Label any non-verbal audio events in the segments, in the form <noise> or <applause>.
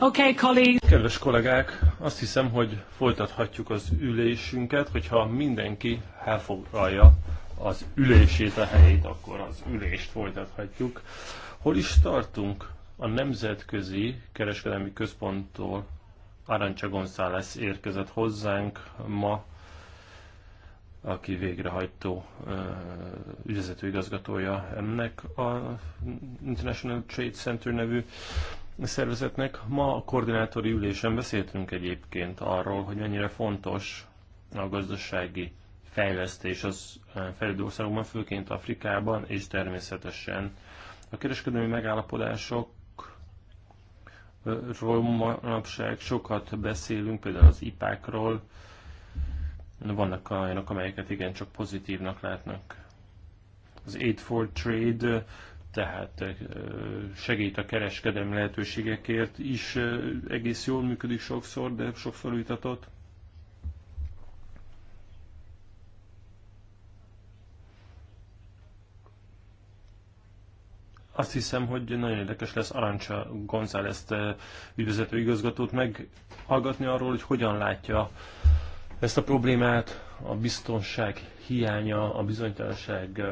Okay, Kedves kollégák, azt hiszem, hogy folytathatjuk az ülésünket, hogyha mindenki elfoglalja az ülését, a helyét, akkor az ülést folytathatjuk. Hol is tartunk? A Nemzetközi Kereskedelmi Központtól Arancsa González érkezett hozzánk ma aki végrehajtó ügyvezető igazgatója ennek a International Trade Center nevű szervezetnek. Ma a koordinátori ülésen beszéltünk egyébként arról, hogy mennyire fontos a gazdasági fejlesztés az fejlődő országokban, főként Afrikában, és természetesen a kereskedelmi megállapodások ról manapság sokat beszélünk, például az ipákról, vannak olyanok, amelyeket igen csak pozitívnak látnak. Az Aid for Trade, tehát segít a kereskedelmi lehetőségekért is egész jól működik sokszor, de sokszor vitatott. azt hiszem, hogy nagyon érdekes lesz Arancsa González ügyvezető igazgatót meghallgatni arról, hogy hogyan látja ezt a problémát, a biztonság hiánya, a bizonytalanság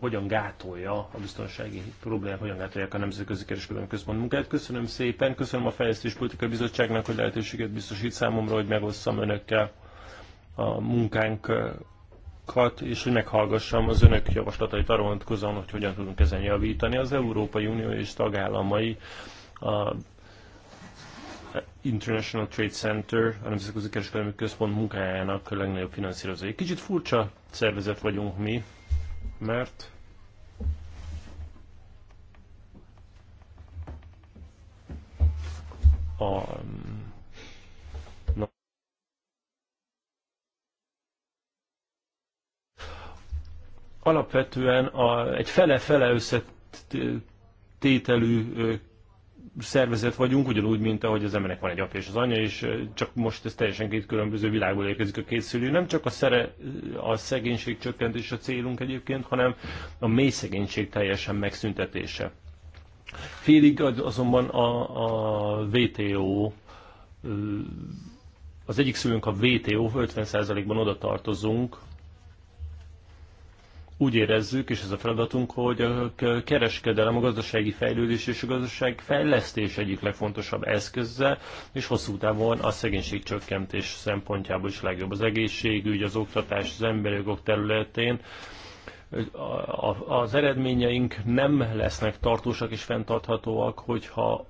hogyan gátolja, a biztonsági problémák hogyan gátolják a Nemzetközi Kereskedelmi Központ munkáját. Köszönöm szépen, köszönöm a Fejlesztés Politikai Bizottságnak, hogy lehetőséget biztosít számomra, hogy megosszam önökkel a munkánkat, és hogy meghallgassam az önök javaslatait arra vonatkozóan, hogy hogyan tudunk ezen javítani. Az Európai Unió és tagállamai a International Trade Center, a Nemzetközi Kereskedelmi Központ munkájának a legnagyobb finanszírozói. Kicsit furcsa szervezet vagyunk mi, mert a alapvetően a, egy fele-fele összetételű szervezet vagyunk, ugyanúgy, mint ahogy az embernek van egy apja és az anyja, és csak most ez teljesen két különböző világból érkezik a két szülő. Nem csak a, szere, a szegénység csökkentés a célunk egyébként, hanem a mély szegénység teljesen megszüntetése. Félig azonban a, a VTO, az egyik szülünk a VTO, 50%-ban oda tartozunk, úgy érezzük, és ez a feladatunk, hogy a kereskedelem, a gazdasági fejlődés és a gazdaság fejlesztés egyik legfontosabb eszköze, és hosszú távon a szegénység csökkentés szempontjából is legjobb. Az egészségügy, az oktatás, az emberi jogok területén az eredményeink nem lesznek tartósak és fenntarthatóak, hogyha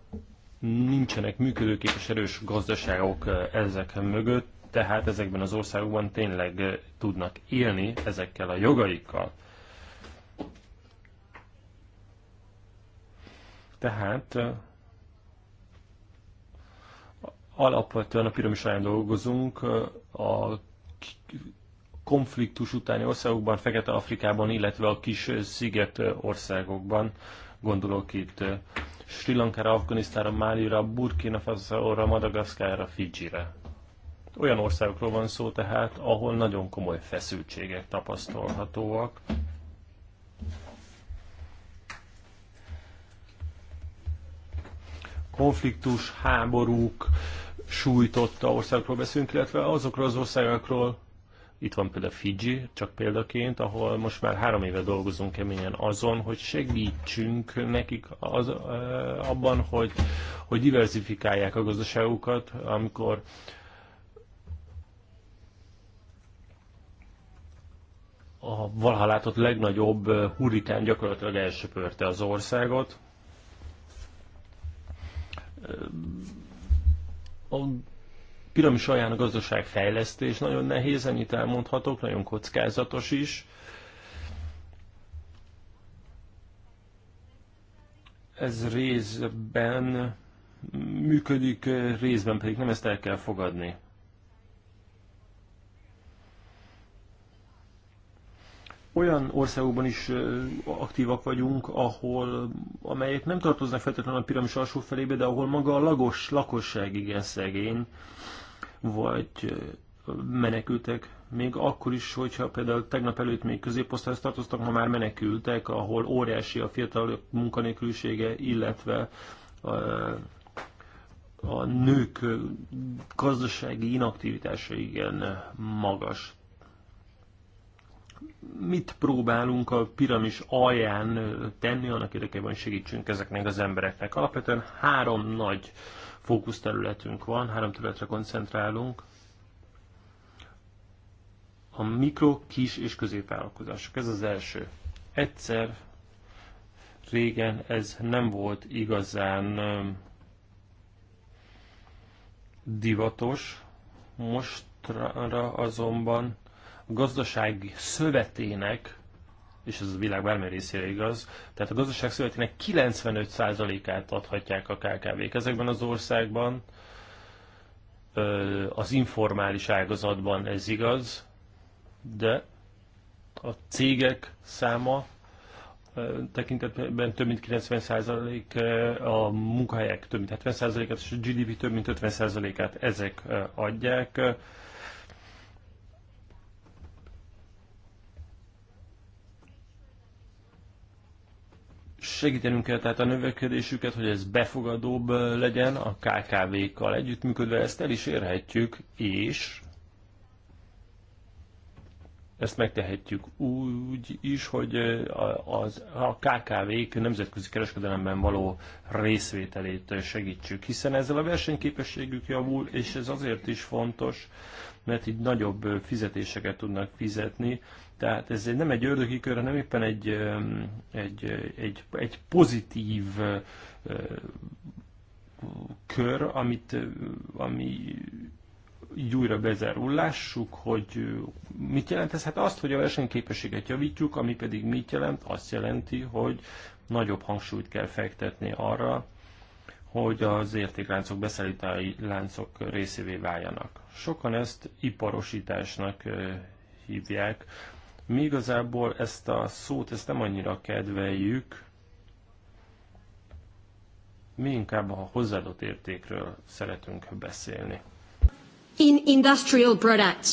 nincsenek működőképes erős gazdaságok ezek mögött, tehát ezekben az országokban tényleg tudnak élni ezekkel a jogaikkal. Tehát alapvetően a alján dolgozunk, a konfliktus utáni országokban, Fekete-Afrikában, illetve a kis sziget országokban, gondolok itt Sri Lankára, Afganisztára, Málira, Burkina Faso-ra, Madagaszkára, Fidzsire. Olyan országokról van szó tehát, ahol nagyon komoly feszültségek tapasztalhatóak, konfliktus, háborúk sújtotta országokról beszélünk, illetve azokról az országokról, itt van például Fiji, csak példaként, ahol most már három éve dolgozunk keményen azon, hogy segítsünk nekik az, abban, hogy, hogy diversifikálják a gazdaságukat, amikor a valaha látott legnagyobb hurrikán gyakorlatilag elsöpörte az országot, a piramis alján a gazdaság fejlesztés nagyon nehéz, ennyit elmondhatok, nagyon kockázatos is. Ez részben működik, részben pedig nem ezt el kell fogadni. olyan országokban is aktívak vagyunk, ahol, amelyek nem tartoznak feltétlenül a piramis alsó felébe, de ahol maga a lagos, lakosság igen szegény, vagy menekültek, még akkor is, hogyha például tegnap előtt még középosztályhoz tartoztak, ma már menekültek, ahol óriási a fiatal munkanélkülisége, illetve a, a nők gazdasági inaktivitása igen magas mit próbálunk a piramis alján tenni, annak érdekében, hogy segítsünk ezeknek az embereknek. Alapvetően három nagy fókuszterületünk van, három területre koncentrálunk. A mikro, kis és középvállalkozások. Ez az első. Egyszer régen ez nem volt igazán divatos, mostra azonban gazdaság szövetének, és ez a világ bármely részére igaz, tehát a gazdaság szövetének 95%-át adhatják a KKV-k. Ezekben az országban az informális ágazatban ez igaz, de a cégek száma tekintetben több mint 90%, a munkahelyek több mint 70%-át és a GDP több mint 50%-át ezek adják. segítenünk kell tehát a növekedésüket, hogy ez befogadóbb legyen, a KKV-kkal együttműködve ezt el is érhetjük, és ezt megtehetjük úgy is, hogy a KKV-k nemzetközi kereskedelemben való részvételét segítsük, hiszen ezzel a versenyképességük javul, és ez azért is fontos, mert így nagyobb fizetéseket tudnak fizetni. Tehát ez nem egy ördögi kör, hanem éppen egy, egy, egy, egy pozitív kör, amit, ami így újra bezárul. Lássuk, hogy mit jelent ez. Hát azt, hogy a versenyképességet javítjuk, ami pedig mit jelent, azt jelenti, hogy nagyobb hangsúlyt kell fektetni arra, hogy az értékláncok, beszállítási láncok részévé váljanak. Sokan ezt iparosításnak hívják. Mi igazából ezt a szót, ezt nem annyira kedveljük, mi inkább a hozzáadott értékről szeretünk beszélni in industrial products.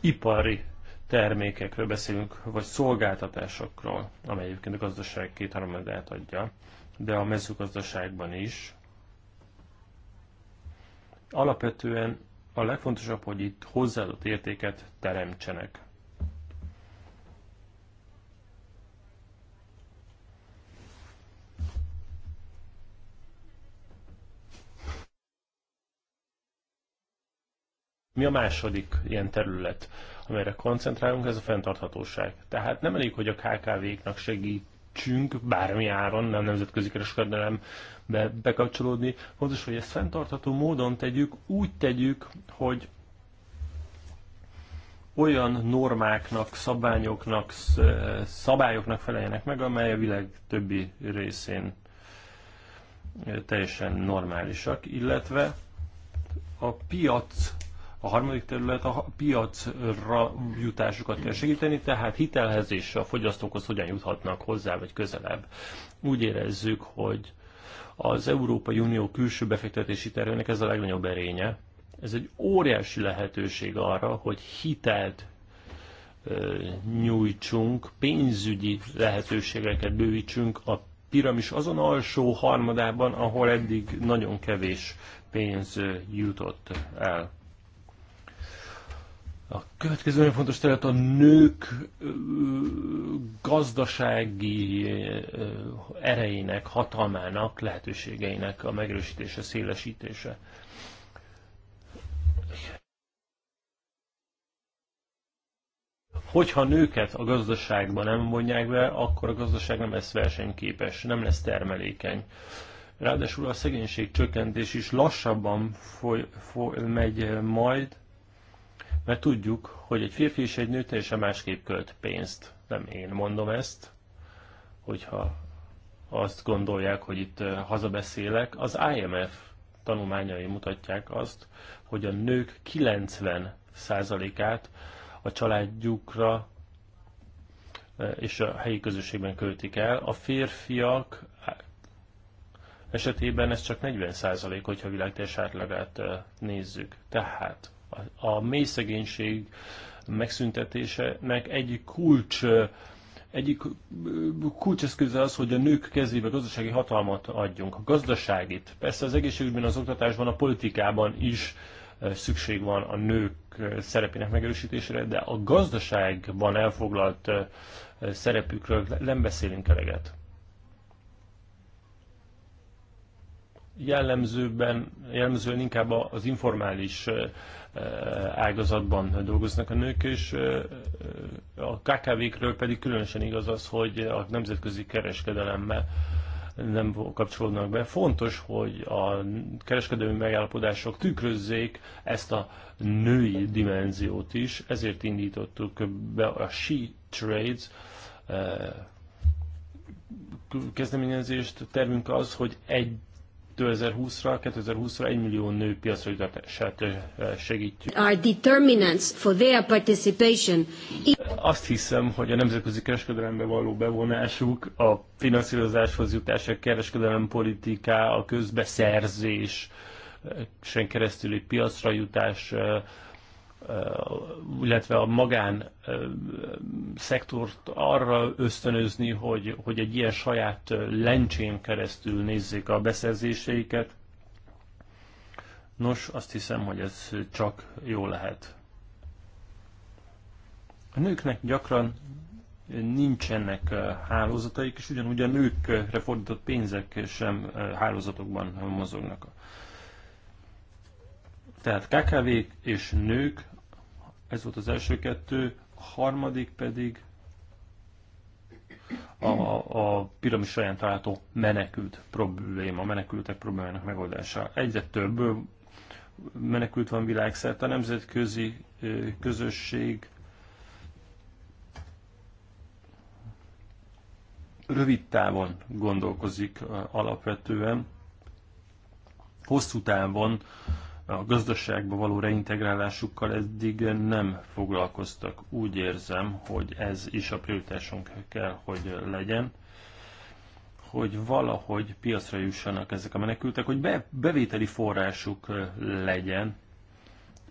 Ipari termékekről beszélünk, vagy szolgáltatásokról, amely egyébként a gazdaság harmadát adja, de a mezőgazdaságban is. Alapvetően a legfontosabb, hogy itt hozzáadott értéket teremtsenek. Mi a második ilyen terület, amelyre koncentrálunk, ez a fenntarthatóság. Tehát nem elég, hogy a KKV-knak segítsünk bármi áron, nem nemzetközi kereskedelembe bekapcsolódni. Fontos, hogy ezt fenntartható módon tegyük, úgy tegyük, hogy olyan normáknak, szabványoknak, szabályoknak feleljenek meg, amely a világ többi részén teljesen normálisak, illetve a piac a harmadik terület a piacra jutásukat kell segíteni, tehát hitelhez és a fogyasztókhoz hogyan juthatnak hozzá, vagy közelebb. Úgy érezzük, hogy az Európai Unió külső befektetési tervének ez a legnagyobb erénye. Ez egy óriási lehetőség arra, hogy hitelt nyújtsunk, pénzügyi lehetőségeket bővítsünk a piramis azon alsó harmadában, ahol eddig nagyon kevés pénz jutott el. A következő nagyon fontos terület a nők gazdasági erejének, hatalmának, lehetőségeinek a megerősítése, szélesítése. Hogyha nőket a gazdaságban nem vonják be, akkor a gazdaság nem lesz versenyképes, nem lesz termelékeny. Ráadásul a szegénység csökkentés is lassabban foly, foly, megy majd, mert tudjuk, hogy egy férfi és egy nő teljesen másképp költ pénzt. Nem én mondom ezt, hogyha azt gondolják, hogy itt hazabeszélek. Az IMF tanulmányai mutatják azt, hogy a nők 90%-át a családjukra és a helyi közösségben költik el. A férfiak esetében ez csak 40 százalék, hogyha világ átlagát nézzük. Tehát a, mély szegénység megszüntetésének egyik kulcs egyik kulcseszköze az, hogy a nők kezébe gazdasági hatalmat adjunk, a gazdaságit. Persze az egészségügyben, az oktatásban, a politikában is szükség van a nők szerepének megerősítésére, de a gazdaságban elfoglalt szerepükről nem beszélünk eleget. Jellemzőben, jellemzően inkább az informális Eh, ágazatban dolgoznak a nők, és eh, eh, a KKV-kről pedig különösen igaz az, hogy a nemzetközi kereskedelemmel nem kapcsolódnak be. Fontos, hogy a kereskedelmi megállapodások tükrözzék ezt a női dimenziót is, ezért indítottuk be a She Trades kezdeményezést. Tervünk az, hogy egy 2020-ra, 2020-ra 1 millió nő piacra jutását segítjük. Are determinants for their participation. Azt hiszem, hogy a nemzetközi kereskedelembe való bevonásuk, a finanszírozáshoz jutás, a kereskedelem politiká, a közbeszerzés, sen keresztüli piacra jutás, illetve a magán szektort arra ösztönözni, hogy, hogy egy ilyen saját lencsén keresztül nézzék a beszerzéseiket. Nos, azt hiszem, hogy ez csak jó lehet. A nőknek gyakran nincsenek hálózataik, és ugyanúgy a nőkre fordított pénzek sem hálózatokban mozognak. Tehát kkv és nők, ez volt az első kettő, a harmadik pedig a, a piramis saján található menekült probléma, menekültek problémának megoldása. Egyre több menekült van világszerte, a nemzetközi közösség rövid távon gondolkozik alapvetően, hosszú távon a gazdaságba való reintegrálásukkal eddig nem foglalkoztak. Úgy érzem, hogy ez is a prioritásunk kell, hogy legyen, hogy valahogy piacra jussanak ezek a menekültek, hogy be, bevételi forrásuk legyen,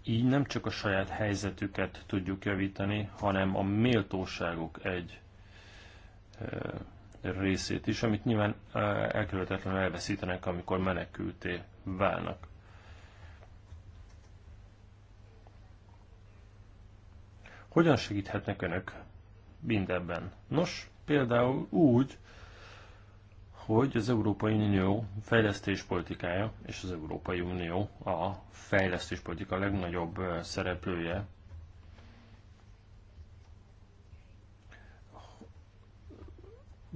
így nem csak a saját helyzetüket tudjuk javítani, hanem a méltóságuk egy részét is, amit nyilván elkerülhetetlenül elveszítenek, amikor menekülté válnak. Hogyan segíthetnek önök mindebben? Nos, például úgy, hogy az Európai Unió fejlesztéspolitikája, és az Európai Unió a fejlesztéspolitika legnagyobb szereplője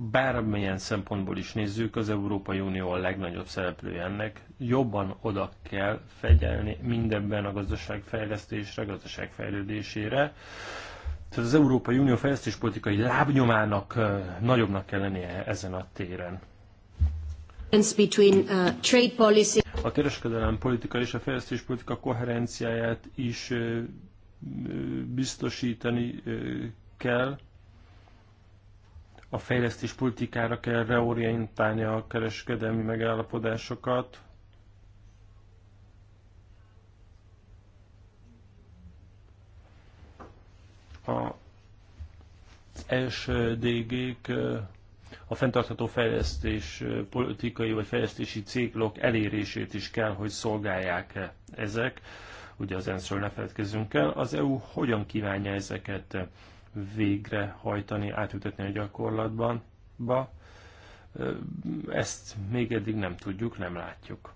bármilyen szempontból is nézzük, az Európai Unió a legnagyobb szereplője ennek. Jobban oda kell fegyelni mindenben a gazdaság fejlesztésre, gazdaság fejlődésére. Tehát az Európai Unió fejlesztéspolitikai lábnyomának nagyobbnak kell lennie ezen a téren. Uh, a kereskedelem politika és a fejlesztéspolitika koherenciáját is biztosítani kell a fejlesztés politikára kell reorientálni a kereskedelmi megállapodásokat, a sdg a fenntartható fejlesztés politikai vagy fejlesztési célok elérését is kell, hogy szolgálják -e ezek. Ugye az ENSZ-ről ne feledkezzünk el. Az EU hogyan kívánja ezeket végrehajtani, átütetni a gyakorlatban. Ba. Ezt még eddig nem tudjuk, nem látjuk.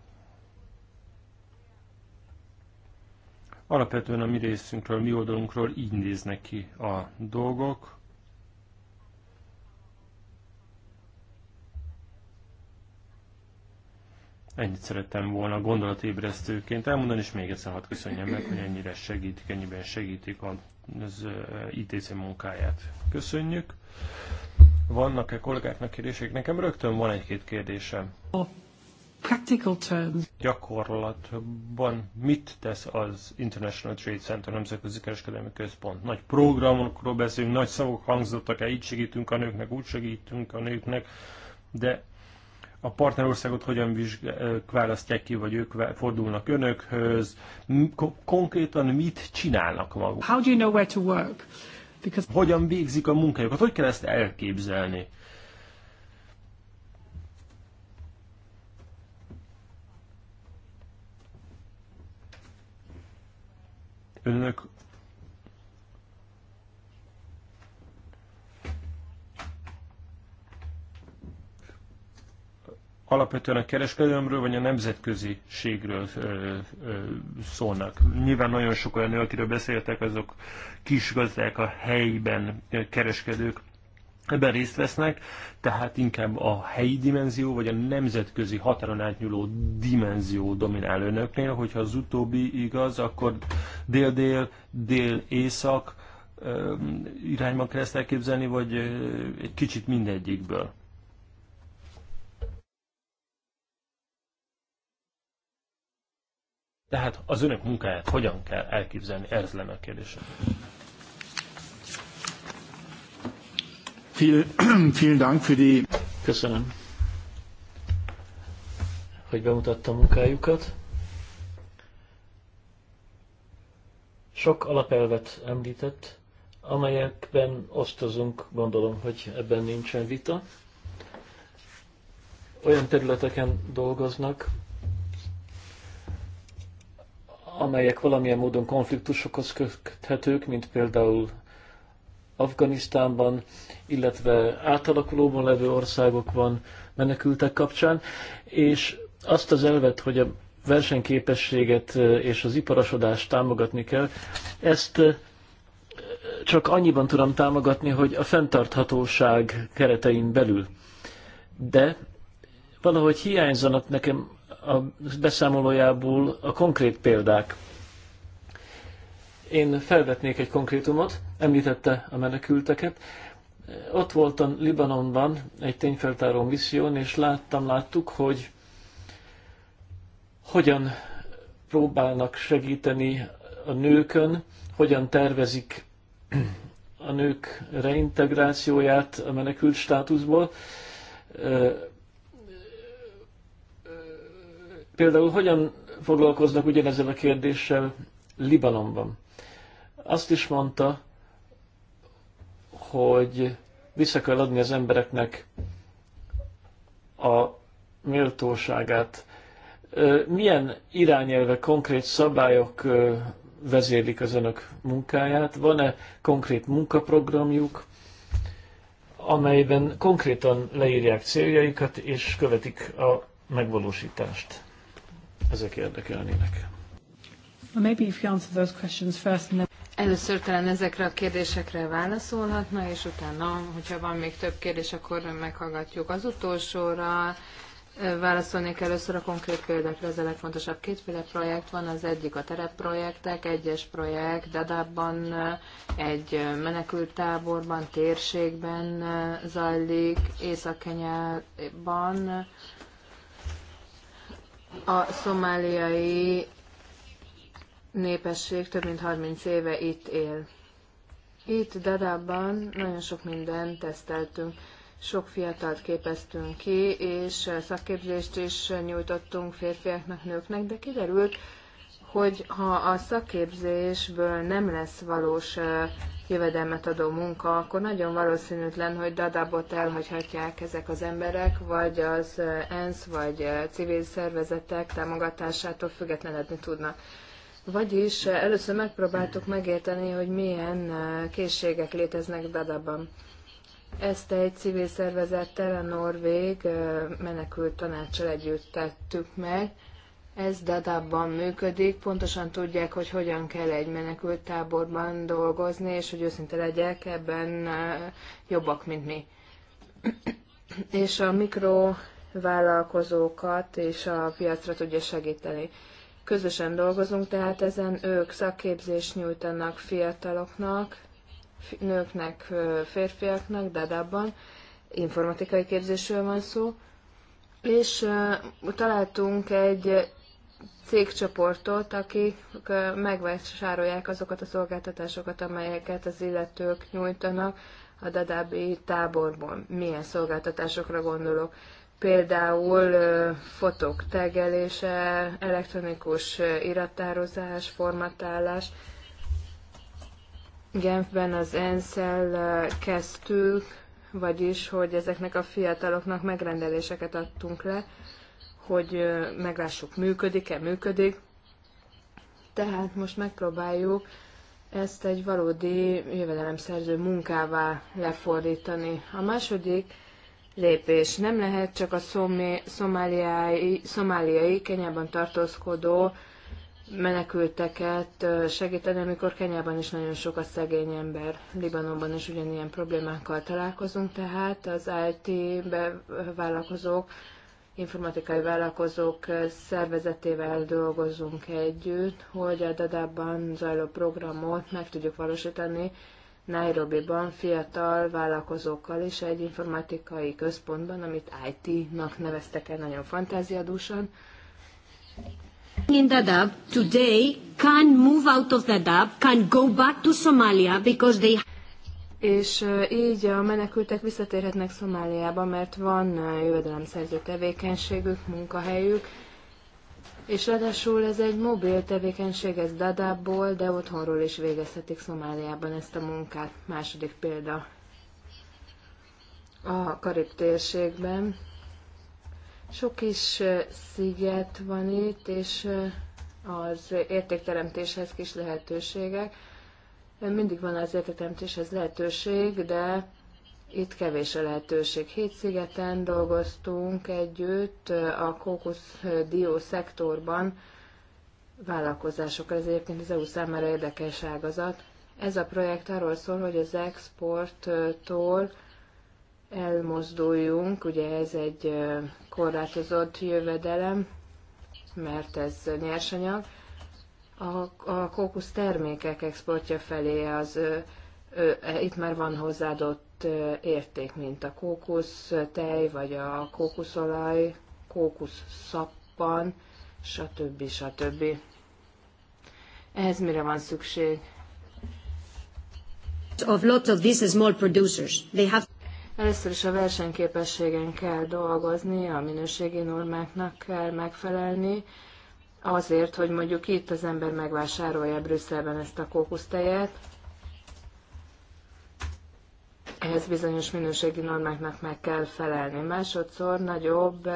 Alapvetően a mi részünkről, a mi oldalunkról így néznek ki a dolgok. Ennyit szerettem volna gondolatébresztőként elmondani, és még egyszer hadd köszönjem meg, hogy ennyire segítik, ennyiben segítik a az ITC munkáját. Köszönjük! Vannak-e kollégáknak kérdések? Nekem rögtön van egy-két kérdésem. A practical terms. Gyakorlatban mit tesz az International Trade Center, Nemzetközi Kereskedelmi Központ? Nagy programokról beszélünk, nagy szavak hangzottak el, így segítünk a nőknek, úgy segítünk a nőknek, de a partnerországot hogyan vizsgálják, választják ki, vagy ők fordulnak önökhöz, konkrétan mit csinálnak maguk. How do you know where to work? Because... Hogyan végzik a munkájukat, hogy kell ezt elképzelni? Önök alapvetően a kereskedelemről vagy a nemzetköziségről szólnak. Nyilván nagyon sok olyan nő, akiről beszéltek, azok kis gazdák a helyben kereskedők, ebben részt vesznek, tehát inkább a helyi dimenzió, vagy a nemzetközi határon átnyúló dimenzió dominál önöknél, hogyha az utóbbi igaz, akkor dél-dél, dél-észak irányban kell ezt elképzelni, vagy egy kicsit mindegyikből. Tehát az önök munkáját hogyan kell elképzelni? Ez lenne a <clears throat> die. Köszönöm, hogy bemutatta a munkájukat. Sok alapelvet említett, amelyekben osztozunk, gondolom, hogy ebben nincsen vita. Olyan területeken dolgoznak, amelyek valamilyen módon konfliktusokhoz köthetők, mint például Afganisztánban, illetve átalakulóban levő országokban menekültek kapcsán, és azt az elvet, hogy a versenyképességet és az iparosodást támogatni kell, ezt csak annyiban tudom támogatni, hogy a fenntarthatóság keretein belül. De valahogy hiányzanak nekem a beszámolójából a konkrét példák. Én felvetnék egy konkrétumot, említette a menekülteket. Ott voltam Libanonban egy tényfeltáró misszión, és láttam, láttuk, hogy hogyan próbálnak segíteni a nőkön, hogyan tervezik a nők reintegrációját a menekült státuszból. Például hogyan foglalkoznak ugyanezzel a kérdéssel Libanonban? Azt is mondta, hogy vissza kell adni az embereknek a méltóságát. Milyen irányelve, konkrét szabályok vezérlik az önök munkáját? Van-e konkrét munkaprogramjuk, amelyben konkrétan leírják céljaikat és követik a megvalósítást? Ezek érdekelnének. Először talán ezekre a kérdésekre válaszolhatna, és utána, hogyha van még több kérdés, akkor meghallgatjuk az utolsóra. Válaszolnék először a konkrét példákra, ez a legfontosabb kétféle projekt van, az egyik a terepprojektek, egyes projekt Dadabban, egy menekülttáborban, térségben zajlik, Észak-Kenyában, a szomáliai népesség több mint 30 éve itt él. Itt Dadában nagyon sok mindent teszteltünk. Sok fiatalt képeztünk ki, és szakképzést is nyújtottunk férfiaknak, nőknek, de kiderült, hogy ha a szakképzésből nem lesz valós jövedelmet adó munka, akkor nagyon valószínűtlen, hogy Dadabot elhagyhatják ezek az emberek, vagy az ENSZ, vagy civil szervezetek támogatásától függetlenedni tudnak. Vagyis először megpróbáltuk megérteni, hogy milyen készségek léteznek Dadaban. Ezt egy civil szervezettel, a Norvég menekült tanácsal együtt tettük meg, ez Dadabban működik, pontosan tudják, hogy hogyan kell egy menekült táborban dolgozni, és hogy őszinte legyek, ebben jobbak, mint mi. <clears throat> és a mikrovállalkozókat és a piacra tudja segíteni. Közösen dolgozunk, tehát ezen ők szakképzést nyújtanak fiataloknak, nőknek, férfiaknak, Dadabban, informatikai képzésről van szó, és találtunk egy cégcsoportot, akik megvásárolják azokat a szolgáltatásokat, amelyeket az illetők nyújtanak a dadábi táborban Milyen szolgáltatásokra gondolok? Például fotók tegelése, elektronikus irattározás, formatálás. Genfben az ENSZ-el kezdtük, vagyis, hogy ezeknek a fiataloknak megrendeléseket adtunk le, hogy meglássuk, működik-e, működik. Tehát most megpróbáljuk ezt egy valódi jövedelemszerző munkává lefordítani. A második lépés. Nem lehet csak a szomáliai, szomáliai Kenyában tartózkodó menekülteket segíteni, amikor Kenyában is nagyon sok a szegény ember. Libanonban is ugyanilyen problémákkal találkozunk, tehát az IT-be vállalkozók informatikai vállalkozók szervezetével dolgozunk együtt, hogy a Dadában zajló programot meg tudjuk valósítani Nairobi-ban fiatal vállalkozókkal is egy informatikai központban, amit IT-nak neveztek el nagyon fantáziadúsan. In Dadaab today can move out of Dadaab, can go back to Somalia because they és így a menekültek visszatérhetnek Szomáliába, mert van jövedelemszerző tevékenységük, munkahelyük, és ráadásul ez egy mobil tevékenység, ez Dadából, de otthonról is végezhetik Szomáliában ezt a munkát. Második példa a Karib térségben. Sok is sziget van itt, és az értékteremtéshez kis lehetőségek. Mindig van az teremtéshez lehetőség, de itt kevés a lehetőség. Hét szigeten dolgoztunk együtt a dió szektorban vállalkozásokra, ez egyébként az EU számára érdekes ágazat. Ez a projekt arról szól, hogy az exporttól elmozduljunk, ugye ez egy korlátozott jövedelem, mert ez nyersanyag, a, a kókusz termékek exportja felé az itt már van hozzáadott érték, mint a kókusz tej, vagy a kókuszolaj, kókusz szappan, stb. stb. Ehhez mire van szükség? Of lots of these small producers. They have Először is a versenyképességen kell dolgozni, a minőségi normáknak kell megfelelni, azért, hogy mondjuk itt az ember megvásárolja Brüsszelben ezt a kókusztejet, ehhez bizonyos minőségi normáknak meg kell felelni. Másodszor nagyobb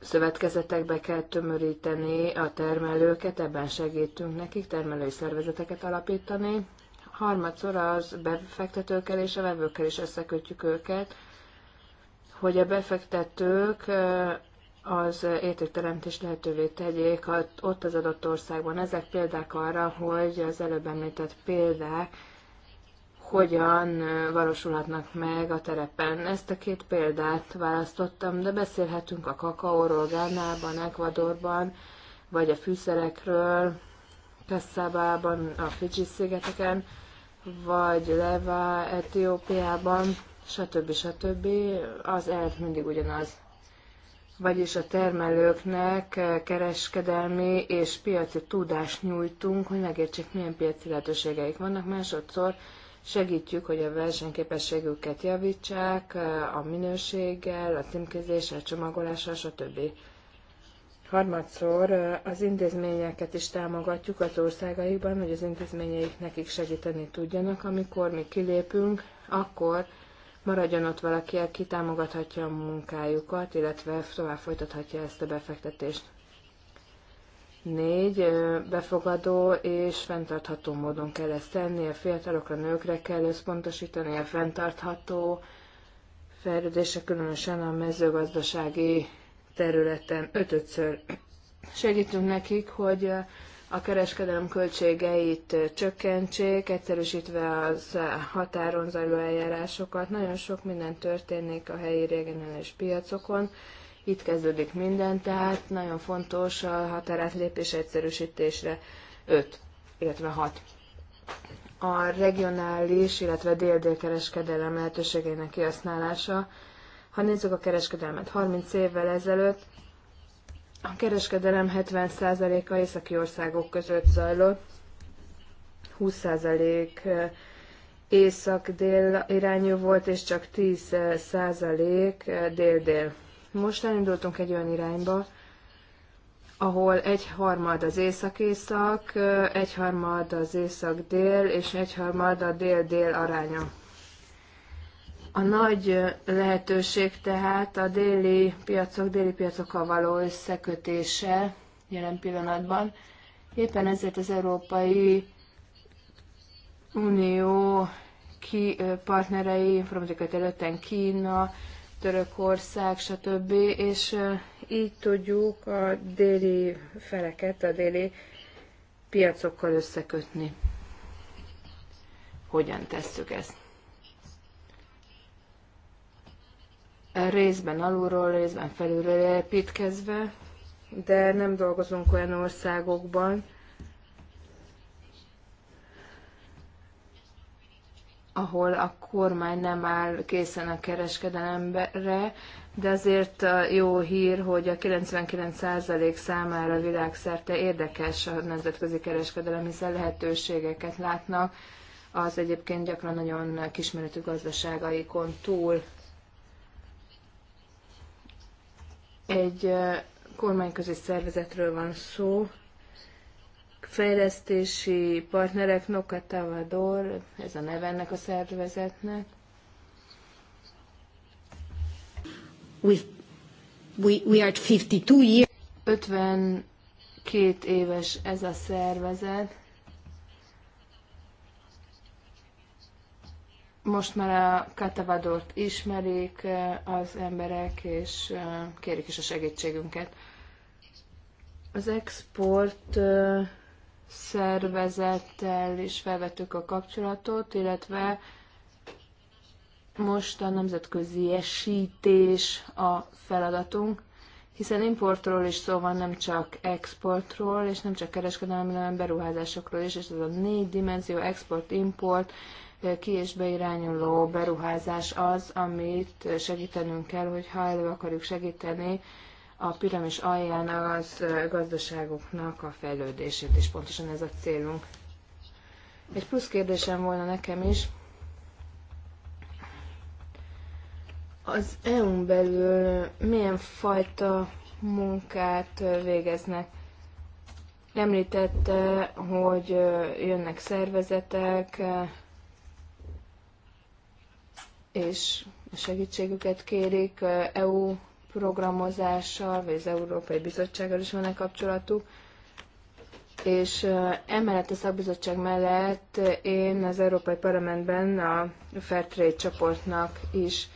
szövetkezetekbe kell tömöríteni a termelőket, ebben segítünk nekik termelői szervezeteket alapítani. Harmadszor az befektetőkkel és a vevőkkel is összekötjük őket, hogy a befektetők az értékteremtést lehetővé tegyék ott az adott országban. Ezek példák arra, hogy az előbb említett példák hogyan valósulhatnak meg a terepen. Ezt a két példát választottam, de beszélhetünk a kakaóról Gánában, Ecuadorban, vagy a fűszerekről, Kasszában, a Fidzsi-szigeteken, vagy Leva, Etiópiában, stb. stb. Az elv mindig ugyanaz vagyis a termelőknek eh, kereskedelmi és piaci tudást nyújtunk, hogy megértsék, milyen piaci lehetőségeik vannak. Másodszor segítjük, hogy a versenyképességüket javítsák, eh, a minőséggel, a címkézéssel, csomagolással, stb. Harmadszor eh, az intézményeket is támogatjuk az országaikban, hogy az intézményeik nekik segíteni tudjanak. Amikor mi kilépünk, akkor maradjon ott valaki, aki támogathatja a munkájukat, illetve tovább folytathatja ezt a befektetést. Négy, befogadó és fenntartható módon kell ezt tenni, a fiatalokra, nőkre kell összpontosítani, a fenntartható fejlődése különösen a mezőgazdasági területen ötötször segítünk nekik, hogy a kereskedelem költségeit csökkentsék, egyszerűsítve az határon zajló eljárásokat. Nagyon sok minden történik a helyi regionális piacokon. Itt kezdődik minden, tehát nagyon fontos a határátlépés egyszerűsítésre 5, illetve 6. A regionális, illetve dél-dél kereskedelem lehetőségeinek kihasználása. Ha nézzük a kereskedelmet 30 évvel ezelőtt, a kereskedelem 70%-a északi országok között zajlott, 20% észak-dél irányú volt, és csak 10% dél-dél. Most elindultunk egy olyan irányba, ahol egyharmad az észak-észak, egyharmad az észak-dél, és egyharmad a dél-dél aránya. A nagy lehetőség tehát a déli piacok, déli piacokkal való összekötése jelen pillanatban. Éppen ezért az Európai Unió ki, partnerei, informatikai területen Kína, Törökország, stb. És így tudjuk a déli feleket, a déli piacokkal összekötni. Hogyan tesszük ezt? részben alulról, részben felülről építkezve, de nem dolgozunk olyan országokban, ahol a kormány nem áll készen a kereskedelemre, de azért jó hír, hogy a 99% számára világszerte érdekes a nemzetközi kereskedelem, hiszen lehetőségeket látnak az egyébként gyakran nagyon kismeretű gazdaságaikon túl. Egy kormányközi szervezetről van szó, fejlesztési partnerek Nokatavador, ez a neve ennek a szervezetnek. We, we, we are 52 years. 52 éves ez a szervezet. most már a Katavadort ismerik az emberek, és kérik is a segítségünket. Az export szervezettel is felvettük a kapcsolatot, illetve most a nemzetközi esítés a feladatunk, hiszen importról is szó van, nem csak exportról, és nem csak kereskedelemről, hanem beruházásokról is, és ez a négy dimenzió, export, import, ki és beirányuló beruházás az, amit segítenünk kell, hogyha elő akarjuk segíteni a piramis alján az gazdaságoknak a fejlődését, és pontosan ez a célunk. Egy plusz kérdésem volna nekem is. Az EU-n belül milyen fajta munkát végeznek? Említette, hogy jönnek szervezetek, és a segítségüket kérik EU programozással, vagy az Európai Bizottsággal is van-e kapcsolatuk. És emellett a szakbizottság mellett én az Európai Parlamentben a Fairtrade csoportnak is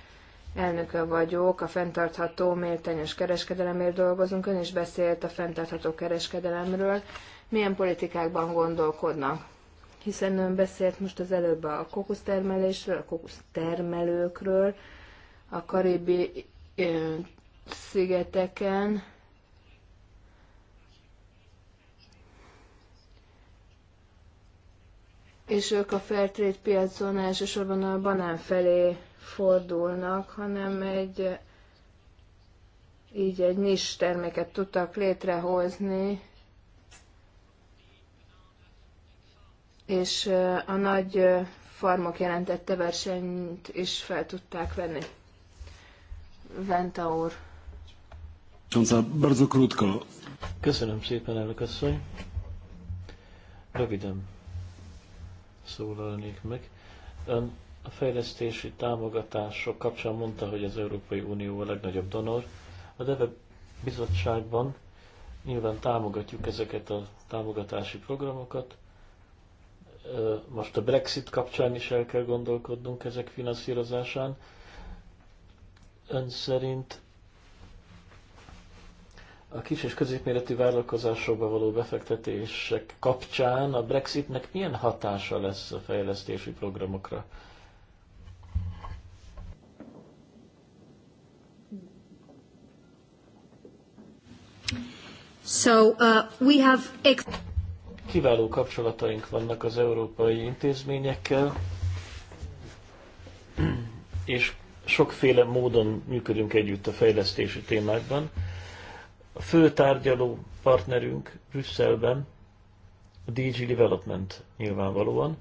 elnöke vagyok, a fenntartható méltányos kereskedelemért dolgozunk, ön is beszélt a fenntartható kereskedelemről. Milyen politikákban gondolkodnak? hiszen ön beszélt most az előbb a kokusztermelésről, a kokusztermelőkről, a karibi ö, szigeteken. És ők a Fairtrade piacon elsősorban a banán felé fordulnak, hanem egy így egy nis terméket tudtak létrehozni, és a nagy farmok jelentette versenyt is fel tudták venni. Venta úr. Bardzo krótko. Köszönöm szépen, elnök asszony. Röviden szólalnék meg. Ön a fejlesztési támogatások kapcsán mondta, hogy az Európai Unió a legnagyobb donor. A DEVE bizottságban nyilván támogatjuk ezeket a támogatási programokat, most a Brexit kapcsán is el kell gondolkodnunk ezek finanszírozásán. Ön szerint a kis és középméretű vállalkozásokba való befektetések kapcsán a Brexitnek milyen hatása lesz a fejlesztési programokra? So uh, we have Kiváló kapcsolataink vannak az európai intézményekkel, és sokféle módon működünk együtt a fejlesztési témákban. A fő tárgyaló partnerünk Brüsszelben a DG Development nyilvánvalóan,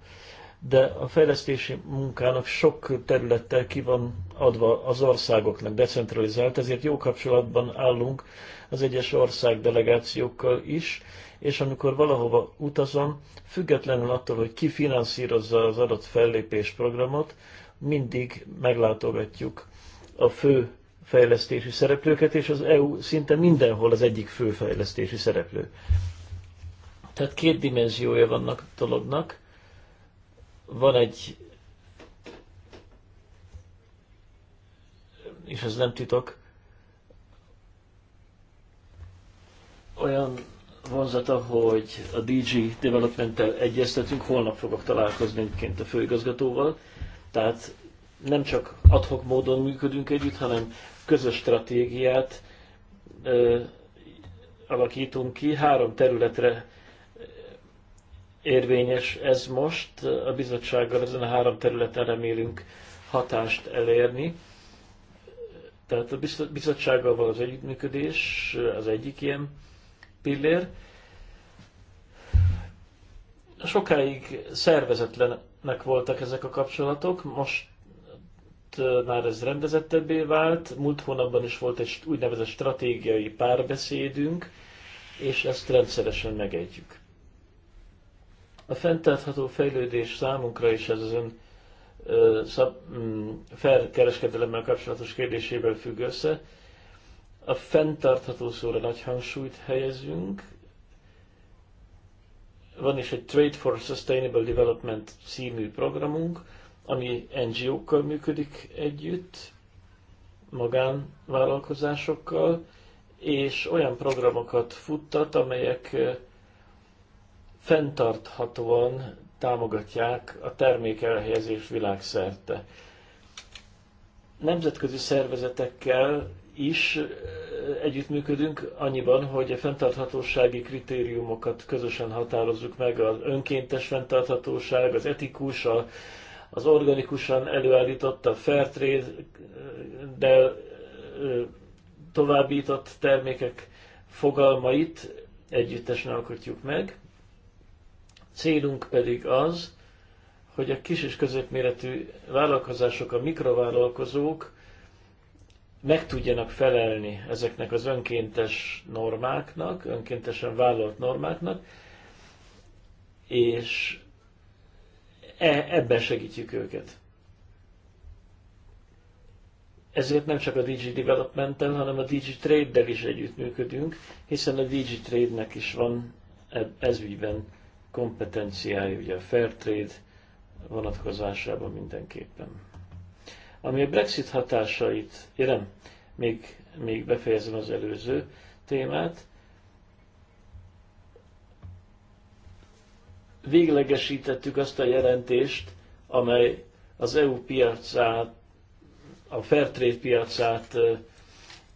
de a fejlesztési munkának sok területtel ki van adva az országoknak, decentralizált, ezért jó kapcsolatban állunk az egyes ország delegációkkal is, és amikor valahova utazom, függetlenül attól, hogy ki finanszírozza az adott fellépés programot, mindig meglátogatjuk a fő fejlesztési szereplőket, és az EU szinte mindenhol az egyik fő fejlesztési szereplő. Tehát két dimenziója vannak a dolognak. Van egy, és ez nem titok, olyan vonzata, hogy a DG Development-tel egyeztetünk, holnap fogok találkozni egyébként a főigazgatóval, tehát nem csak adhok módon működünk együtt, hanem közös stratégiát ö, alakítunk ki. Három területre érvényes ez most. A bizottsággal ezen a három területen remélünk hatást elérni. Tehát a bizottsággal való az együttműködés az egyik ilyen pillér. Sokáig szervezetlenek voltak ezek a kapcsolatok, most már ez rendezettebbé vált. Múlt hónapban is volt egy úgynevezett stratégiai párbeszédünk, és ezt rendszeresen megegyük. A fenntartható fejlődés számunkra is ez az ön mm, felkereskedelemmel kapcsolatos kérdésével függ össze. A fenntartható szóra nagy hangsúlyt helyezünk. Van is egy Trade for Sustainable Development című programunk, ami NGO-kkal működik együtt, magánvállalkozásokkal, és olyan programokat futtat, amelyek fenntarthatóan támogatják a termék elhelyezést világszerte. Nemzetközi szervezetekkel is együttműködünk annyiban, hogy a fenntarthatósági kritériumokat közösen határozzuk meg, az önkéntes fenntarthatóság, az etikus, a, az organikusan előállított, a fair trade, de továbbított termékek fogalmait együttesen alkotjuk meg. Célunk pedig az, hogy a kis és középméretű vállalkozások, a mikrovállalkozók meg tudjanak felelni ezeknek az önkéntes normáknak, önkéntesen vállalt normáknak, és e, ebben segítjük őket. Ezért nem csak a DG development hanem a DG Trade-del is együttműködünk, hiszen a DG Trade-nek is van e, ezügyben kompetenciája, ugye a Fair Trade vonatkozásában mindenképpen. Ami a Brexit hatásait, érem, még, még befejezem az előző témát, véglegesítettük azt a jelentést, amely az EU piacát, a Fairtrade piacát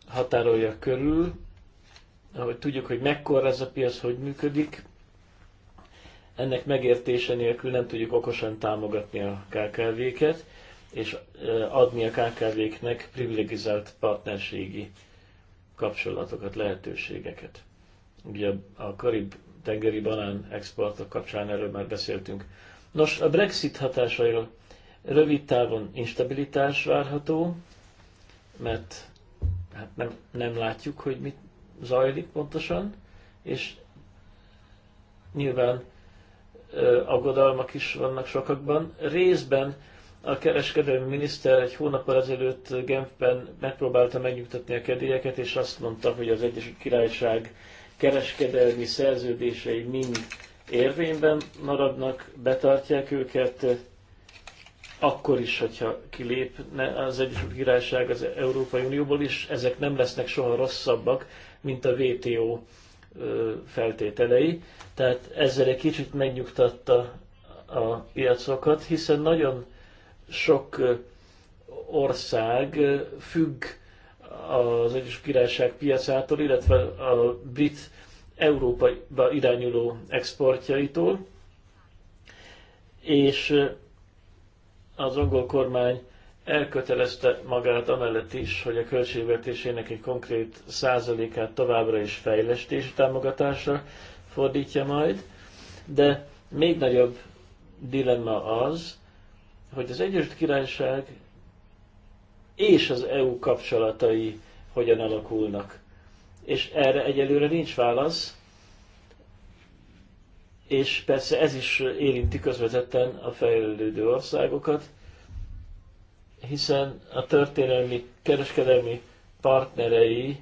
határolja körül, ahogy tudjuk, hogy mekkora ez a piac, hogy működik. Ennek megértése nélkül nem tudjuk okosan támogatni a KKV-ket és adni a KKV-knek privilegizált partnerségi kapcsolatokat, lehetőségeket. Ugye a Karib tengeri banán exportok kapcsán erről már beszéltünk. Nos, a Brexit hatásairól rövid távon instabilitás várható, mert hát nem, nem látjuk, hogy mit zajlik pontosan, és nyilván ö, aggodalmak is vannak sokakban. Részben a kereskedelmi miniszter egy hónappal ezelőtt Genfben megpróbálta megnyugtatni a kedélyeket, és azt mondta, hogy az Egyesült Királyság kereskedelmi szerződései mind érvényben maradnak, betartják őket, akkor is, hogyha kilépne az Egyesült Királyság az Európai Unióból is, ezek nem lesznek soha rosszabbak, mint a WTO feltételei. Tehát ezzel egy kicsit megnyugtatta a piacokat, hiszen nagyon sok ország függ az egyes Királyság piacától, illetve a brit Európaiba irányuló exportjaitól, és az angol kormány elkötelezte magát amellett is, hogy a költségvetésének egy konkrét százalékát továbbra is fejlesztési támogatásra fordítja majd, de még nagyobb dilemma az, hogy az Egyesült Királyság és az EU kapcsolatai hogyan alakulnak. És erre egyelőre nincs válasz, és persze ez is érinti közvetetten a fejlődő országokat, hiszen a történelmi, kereskedelmi partnerei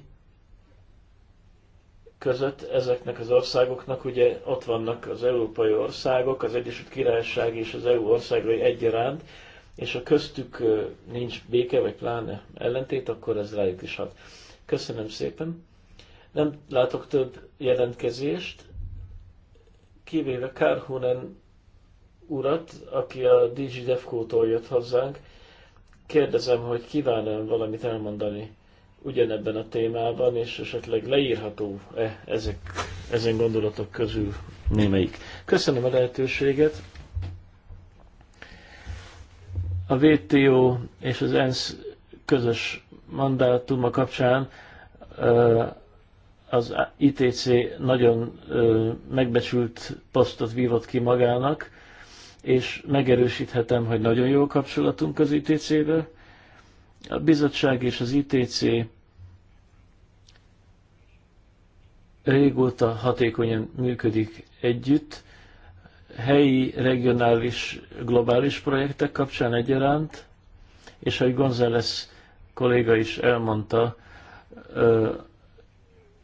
között ezeknek az országoknak, ugye ott vannak az európai országok, az Egyesült Királyság és az EU országai egyaránt, és a köztük nincs béke, vagy pláne ellentét, akkor ez rájuk is hat. Köszönöm szépen. Nem látok több jelentkezést, kivéve Kárhunen urat, aki a DigiDefco-tól jött hozzánk. Kérdezem, hogy kíván -e valamit elmondani ugyanebben a témában, és esetleg leírható-e ezek, ezen gondolatok közül némelyik. Köszönöm a lehetőséget. A VTO és az ENSZ közös mandátuma kapcsán az ITC nagyon megbecsült posztot vívott ki magának, és megerősíthetem, hogy nagyon jó kapcsolatunk az ITC-vel a bizottság és az ITC régóta hatékonyan működik együtt, helyi, regionális, globális projektek kapcsán egyaránt, és ahogy González kolléga is elmondta,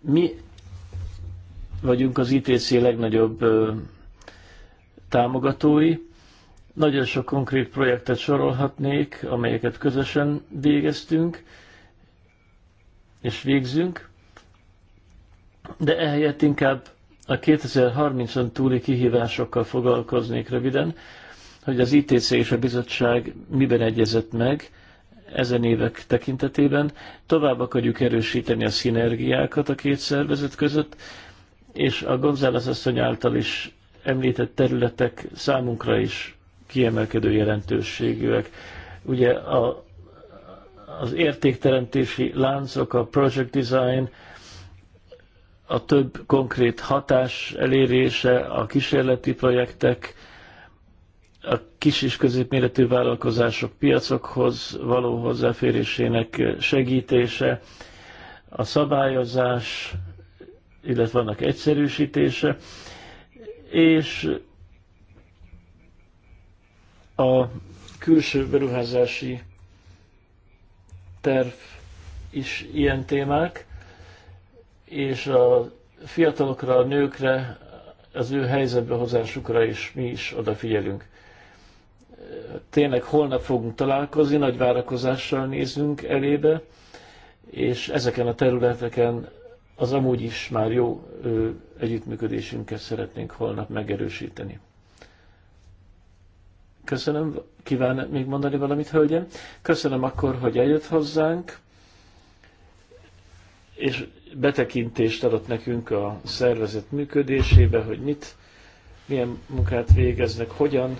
mi vagyunk az ITC legnagyobb támogatói, nagyon sok konkrét projektet sorolhatnék, amelyeket közösen végeztünk és végzünk, de ehelyett inkább a 2030-on túli kihívásokkal foglalkoznék röviden, hogy az ITC és a bizottság miben egyezett meg ezen évek tekintetében. Tovább akarjuk erősíteni a szinergiákat a két szervezet között, és a González asszony által is említett területek számunkra is kiemelkedő jelentőségűek. Ugye a, az értékteremtési láncok, a project design, a több konkrét hatás elérése, a kísérleti projektek, a kis és középméretű vállalkozások piacokhoz való hozzáférésének segítése, a szabályozás, illetve annak egyszerűsítése, és a külső beruházási terv is ilyen témák, és a fiatalokra, a nőkre, az ő helyzetbe hozásukra is mi is odafigyelünk. Tényleg holnap fogunk találkozni, nagy várakozással nézünk elébe, és ezeken a területeken az amúgy is már jó együttműködésünket szeretnénk holnap megerősíteni. Köszönöm. Kíván még mondani valamit, hölgyem? Köszönöm akkor, hogy eljött hozzánk, és betekintést adott nekünk a szervezet működésébe, hogy mit, milyen munkát végeznek, hogyan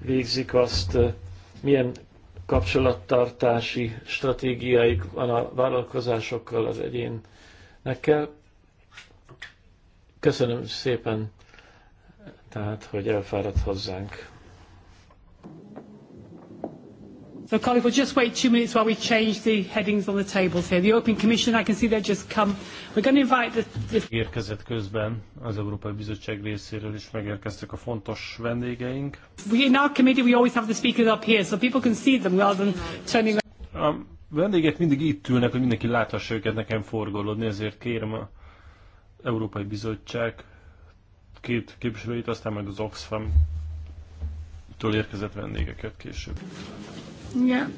végzik azt, milyen kapcsolattartási stratégiáik van a vállalkozásokkal, az egyénekkel. Köszönöm szépen, tehát, hogy elfáradt hozzánk. So, colleagues, we'll just wait two minutes while we change the headings on the tables here. The European Commission, I can see they've just come. We're going to invite the... the... Érkezett közben az Európai Bizottság részéről is megérkeztek a fontos vendégeink. We, in our committee we always have the speakers up here, so people can see them rather than turning... A vendégek mindig itt ülnek, hogy mindenki láthassa őket nekem forgolódni, ezért kérem a Európai Bizottság két képviselőit, aztán majd az Oxfam től érkezett vendégeket később. Yeah.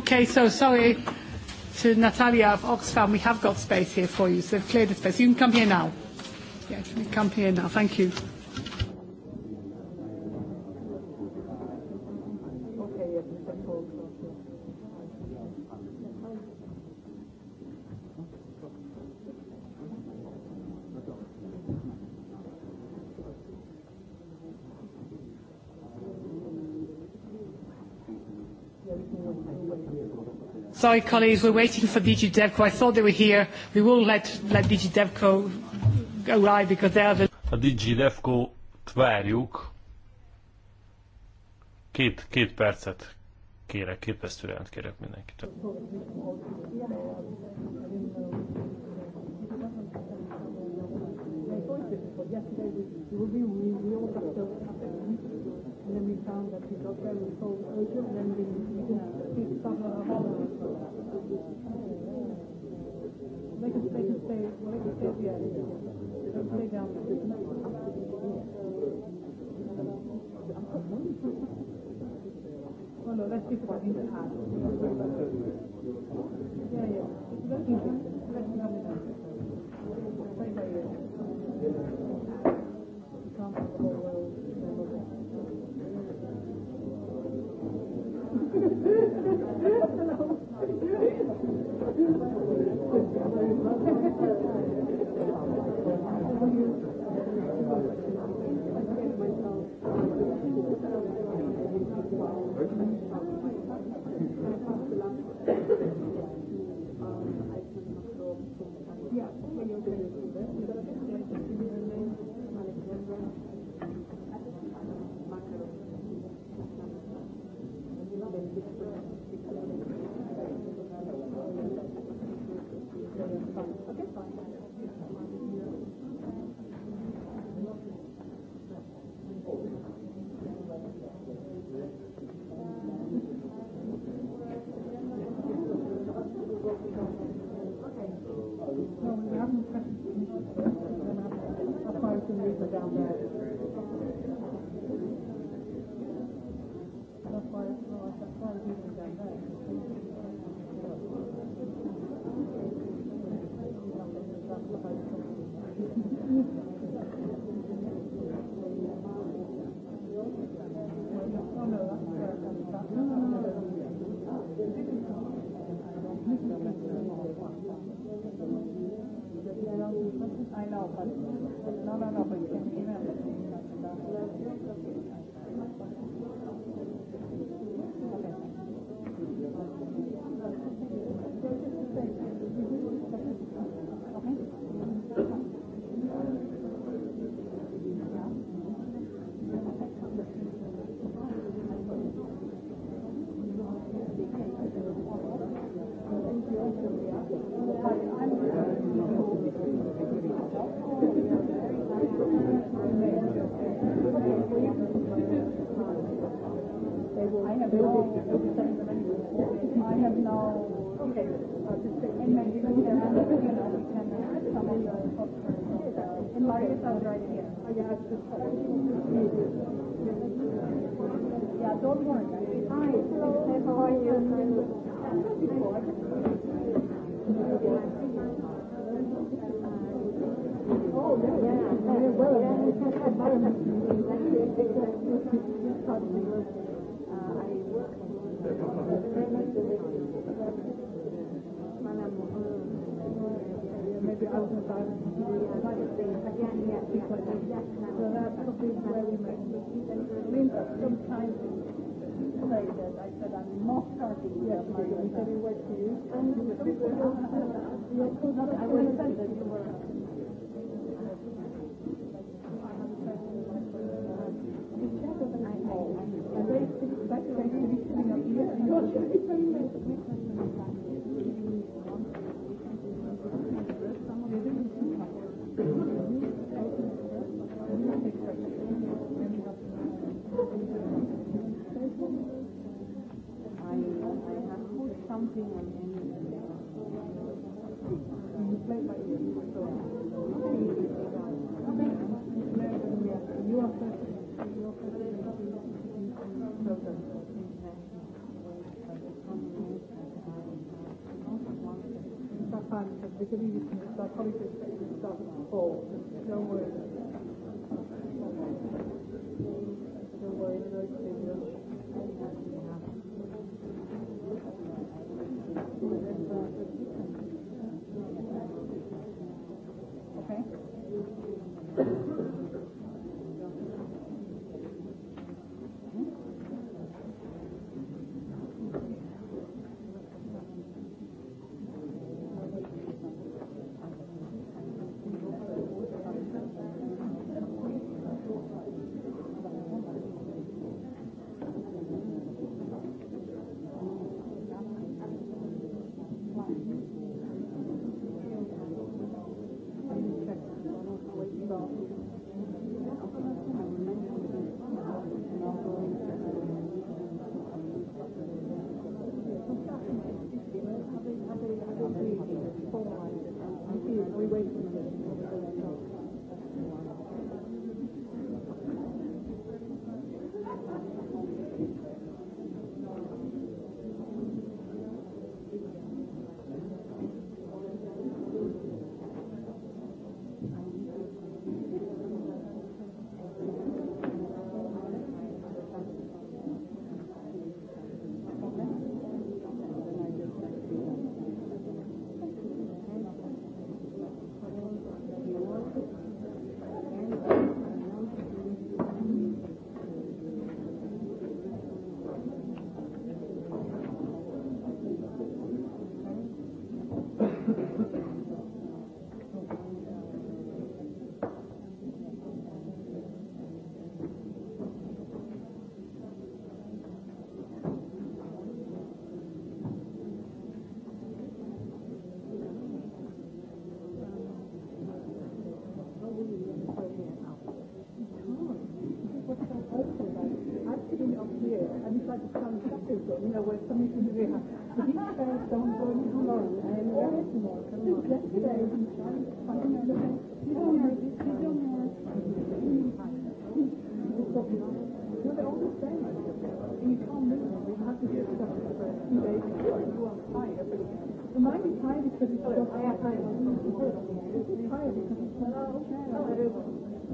Okay, so sorry to Natalia of Oxfam. We have got space here for you, so they've cleared the space. You can come here now. Yeah, you can come here now. Thank you. Sorry, colleagues, we're waiting for DG DevCo. I thought they were here. We will let, let DG DevCo go live because they are the... A DG DevCo várjuk. Két, két percet kérek, két perc kérek mindenkit. Yesterday we, will be we all And then we found that he got very cold urgent, and then we, yeah, he suffered a lot of They can, they stay, well, they can stay at They can stay down there. Oh no, let's speak about him at Yeah, yeah. Let's, let's have it out. more starting. Yes, because we said we were to you. And we could not, I was sent that No word. Mine is high because it's so high. This is higher because it's so low.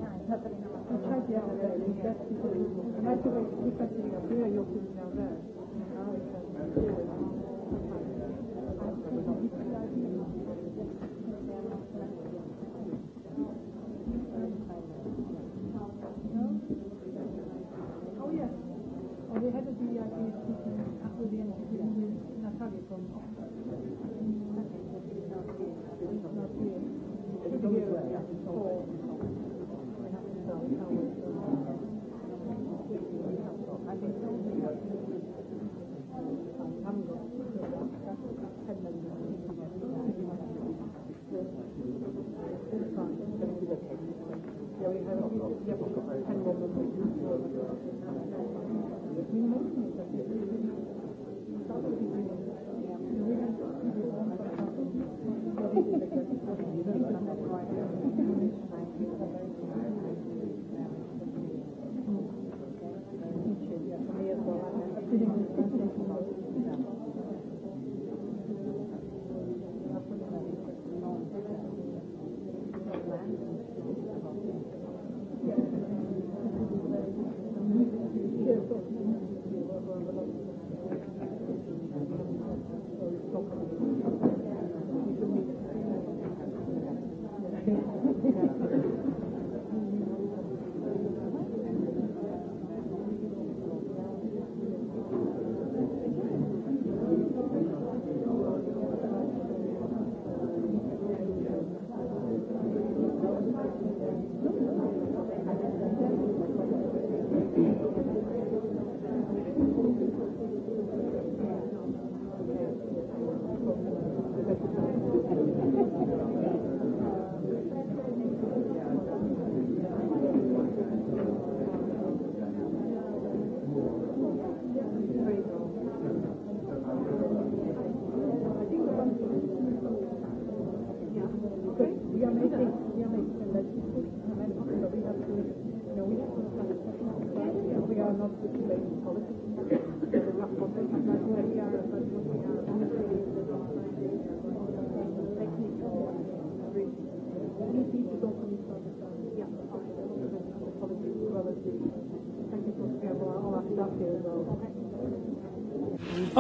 I tried the other day, and that's the way it's because you're real, you'll Thank you.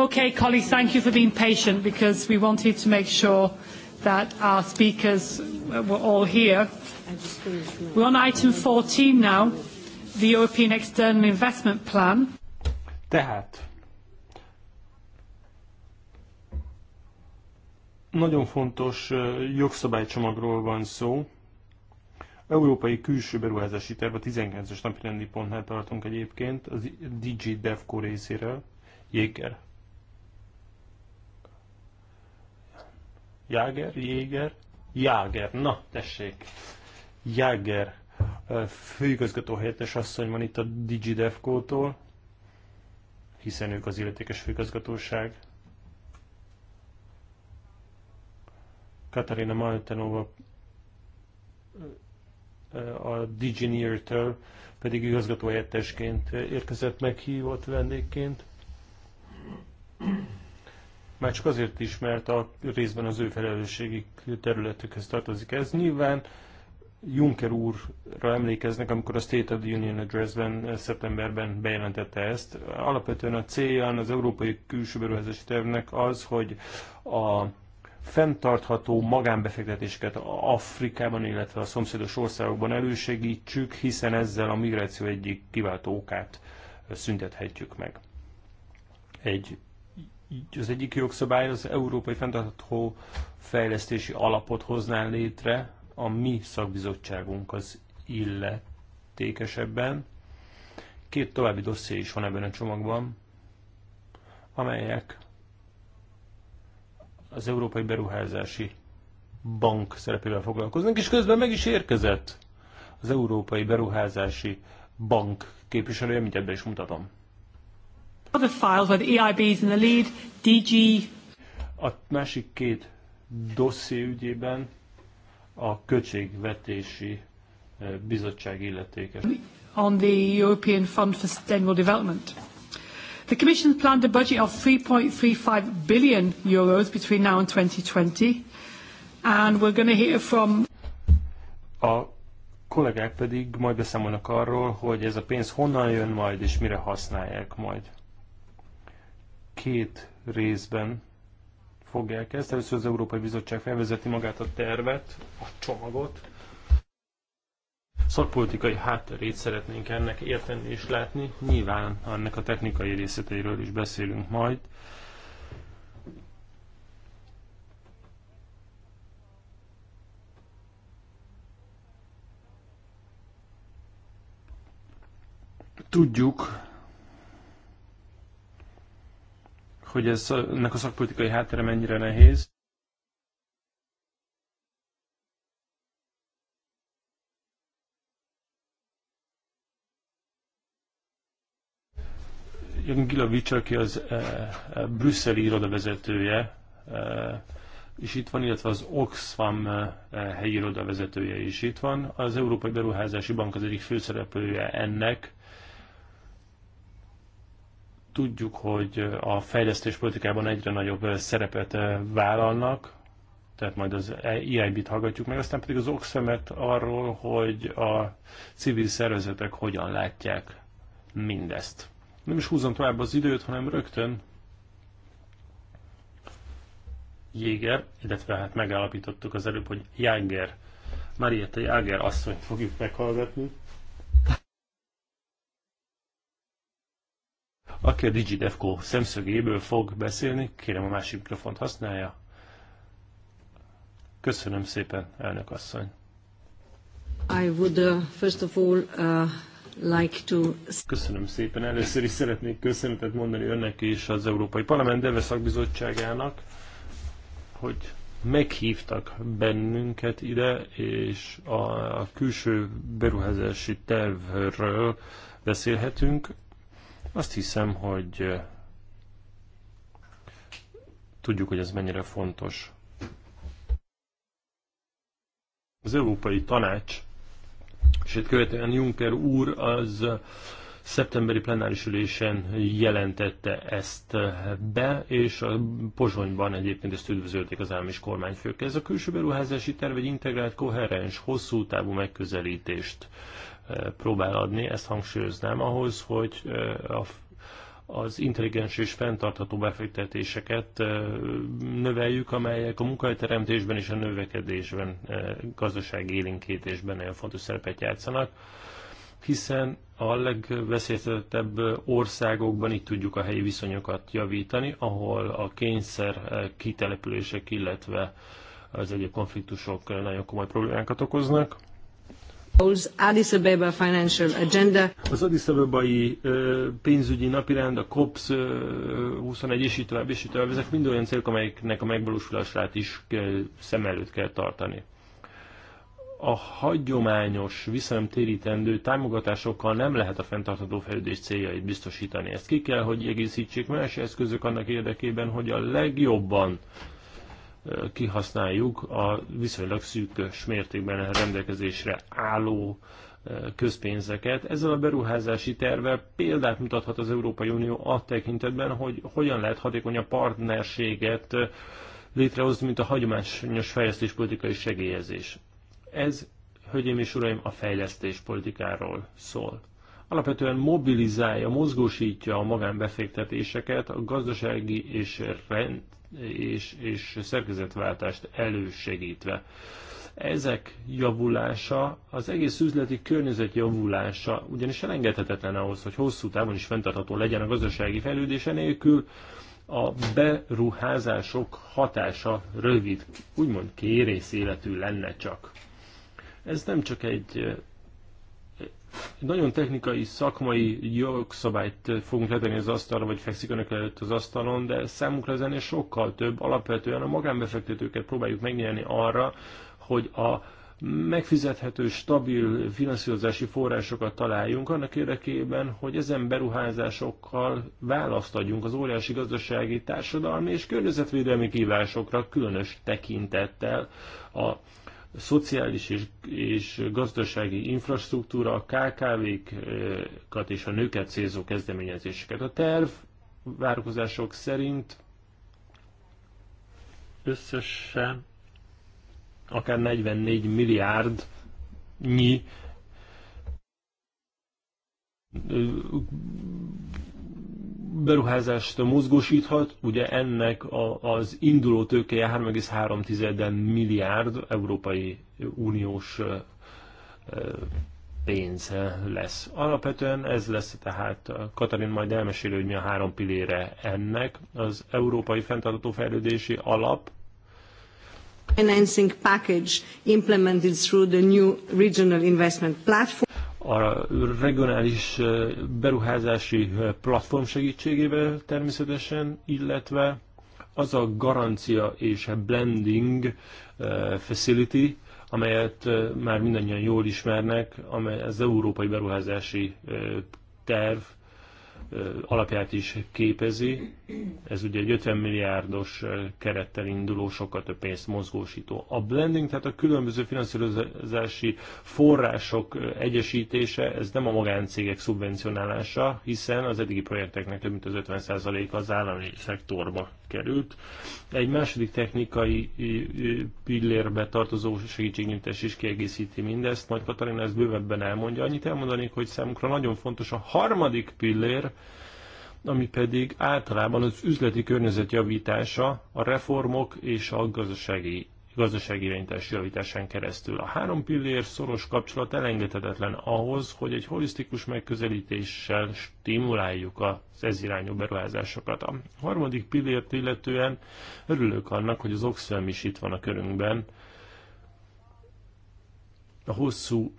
Okay, colleagues, thank you for being patient because we wanted to make sure that our speakers were all here. We're on item 14 now, the European External Investment Plan. Tehát, nagyon fontos jogszabálycsomagról van szó. Európai külső beruházási terv a 19-es napi rendi pontnál tartunk egyébként, az DG DevCo részéről. Jéker. Jáger, Jéger, Jáger, na tessék, Jáger főigazgató helyettes asszony van itt a DigiDevCo-tól, hiszen ők az illetékes főigazgatóság. Katarina Maltenova a Digineer-től pedig helyettesként érkezett meghívott vendégként már csak azért is, mert a részben az ő felelősségi területükhez tartozik ez. Nyilván Juncker úrra emlékeznek, amikor a State of the Union Address-ben szeptemberben bejelentette ezt. Alapvetően a célja az európai külső beruházási tervnek az, hogy a fenntartható magánbefektetéseket Afrikában, illetve a szomszédos országokban elősegítsük, hiszen ezzel a migráció egyik kiváltó okát szüntethetjük meg. Egy így az egyik jogszabály az Európai Fenntartható Fejlesztési Alapot hozná létre, a mi szakbizottságunk az illetékesebben. Két további dosszé is van ebben a csomagban, amelyek az Európai Beruházási Bank szerepével foglalkoznak, és közben meg is érkezett az Európai Beruházási Bank képviselője, mint ebben is mutatom other files where the EIB is in the lead, DG. A másik két dosszié ügyében a költségvetési eh, bizottság illetékes. On the European Fund for Sustainable Development. The Commission planned a budget of 3.35 billion euros between now and 2020, and we're going to hear from. A kollégák pedig majd beszámolnak arról, hogy ez a pénz honnan jön majd és mire használják majd két részben fogják ezt. Először az Európai Bizottság felvezeti magát a tervet, a csomagot. Szakpolitikai hátterét szeretnénk ennek érteni és látni. Nyilván ennek a technikai részleteiről is beszélünk majd. Tudjuk, hogy ez, ennek a szakpolitikai háttere mennyire nehéz. Jön Gilavics, aki az e, e, brüsszeli irodavezetője, e, és itt van, illetve az Oxfam e, e, helyi irodavezetője is itt van. Az Európai Beruházási Bank az egyik főszereplője ennek, Tudjuk, hogy a fejlesztés politikában egyre nagyobb szerepet eh, vállalnak, tehát majd az EIB-t hallgatjuk meg, aztán pedig az Oxfam-et arról, hogy a civil szervezetek hogyan látják mindezt. Nem is húzom tovább az időt, hanem rögtön Jéger, illetve hát megállapítottuk az előbb, hogy Jáger, Marietta Jáger asszonyt fogjuk meghallgatni. Aki a DigiDevCo szemszögéből fog beszélni, kérem a másik mikrofont használja. Köszönöm szépen, elnök asszony. I would uh, first of all uh, like to... Köszönöm szépen. Először is szeretnék köszönetet mondani önnek és az Európai Parlament Deve Szakbizottságának, hogy meghívtak bennünket ide, és a, a külső beruházási tervről beszélhetünk. Azt hiszem, hogy tudjuk, hogy ez mennyire fontos. Az Európai Tanács, és itt követően Juncker úr az szeptemberi plenáris ülésen jelentette ezt be, és a Pozsonyban egyébként ezt üdvözölték az állam és kormányfők. Ez a külső beruházási terv egy integrált, koherens, hosszú távú megközelítést próbál adni, ezt hangsúlyoznám, ahhoz, hogy a az intelligens és fenntartható befektetéseket növeljük, amelyek a munkahelyteremtésben és a növekedésben, gazdasági élinkítésben nagyon fontos szerepet játszanak, hiszen a legveszélyeztetettebb országokban itt tudjuk a helyi viszonyokat javítani, ahol a kényszer kitelepülések, illetve az egyéb konfliktusok nagyon komoly problémákat okoznak. Az Addis Abebai pénzügyi napirend, a COPS 21 és így tovább, és így tovább, ezek mind olyan célok, amelyeknek a megvalósulását is szem előtt kell tartani. A hagyományos, visszanemtérítendő támogatásokkal nem lehet a fenntartható fejlődés céljait biztosítani. Ezt ki kell, hogy egészítsék más eszközök annak érdekében, hogy a legjobban kihasználjuk a viszonylag szűkös mértékben rendelkezésre álló eh, közpénzeket. Ezzel a beruházási tervvel példát mutathat az Európai Unió a tekintetben, hogy hogyan lehet hatékony a partnerséget eh, létrehozni, mint a hagyományos fejlesztéspolitikai segélyezés. Ez, hölgyeim és uraim, a fejlesztéspolitikáról szól. Alapvetően mobilizálja, mozgósítja a magánbefektetéseket a gazdasági és rend, és, és szerkezetváltást elősegítve. Ezek javulása, az egész üzleti környezet javulása ugyanis elengedhetetlen ahhoz, hogy hosszú távon is fenntartható legyen a gazdasági fejlődése nélkül, a beruházások hatása rövid, úgymond kérész életű lenne csak. Ez nem csak egy nagyon technikai, szakmai jogszabályt fogunk letenni az asztalra, vagy fekszik önök előtt az asztalon, de számunkra ez ennél sokkal több. Alapvetően a magánbefektetőket próbáljuk megnyerni arra, hogy a megfizethető, stabil finanszírozási forrásokat találjunk annak érdekében, hogy ezen beruházásokkal választ adjunk az óriási gazdasági, társadalmi és környezetvédelmi kívásokra különös tekintettel a szociális és, és gazdasági infrastruktúra, a KKV-kat és a nőket célzó kezdeményezéseket. A terv várakozások szerint összesen akár 44 milliárd nyi beruházást mozgósíthat, ugye ennek a, az induló tőkeje 3,3 milliárd Európai Uniós pénz lesz. Alapvetően ez lesz, tehát Katalin majd elmeséli, hogy mi a három pillére ennek. Az Európai Fentartató Fejlődési Alap, financing package implemented through the new regional investment platform a regionális beruházási platform segítségével természetesen, illetve az a garancia és a blending facility, amelyet már mindannyian jól ismernek, amely az európai beruházási terv alapját is képezi. Ez ugye egy 50 milliárdos kerettel induló, sokkal több pénzt mozgósító. A blending, tehát a különböző finanszírozási források egyesítése, ez nem a magáncégek szubvencionálása, hiszen az eddigi projekteknek több mint az 50% az állami szektorba került. Egy második technikai pillérbe tartozó segítségnyújtás is kiegészíti mindezt. majd Katalin ezt bővebben elmondja. Annyit elmondanék, hogy számunkra nagyon fontos a harmadik pillér, ami pedig általában az üzleti környezet javítása, a reformok és a gazdasági gazdasági irányítás javításán keresztül. A három pillér szoros kapcsolat elengedhetetlen ahhoz, hogy egy holisztikus megközelítéssel stimuláljuk az ez irányú beruházásokat. A harmadik pillért illetően örülök annak, hogy az Oxfam is itt van a körünkben. A hosszú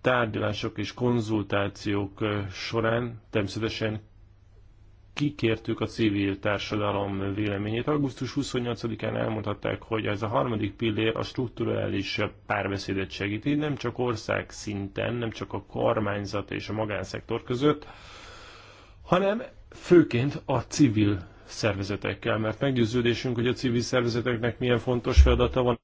tárgyalások és konzultációk során természetesen kikértük a civil társadalom véleményét. Augusztus 28-án elmondhatták, hogy ez a harmadik pillér a strukturális párbeszédet segíti, nem csak ország szinten, nem csak a kormányzat és a magánszektor között, hanem főként a civil szervezetekkel, mert meggyőződésünk, hogy a civil szervezeteknek milyen fontos feladata van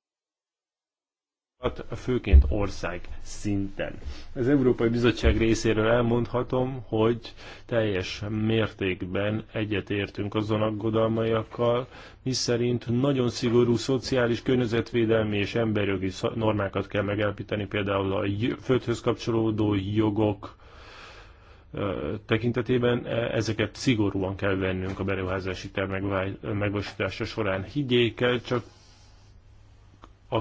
főként ország szinten. Az Európai Bizottság részéről elmondhatom, hogy teljes mértékben egyetértünk azon aggodalmaiakkal, miszerint nagyon szigorú szociális, környezetvédelmi és emberjogi normákat kell megállapítani, például a földhöz kapcsolódó jogok, tekintetében e, ezeket szigorúan kell vennünk a beruházási terv megvásítása során. Higgyék el, csak a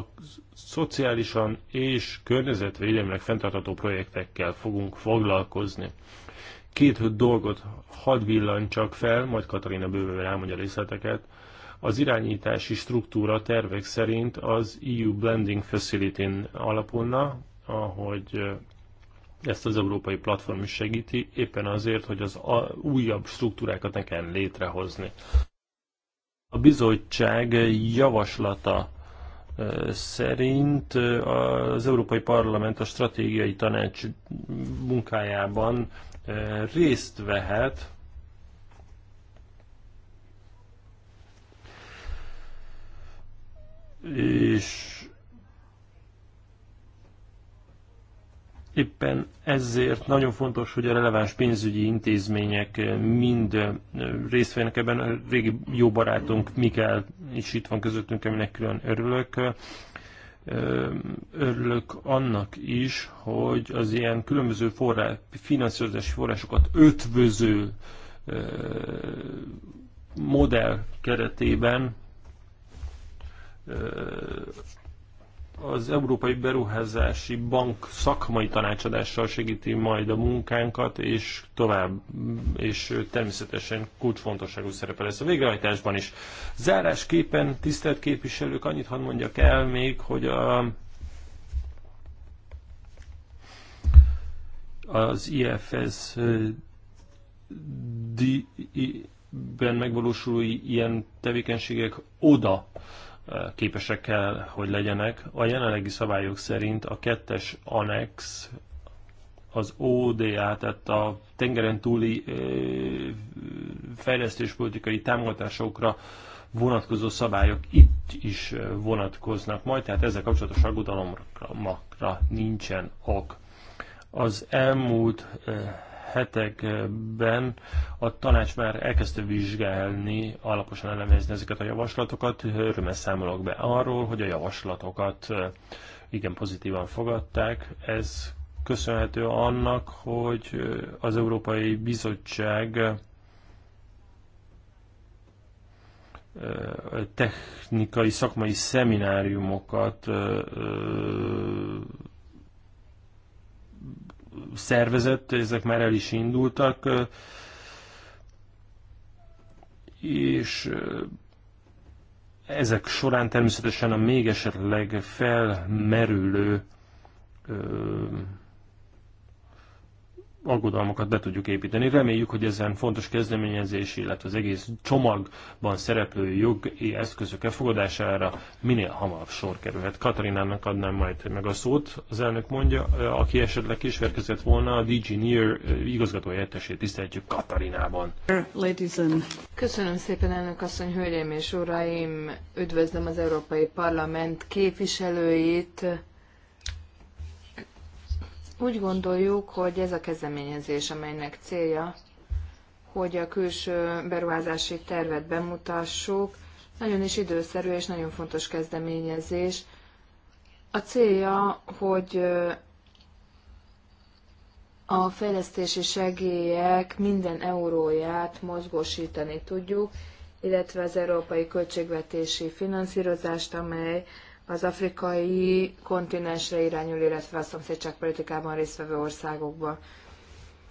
szociálisan és környezetvédelmileg fenntartható projektekkel fogunk foglalkozni. Két dolgot hadd villancsak fel, majd Katarina bővővel elmondja részleteket. Az irányítási struktúra tervek szerint az EU Blending Facility-n alapulna, ahogy ezt az európai platform is segíti, éppen azért, hogy az újabb struktúrákat ne kell létrehozni. A bizottság javaslata szerint az Európai Parlament a stratégiai tanács munkájában eh, részt vehet, és Éppen ezért nagyon fontos, hogy a releváns pénzügyi intézmények mind részt vegyenek ebben. A régi jó barátunk Mikkel is itt van közöttünk, aminek külön örülök. Örülök annak is, hogy az ilyen különböző forrás, finanszírozási forrásokat ötvöző modell keretében az Európai Beruházási Bank szakmai tanácsadással segíti majd a munkánkat, és tovább, és természetesen kulcsfontosságú szerepe lesz a végrehajtásban is. Zárásképpen, tisztelt képviselők, annyit hadd mondjak el még, hogy a, az IFS ben megvalósuló ilyen tevékenységek oda képesek kell, hogy legyenek. A jelenlegi szabályok szerint a kettes annex az ODA, tehát a tengeren túli fejlesztéspolitikai támogatásokra vonatkozó szabályok itt is vonatkoznak majd, tehát ezzel kapcsolatos aggodalomra nincsen ok. Az elmúlt hetekben a tanács már elkezdte vizsgálni, alaposan elemezni ezeket a javaslatokat. Örömmel számolok be arról, hogy a javaslatokat igen pozitívan fogadták. Ez köszönhető annak, hogy az Európai Bizottság technikai, szakmai szemináriumokat szervezett, ezek már el is indultak, és ezek során természetesen a még esetleg felmerülő aggodalmakat be tudjuk építeni. Reméljük, hogy ezen fontos kezdeményezés, illetve az egész csomagban szereplő jogi eszközök elfogadására minél hamarabb sor kerülhet. Katarinának adnám majd meg a szót, az elnök mondja, aki esetleg kísérkezett volna, a DG Near igazgatóhelyettesét tiszteltjük Katarinában. Köszönöm szépen, elnök asszony, hölgyeim és uraim! Üdvözlöm az Európai Parlament képviselőit, úgy gondoljuk, hogy ez a kezdeményezés, amelynek célja, hogy a külső beruházási tervet bemutassuk, nagyon is időszerű és nagyon fontos kezdeményezés. A célja, hogy a fejlesztési segélyek minden euróját mozgósítani tudjuk, illetve az európai költségvetési finanszírozást, amely az afrikai kontinensre irányul, illetve a szomszédságpolitikában résztvevő országokba.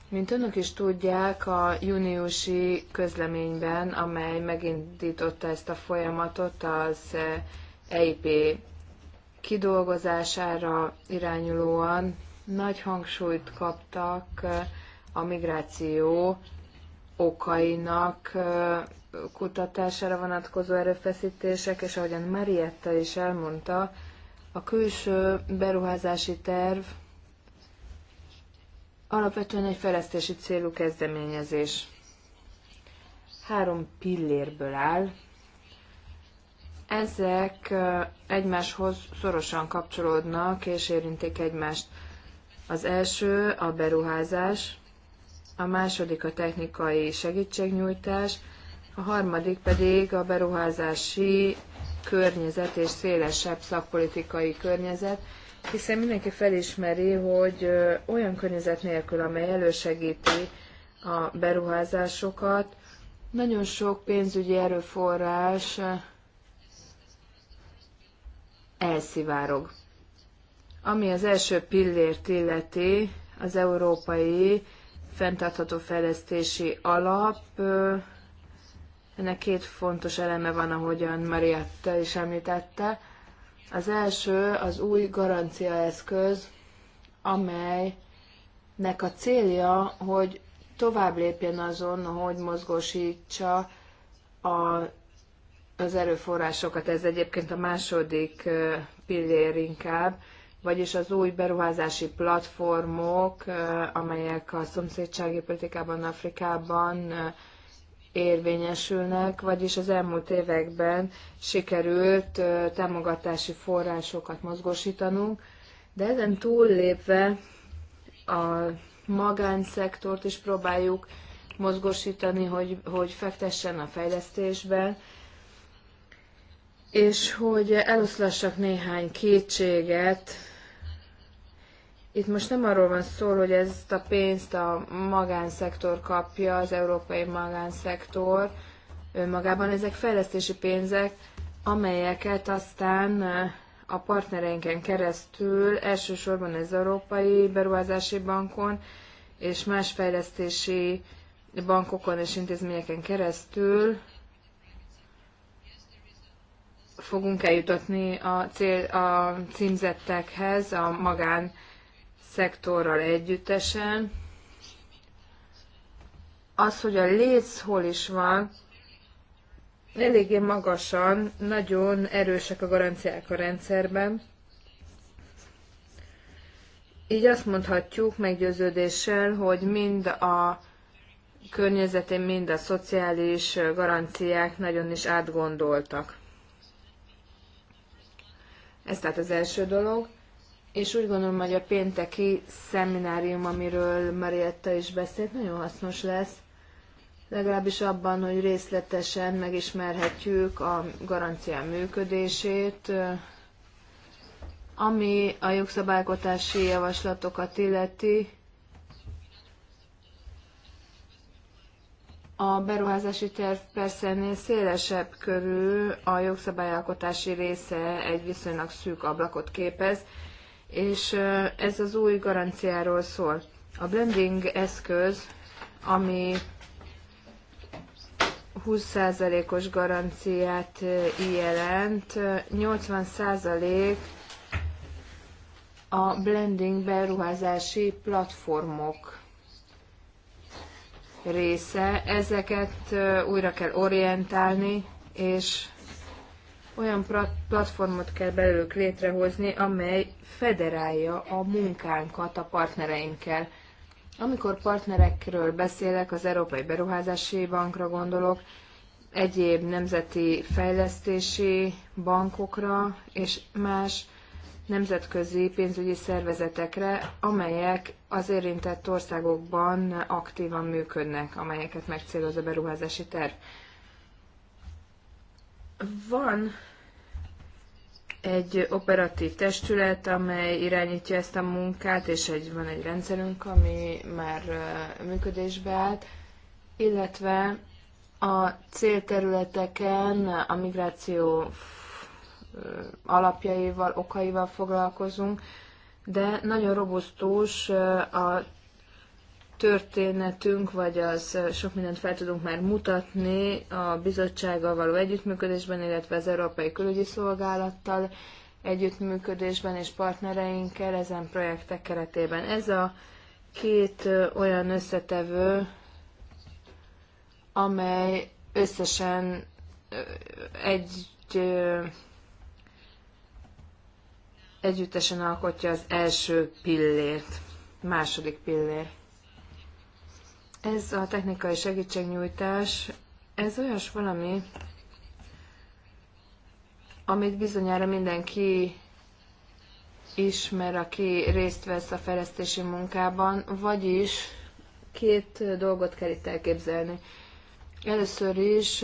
Mint önök is tudják, a júniusi közleményben, amely megindította ezt a folyamatot, az EIP eh, e kidolgozására irányulóan nagy hangsúlyt kaptak eh, a migráció okainak eh, kutatására vonatkozó erőfeszítések, és ahogyan Marietta is elmondta, a külső beruházási terv alapvetően egy fejlesztési célú kezdeményezés. Három pillérből áll. Ezek egymáshoz szorosan kapcsolódnak és érintik egymást. Az első a beruházás, a második a technikai segítségnyújtás, a harmadik pedig a beruházási környezet és szélesebb szakpolitikai környezet, hiszen mindenki felismeri, hogy olyan környezet nélkül, amely elősegíti a beruházásokat, nagyon sok pénzügyi erőforrás elszivárog. Ami az első pillért illeti, az európai fenntartható fejlesztési alap ennek két fontos eleme van, ahogyan Mariette is említette. Az első az új garanciaeszköz, amelynek a célja, hogy tovább lépjen azon, hogy mozgósítsa a, az erőforrásokat. Ez egyébként a második pillér inkább, vagyis az új beruházási platformok, amelyek a szomszédsági politikában, Afrikában érvényesülnek, vagyis az elmúlt években sikerült támogatási forrásokat mozgósítanunk, de ezen túllépve a magánszektort is próbáljuk mozgósítani, hogy, hogy fektessen a fejlesztésben, és hogy eloszlassak néhány kétséget itt most nem arról van szó, hogy ezt a pénzt a magánszektor kapja, az európai magánszektor önmagában. Ezek fejlesztési pénzek, amelyeket aztán eh, a partnereinken keresztül, elsősorban az Európai Beruházási Bankon és más fejlesztési bankokon és intézményeken keresztül fogunk eljutatni a, cél, a címzettekhez, a magán szektorral együttesen, az, hogy a léc hol is van, eléggé magasan, nagyon erősek a garanciák a rendszerben. Így azt mondhatjuk meggyőződéssel, hogy mind a környezetén, mind a szociális garanciák nagyon is átgondoltak. Ez tehát az első dolog és úgy gondolom, hogy a pénteki szeminárium, amiről Marietta is beszélt, nagyon hasznos lesz, legalábbis abban, hogy részletesen megismerhetjük a garancia működését, ami a jogszabálykotási javaslatokat illeti, A beruházási terv persze ennél szélesebb körül a jogszabályalkotási része egy viszonylag szűk ablakot képez, és ez az új garanciáról szól. A blending eszköz, ami 20%-os garanciát jelent, 80% a blending beruházási platformok része. Ezeket újra kell orientálni, és olyan platformot kell belőlük létrehozni, amely federálja a munkánkat a partnereinkkel. Amikor partnerekről beszélek, az Európai Beruházási Bankra gondolok, egyéb nemzeti fejlesztési bankokra és más nemzetközi pénzügyi szervezetekre, amelyek az érintett országokban aktívan működnek, amelyeket megcéloz a beruházási terv. Van egy operatív testület, amely irányítja ezt a munkát, és egy, van egy rendszerünk, ami már működésbe állt, illetve a célterületeken a migráció alapjaival, okaival foglalkozunk, de nagyon robusztus a történetünk, vagy az sok mindent fel tudunk már mutatni a bizottsággal való együttműködésben, illetve az Európai Külügyi Szolgálattal együttműködésben és partnereinkkel ezen projektek keretében. Ez a két olyan összetevő, amely összesen egy együttesen alkotja az első pillért, második pillér. Ez a technikai segítségnyújtás, ez olyas valami, amit bizonyára mindenki ismer, aki részt vesz a fejlesztési munkában, vagyis két dolgot kell itt elképzelni. Először is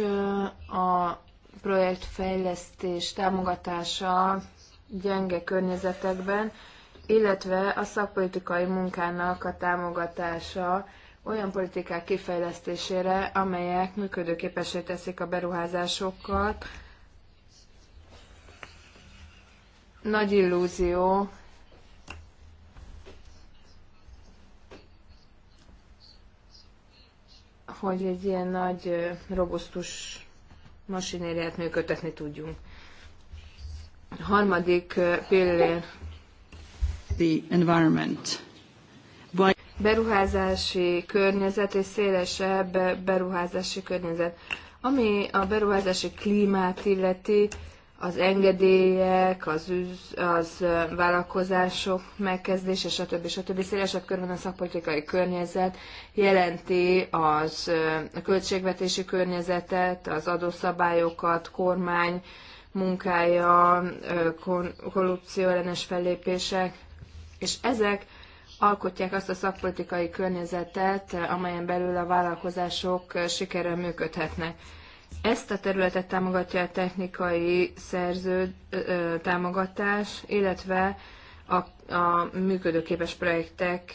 a projektfejlesztés támogatása gyenge környezetekben, illetve a szakpolitikai munkának a támogatása olyan politikák kifejlesztésére, amelyek működőképessé teszik a beruházásokat. Nagy illúzió, hogy egy ilyen nagy, robusztus masinériát működtetni tudjunk. A harmadik pillér. The environment beruházási környezet és szélesebb beruházási környezet. Ami a beruházási klímát illeti, az engedélyek, az, üz, az vállalkozások megkezdése, stb. stb. Szélesebb körben a szakpolitikai környezet jelenti az, a költségvetési környezetet, az adószabályokat, kormány munkája, korrupció ellenes fellépések, és ezek alkotják azt a szakpolitikai környezetet, amelyen belül a vállalkozások sikerrel működhetnek. Ezt a területet támogatja a technikai szerző támogatás, illetve a, a működőképes projektek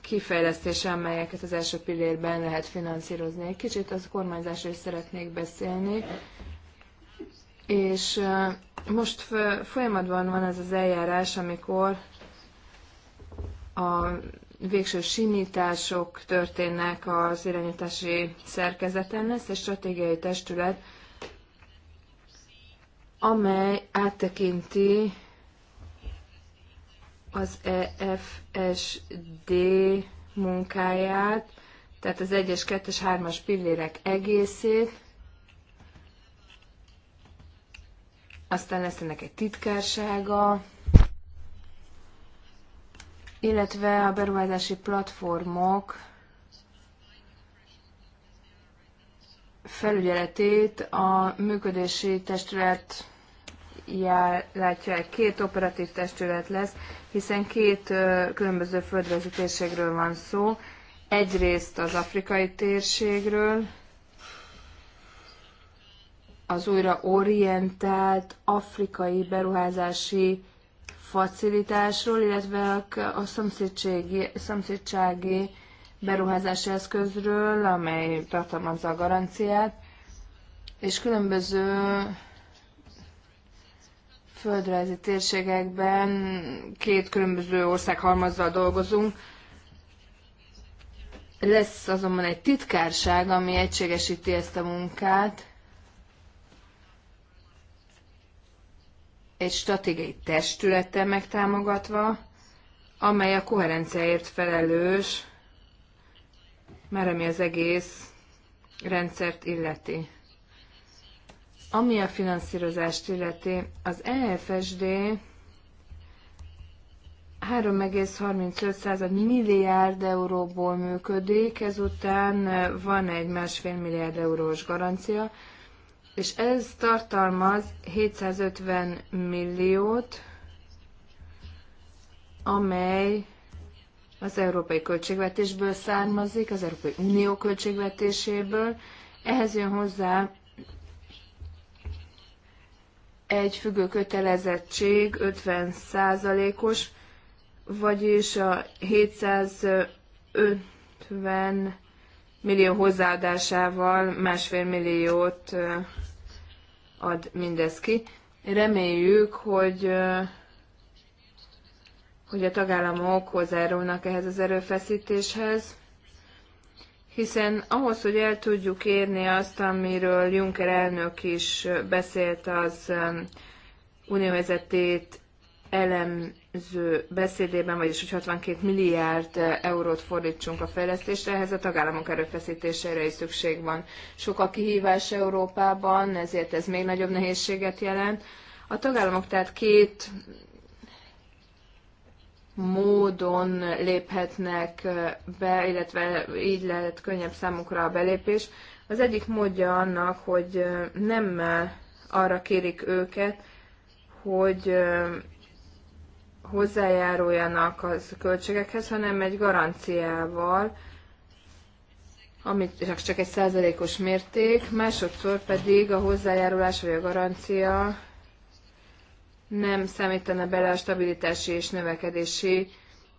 kifejlesztése, amelyeket az első pillérben lehet finanszírozni. Egy kicsit az kormányzásról is szeretnék beszélni. És most folyamatban van ez az eljárás, amikor a végső simítások történnek az irányítási szerkezeten, lesz egy stratégiai testület, amely áttekinti az EFSD munkáját, tehát az 1-es, 2-es, 3-as pillérek egészét, aztán lesz ennek egy titkársága, illetve a beruházási platformok felügyeletét a működési testület jár, látja el. Két operatív testület lesz, hiszen két különböző földrajzi térségről van szó. Egyrészt az afrikai térségről, az újra orientált afrikai beruházási facilitásról, illetve a szomszédségi, szomszédsági beruházási eszközről, amely tartalmazza a garanciát, és különböző földrajzi térségekben két különböző ország halmazzal dolgozunk. Lesz azonban egy titkárság, ami egységesíti ezt a munkát, egy stratégiai testülettel megtámogatva, amely a koherenciáért felelős, már ami az egész rendszert illeti. Ami a finanszírozást illeti, az EFSD 3,35 milliárd euróból működik, ezután van egy másfél milliárd eurós garancia, és ez tartalmaz 750 milliót, amely az európai költségvetésből származik, az Európai Unió költségvetéséből. Ehhez jön hozzá egy függő kötelezettség 50 százalékos, vagyis a 750 millió hozzáadásával másfél milliót ad mindez ki. Reméljük, hogy hogy a tagállamok hozzárulnak ehhez az erőfeszítéshez, hiszen ahhoz, hogy el tudjuk érni azt, amiről Juncker elnök is beszélt az unióvezetét elemző beszédében, vagyis hogy 62 milliárd eurót fordítsunk a fejlesztésre, ehhez a tagállamok erőfeszítésére is szükség van. Sok a kihívás Európában, ezért ez még nagyobb nehézséget jelent. A tagállamok tehát két módon léphetnek be, illetve így lehet könnyebb számukra a belépés. Az egyik módja annak, hogy nem arra kérik őket, hogy hozzájáruljanak az költségekhez, hanem egy garanciával, amit csak egy százalékos mérték, másodszor pedig a hozzájárulás vagy a garancia nem számítana bele a stabilitási és növekedési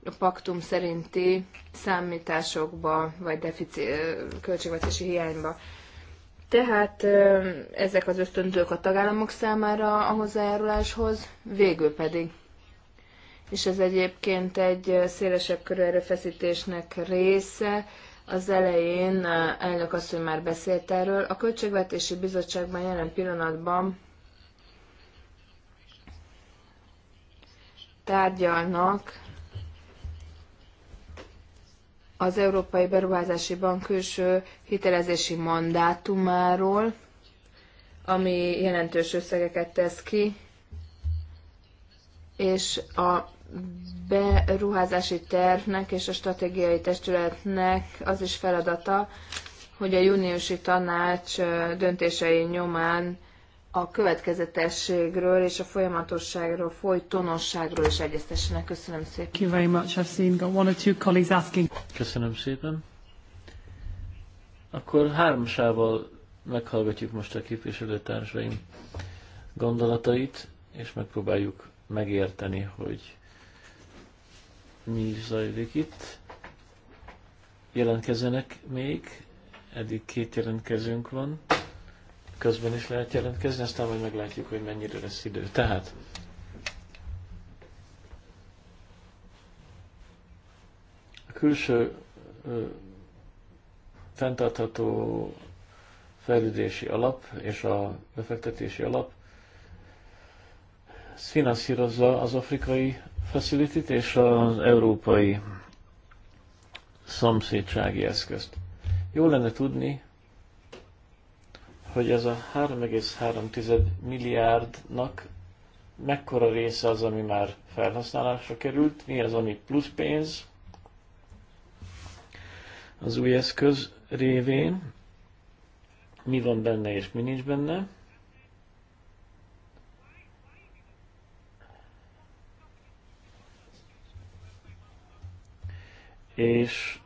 a paktum szerinti számításokba, vagy defici, költségvetési hiányba. Tehát ezek az ösztöntők a tagállamok számára a hozzájáruláshoz, végül pedig és ez egyébként egy szélesebb körű erőfeszítésnek része. Az elején elnök asszony már beszélt erről. A Költségvetési Bizottságban jelen pillanatban tárgyalnak az Európai Beruházási Bank külső hitelezési mandátumáról, ami jelentős összegeket tesz ki, és a beruházási tervnek és a stratégiai testületnek az is feladata, hogy a júniusi tanács döntései nyomán a következetességről és a folyamatosságról, folytonosságról is egyeztessenek. Köszönöm szépen. Thank you very much. I've seen got one or two colleagues asking. Köszönöm szépen. Akkor hármasával meghallgatjuk most a képviselőtársaim gondolatait, és megpróbáljuk megérteni, hogy mi is zajlik itt. Jelentkezenek még, eddig két jelentkezőnk van. Közben is lehet jelentkezni, aztán majd meglátjuk, hogy mennyire lesz idő. Tehát a külső ö, fenntartható fejlődési alap és a befektetési alap finanszírozza az afrikai facility és az európai szomszédsági eszközt. Jó lenne tudni, hogy ez a 3,3 milliárdnak mekkora része az, ami már felhasználásra került, mi az, ami plusz pénz az új eszköz révén, mi van benne és mi nincs benne. És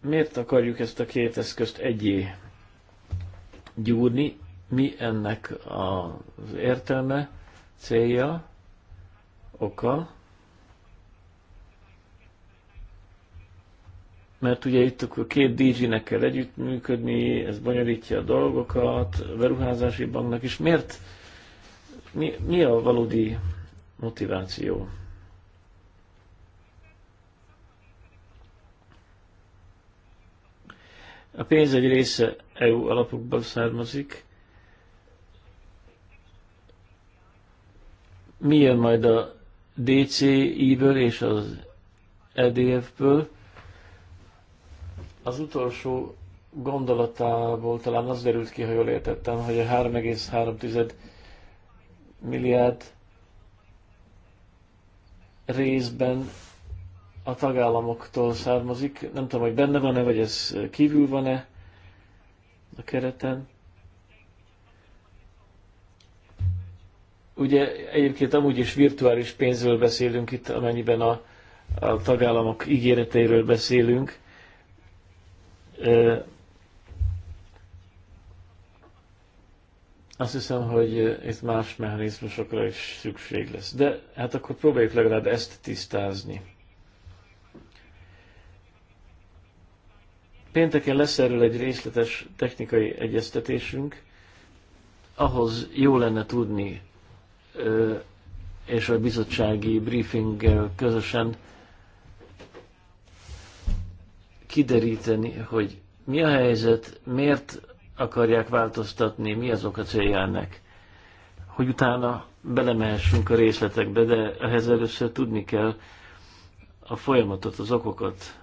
miért akarjuk ezt a két eszközt egyé gyúrni? Mi ennek az értelme, célja, oka? mert ugye itt a két DG-nek kell együttműködni, ez bonyolítja a dolgokat, a beruházási banknak is. Miért? Mi, mi a valódi motiváció? A pénz egy része EU alapokból származik. Mi jön majd a DCI-ből és az EDF-ből? Az utolsó gondolatából talán az derült ki, ha jól értettem, hogy a 3,3 milliárd részben a tagállamoktól származik. Nem tudom, hogy benne van-e, vagy ez kívül van-e a kereten. Ugye egyébként amúgy is virtuális pénzről beszélünk itt, amennyiben a, a tagállamok ígéreteiről beszélünk. Azt hiszem, hogy itt más mechanizmusokra is szükség lesz. De hát akkor próbáljuk legalább ezt tisztázni. Pénteken lesz erről egy részletes technikai egyeztetésünk. Ahhoz jó lenne tudni, és a bizottsági briefing közösen kideríteni, hogy mi a helyzet, miért akarják változtatni, mi az oka célja ennek. Hogy utána belemehessünk a részletekbe, de ehhez először tudni kell a folyamatot, az okokat,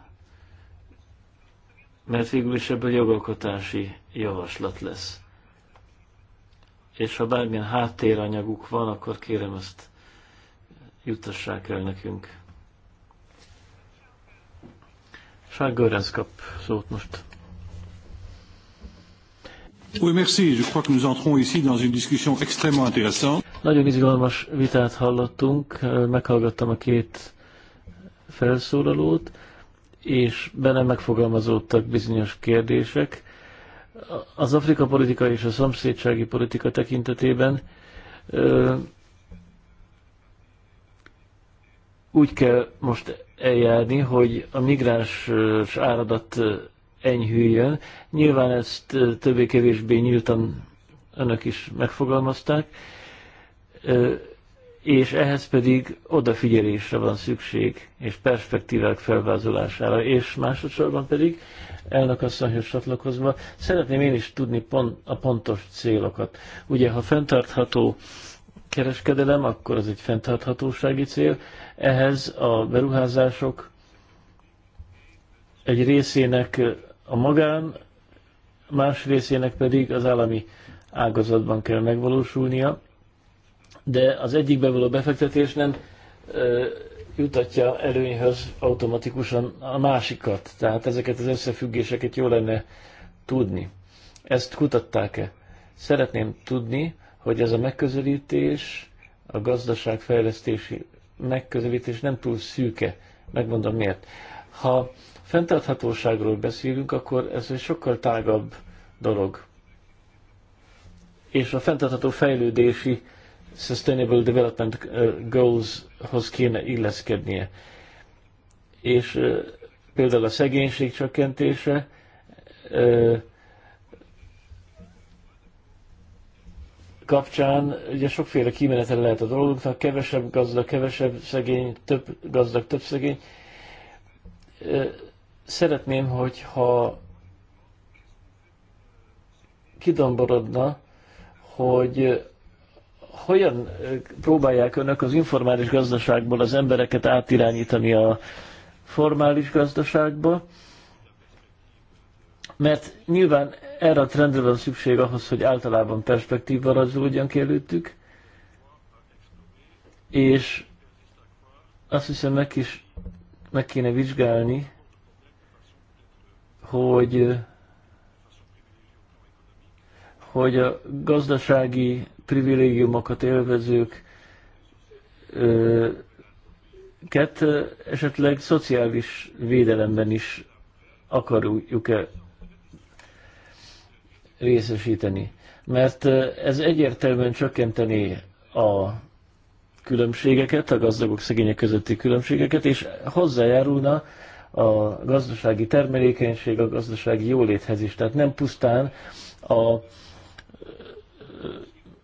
mert végül is ebből jogalkotási javaslat lesz. És ha bármilyen háttéranyaguk van, akkor kérem ezt juttassák el nekünk. Charles Görenc kap szót most. Oui, merci. Je crois que nous entrons ici dans une discussion extrêmement intéressante. Nagyon izgalmas vitát hallottunk, meghallgattam a két felszólalót és benne megfogalmazódtak bizonyos kérdések. Az Afrika politika és a szomszédsági politika tekintetében ö, úgy kell most eljárni, hogy a migráns áradat enyhüljön. Nyilván ezt többé-kevésbé nyíltan önök is megfogalmazták. Ö, és ehhez pedig odafigyelésre van szükség, és perspektívák felvázolására, és másodszorban pedig elnök asszonyhoz csatlakozva, szeretném én is tudni pont, a pontos célokat. Ugye, ha fenntartható kereskedelem, akkor az egy fenntarthatósági cél, ehhez a beruházások egy részének a magán, más részének pedig az állami ágazatban kell megvalósulnia, de az egyikbe való befektetés nem ö, jutatja előnyhöz automatikusan a másikat. Tehát ezeket az összefüggéseket jó lenne tudni. Ezt kutatták-e? Szeretném tudni, hogy ez a megközelítés, a gazdaságfejlesztési megközelítés nem túl szűke. Megmondom miért. Ha fenntarthatóságról beszélünk, akkor ez egy sokkal tágabb dolog. És a fenntartható fejlődési Sustainable Development uh, Goals-hoz kéne illeszkednie. És uh, például a szegénység csökkentése, uh, kapcsán ugye sokféle kimenetel lehet a dolgoknak, kevesebb gazdag, kevesebb szegény, több gazdag, több szegény. Szeretném, hogyha kidomborodna, hogy hogyan próbálják önök az informális gazdaságból az embereket átirányítani a formális gazdaságba, mert nyilván erre a trendre van szükség ahhoz, hogy általában perspektíva rajzolódjon ki előttük, és azt hiszem meg is meg kéne vizsgálni, hogy hogy a gazdasági privilégiumokat élvezők ket esetleg szociális védelemben is akarjuk-e részesíteni. Mert ez egyértelműen csökkenteni a különbségeket, a gazdagok szegények közötti különbségeket, és hozzájárulna a gazdasági termelékenység, a gazdasági jóléthez is. Tehát nem pusztán a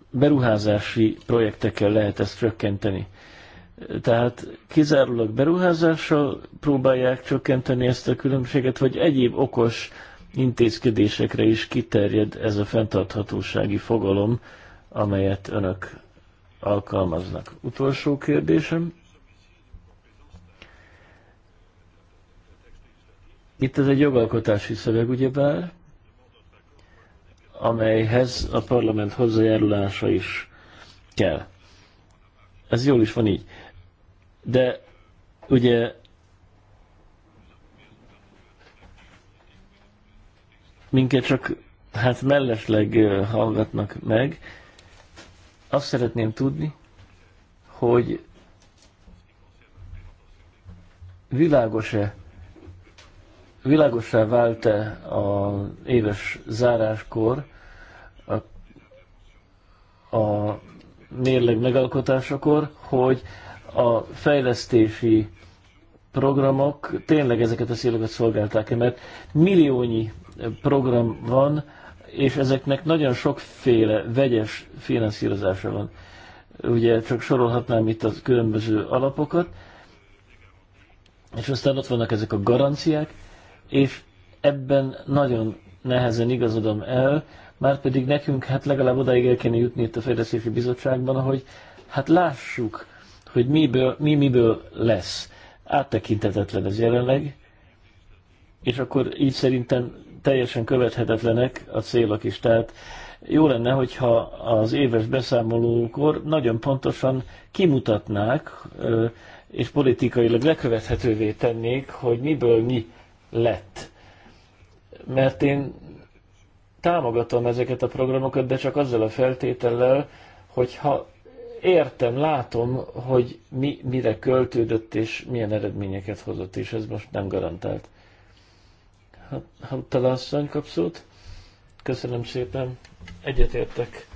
beruházási projektekkel lehet ezt csökkenteni. Tehát kizárólag beruházással próbálják csökkenteni ezt a különbséget, vagy egyéb okos intézkedésekre is kiterjed ez a fenntarthatósági fogalom, amelyet önök alkalmaznak. Utolsó kérdésem. Itt ez egy jogalkotási szöveg, ugyebár, amelyhez a parlament hozzájárulása is kell. Ez jól is van így. De ugye minket csak hát mellesleg hallgatnak meg. Azt szeretném tudni, hogy világos-e világosá vált-e az éves záráskor a, a mérleg megalkotásakor, hogy a fejlesztési programok tényleg ezeket a szélokat szolgálták-e, mert milliónyi program van, és ezeknek nagyon sokféle vegyes finanszírozása van. Ugye csak sorolhatnám itt a különböző alapokat, és aztán ott vannak ezek a garanciák, és ebben nagyon nehezen igazodom el, már pedig nekünk hát legalább odáig el kéne jutni itt a Fejlesztési Bizottságban, hogy hát lássuk, hogy miből, mi miből lesz. Áttekintetetlen ez jelenleg, és akkor így szerintem teljesen követhetetlenek a célok is. Tehát jó lenne, hogyha az éves beszámolókor nagyon pontosan kimutatnák, és politikailag lekövethetővé tennék, hogy miből mi lett. Mert én támogatom ezeket a programokat, de csak azzal a feltétellel, hogy ha értem, látom, hogy mi mire költődött és milyen eredményeket hozott, és ez most nem garantált. hát asszony kapszót. köszönöm szépen, egyetértek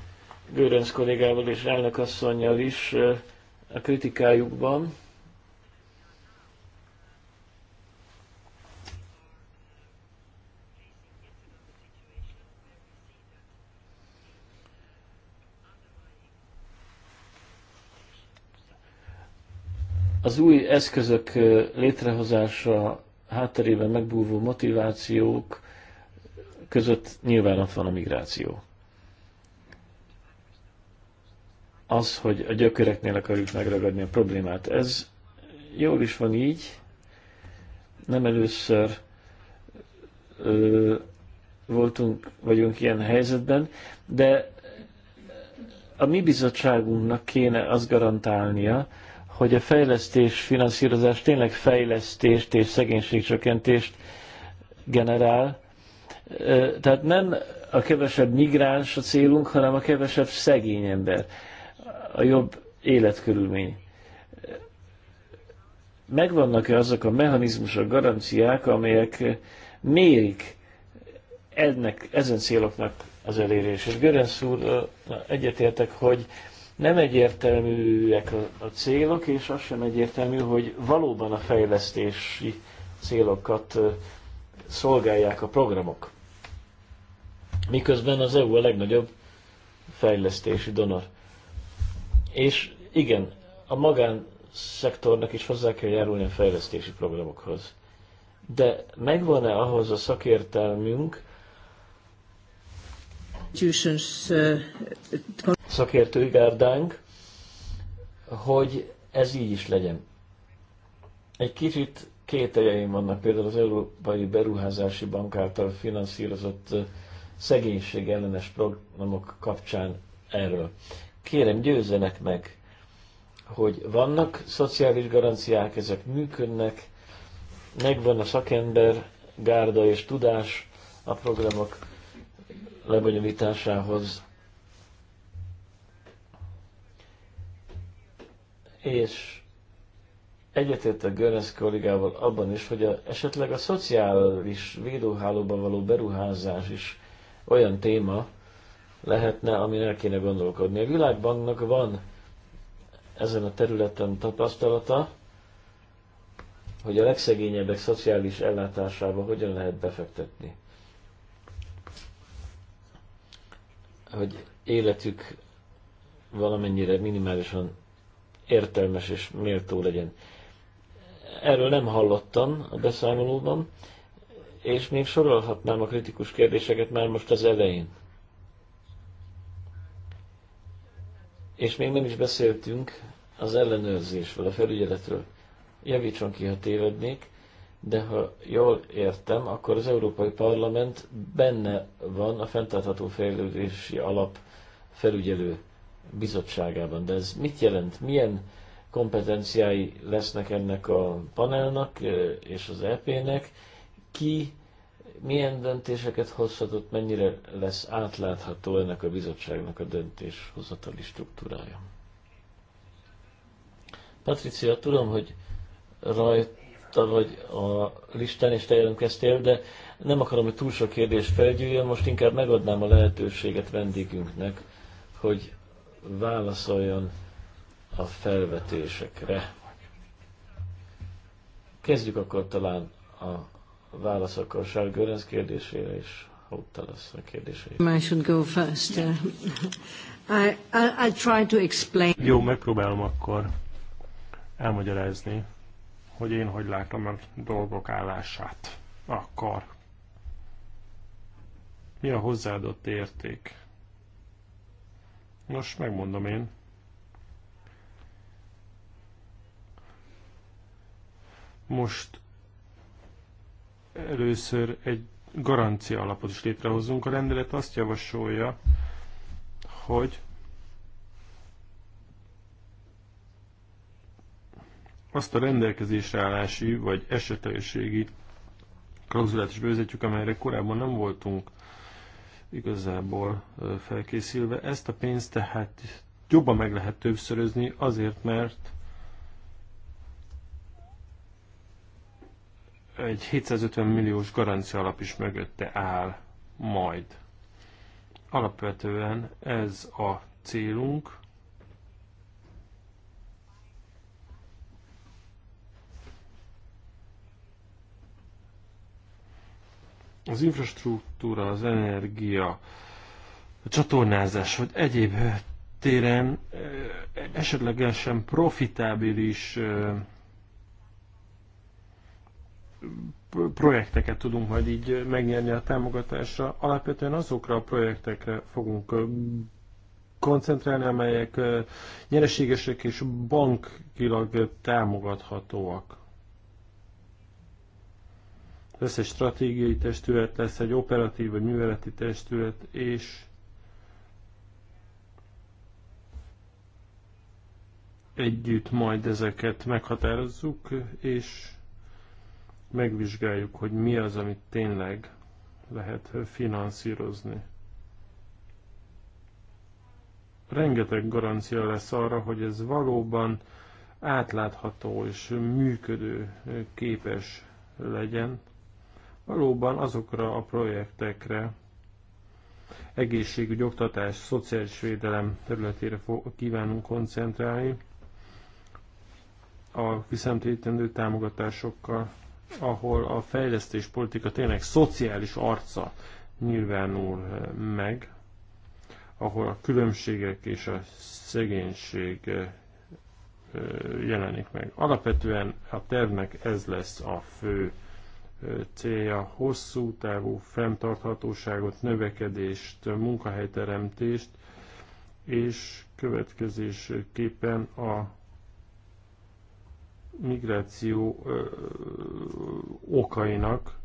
Gőrenc kollégával és elnök asszonynal is eh, a kritikájukban. Az új eszközök létrehozása hátterében megbúvó motivációk között nyilván ott van a migráció. Az, hogy a gyökereknél akarjuk megragadni a problémát, ez jól is van így. Nem először ö, voltunk, vagyunk ilyen helyzetben, de a mi bizottságunknak kéne azt garantálnia, hogy a fejlesztés finanszírozás tényleg fejlesztést és szegénységcsökkentést generál. Tehát nem a kevesebb migráns a célunk, hanem a kevesebb szegény ember, a jobb életkörülmény. Megvannak-e azok a mechanizmusok, garanciák, amelyek mérik ennek, ezen céloknak az elérését? Görensz úr, egyetértek, hogy nem egyértelműek a, célok, és az sem egyértelmű, hogy valóban a fejlesztési célokat szolgálják a programok. Miközben az EU a legnagyobb fejlesztési donor. És igen, a magánszektornak is hozzá kell járulni a fejlesztési programokhoz. De megvan-e ahhoz a szakértelmünk, Uh, Szakértői gárdánk, hogy ez így is legyen. Egy kicsit kételjeim vannak például az Európai Beruházási Bank által finanszírozott uh, szegénység ellenes programok kapcsán erről. Kérem, győzzenek meg, hogy vannak szociális garanciák, ezek működnek, megvan a szakember, gárda és tudás a programok lebonyolításához. És egyetértek Görens kollégával abban is, hogy a, esetleg a szociális védőhálóban való beruházás is olyan téma lehetne, amin el kéne gondolkodni. A világbanknak van ezen a területen tapasztalata, hogy a legszegényebbek szociális ellátásába hogyan lehet befektetni. hogy életük valamennyire minimálisan értelmes és méltó legyen. Erről nem hallottam a beszámolóban, és még sorolhatnám a kritikus kérdéseket már most az elején. És még nem is beszéltünk az ellenőrzésről, a felügyeletről. Javítson ki, ha tévednék de ha jól értem, akkor az Európai Parlament benne van a fenntartható fejlődési alap felügyelő bizottságában. De ez mit jelent? Milyen kompetenciái lesznek ennek a panelnak és az EP-nek? Ki milyen döntéseket hozhatott, mennyire lesz átlátható ennek a bizottságnak a döntéshozatali struktúrája? Patricia, tudom, hogy rajt láttam, hogy a listán is te jelentkeztél, de nem akarom, hogy túl sok kérdés felgyűjjön, most inkább megadnám a lehetőséget vendégünknek, hogy válaszoljon a felvetésekre. Kezdjük akkor talán a válaszokkal Charles kérdésére és kérdésére. I should go first. Uh, <laughs> I, I'll, I'll try to explain. Jó, megpróbálom akkor elmagyarázni hogy én hogy látom a dolgok állását. Akkor mi a hozzáadott érték? Nos, megmondom én. Most először egy garancia alapot is létrehozunk. A rendelet azt javasolja, hogy azt a rendelkezésre állási vagy esetelőségi klauzulát is bevezetjük, amelyre korábban nem voltunk igazából felkészülve. Ezt a pénzt tehát jobban meg lehet többszörözni azért, mert egy 750 milliós garancia alap is mögötte áll majd. Alapvetően ez a célunk, az infrastruktúra, az energia, a csatornázás vagy egyéb eh, téren eh, esetlegesen profitábilis eh, projekteket tudunk majd így megnyerni a támogatásra. Alapvetően azokra a projektekre fogunk koncentrálni, amelyek nyereségesek és bankilag támogathatóak lesz egy stratégiai testület, lesz egy operatív vagy műveleti testület, és együtt majd ezeket meghatározzuk, és megvizsgáljuk, hogy mi az, amit tényleg lehet finanszírozni. Rengeteg garancia lesz arra, hogy ez valóban átlátható és működő képes legyen valóban azokra a projektekre, egészségügy, oktatás, szociális védelem területére kívánunk koncentrálni a viszontétendő támogatásokkal, ahol a fejlesztés politika tényleg szociális arca nyilvánul eh, meg, ahol a különbségek és a szegénység eh, eh, jelenik meg. Alapvetően a tervnek ez lesz a fő célja hosszú távú fenntarthatóságot, növekedést, munkahelyteremtést, és következésképpen a migráció ö, okainak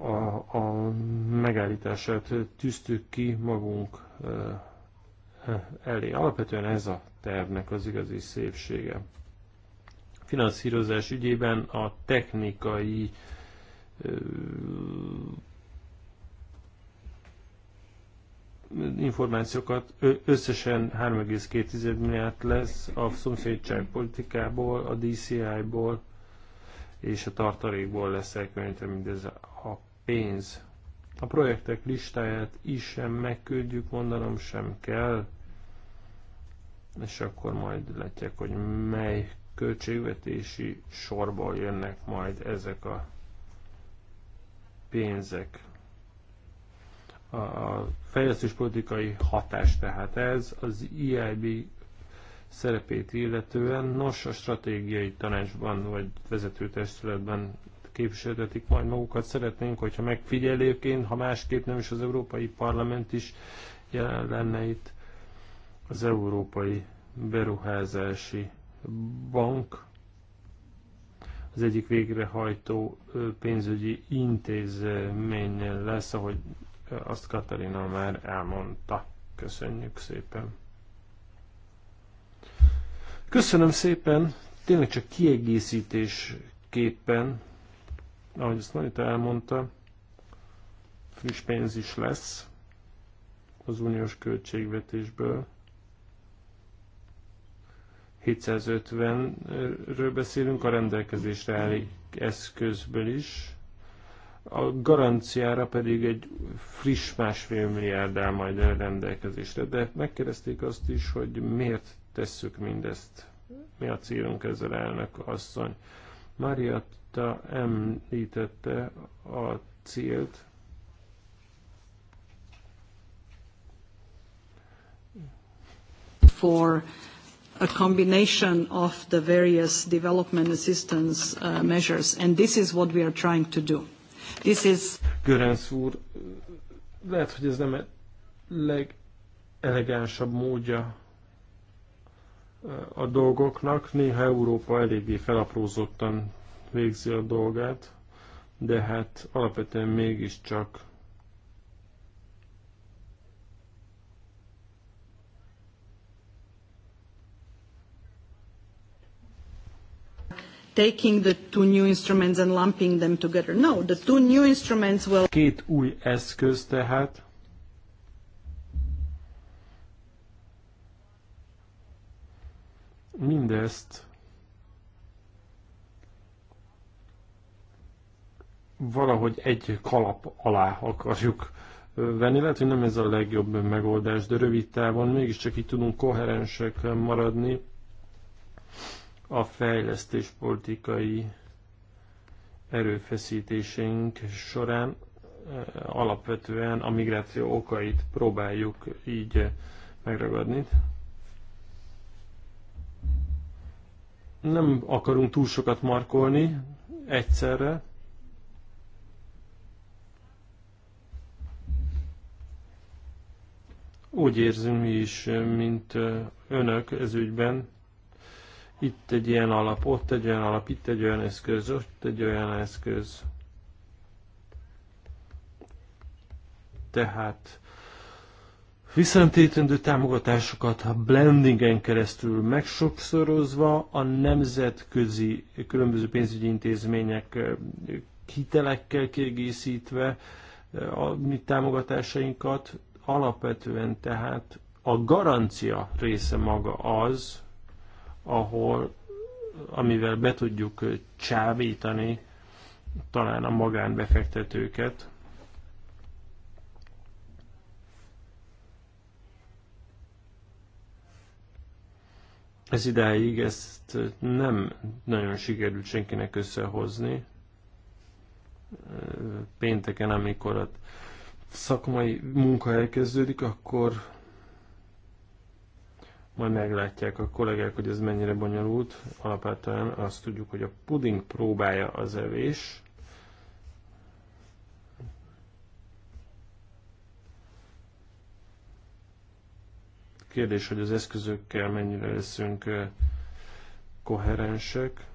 a, a megállítását tűztük ki magunk ö, elé. Alapvetően ez a tervnek az igazi szépsége finanszírozás ügyében a technikai információkat összesen 3,2 milliárd lesz a szomszédság politikából, a DCI-ból és a tartalékból lesz elkülönítve mindez a pénz. A projektek listáját is sem megküldjük, mondanom sem kell, és akkor majd látják, hogy mely költségvetési sorból jönnek majd ezek a pénzek. A fejlesztéspolitikai hatás tehát ez az EIB szerepét illetően, nos a stratégiai tanácsban vagy vezetőtestületben képviseltetik majd magukat. Szeretnénk, hogyha megfigyelőként, ha másképp nem is az Európai Parlament is jelen lenne itt az Európai Beruházási bank az egyik végrehajtó pénzügyi intézmény lesz, ahogy azt Katarina már elmondta. Köszönjük szépen! Köszönöm szépen, tényleg csak kiegészítésképpen, ahogy azt Marita elmondta, friss pénz is lesz az uniós költségvetésből. 750-ről beszélünk a rendelkezésre álló eszközből is, a garanciára pedig egy friss másfél milliárd áll majd rendelkezésre. De megkérdezték azt is, hogy miért tesszük mindezt, mi a célunk ezzel elnök asszony. Mariatta említette a célt, for a combination of the various development assistance uh, measures, and this is what we are trying to do. This is... Görenc úr, lehet, hogy ez nem a e- legelegánsabb módja uh, a dolgoknak. Néha Európa eléggé felaprózottan végzi a dolgát, de hát alapvetően mégiscsak taking the two new instruments and lumping them together. No, the two new instruments will... Két új eszköz tehát. Mindezt valahogy egy kalap alá akarjuk venni. Lehet, hogy nem ez a legjobb megoldás, de rövid távon mégiscsak így tudunk koherensek maradni a fejlesztés politikai erőfeszítéseink során eh, alapvetően a migráció okait próbáljuk így eh, megragadni. Nem akarunk túl sokat markolni egyszerre. Úgy érzünk mi is, eh, mint önök ez ügyben, itt egy ilyen alap, ott egy olyan alap, itt egy olyan eszköz, ott egy olyan eszköz. Tehát visszanemtétendő támogatásokat a blendingen keresztül megsokszorozva a nemzetközi különböző pénzügyi intézmények hitelekkel kiegészítve a mi támogatásainkat, alapvetően tehát a garancia része maga az, ahol, amivel be tudjuk csábítani talán a magánbefektetőket, ez idáig ezt nem nagyon sikerült senkinek összehozni. Pénteken, amikor a szakmai munka elkezdődik, akkor majd meglátják a kollégák, hogy ez mennyire bonyolult. Alapvetően azt tudjuk, hogy a puding próbája az evés. Kérdés, hogy az eszközökkel mennyire leszünk koherensek.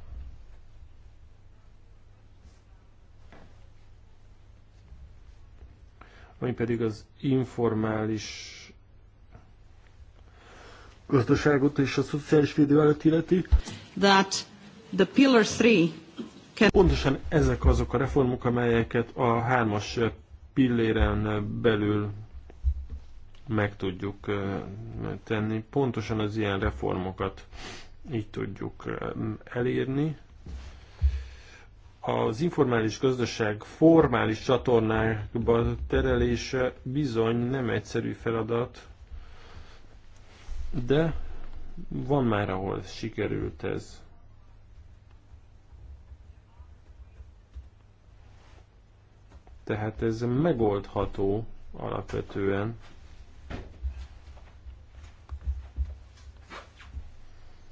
Ami pedig az informális gazdaságot és a szociális védőállat illeti. That the pillar three can... Pontosan ezek azok a reformok, amelyeket a hármas pilléren belül meg tudjuk tenni. Pontosan az ilyen reformokat így tudjuk elérni. Az informális gazdaság formális csatornákba terelése bizony nem egyszerű feladat, de van már, ahol sikerült ez. Tehát ez megoldható alapvetően.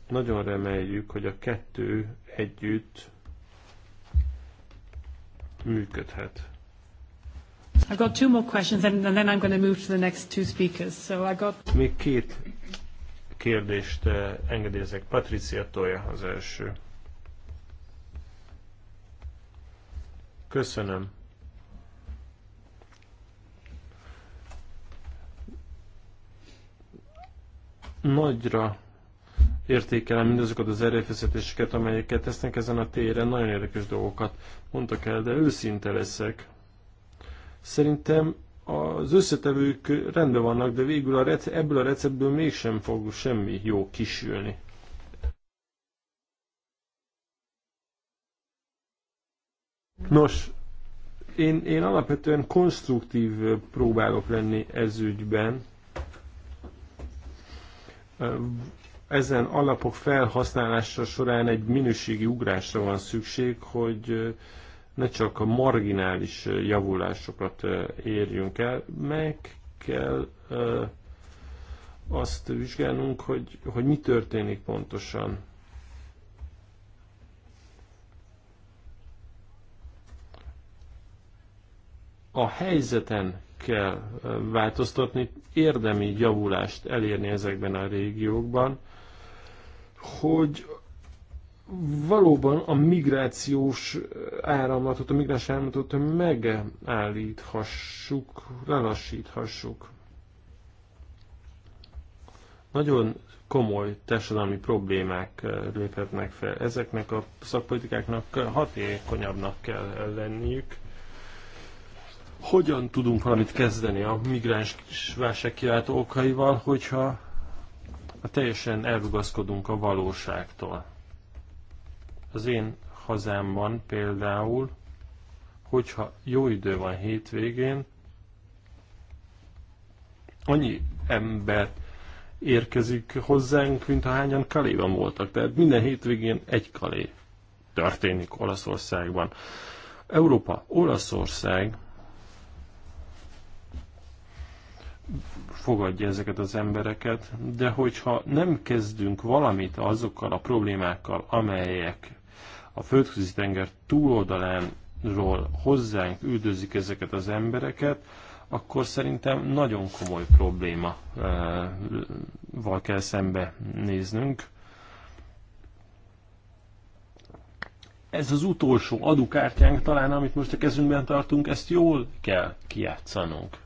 Nagyon reméljük, hogy a kettő együtt működhet. I've got two more questions and, and then I'm going to move to the next two speakers. So I got Még két kérdést eh, engedélyezek. Patricia Tolja az első. Köszönöm. Nagyra értékelem mindazokat az erőfeszítéseket, amelyeket tesznek ezen a téren. Nagyon érdekes dolgokat mondtak el, de őszinte leszek. Szerintem az összetevők rendben vannak, de végül a rece- ebből a receptből mégsem fog semmi jó kisülni. Nos, én, én alapvetően konstruktív próbálok lenni ez ügyben. Ezen alapok felhasználása során egy minőségi ugrásra van szükség, hogy ne csak a marginális javulásokat érjünk el, meg kell azt vizsgálnunk, hogy, hogy mi történik pontosan. A helyzeten kell változtatni, érdemi javulást elérni ezekben a régiókban, hogy valóban a migrációs áramlatot, a migráns áramlatot megállíthassuk, lelassíthassuk. Nagyon komoly társadalmi problémák eh, léphetnek fel. Ezeknek a szakpolitikáknak hatékonyabbnak kell lenniük. Hogyan tudunk valamit kezdeni a migráns válság kiváltó okaival, hogyha teljesen elrugaszkodunk a valóságtól? Az én hazámban például, hogyha jó idő van hétvégén, annyi ember érkezik hozzánk, mint hányan Kaléban voltak. Tehát minden hétvégén egy Kalé történik Olaszországban. Európa, Olaszország fogadja ezeket az embereket, de hogyha nem kezdünk valamit azokkal a problémákkal, amelyek a földközi tenger túloldalánról hozzánk üldözik ezeket az embereket, akkor szerintem nagyon komoly probléma eh, val kell szembe néznünk. Ez az utolsó adukártyánk talán, amit most a kezünkben tartunk, ezt jól kell kiátszanunk.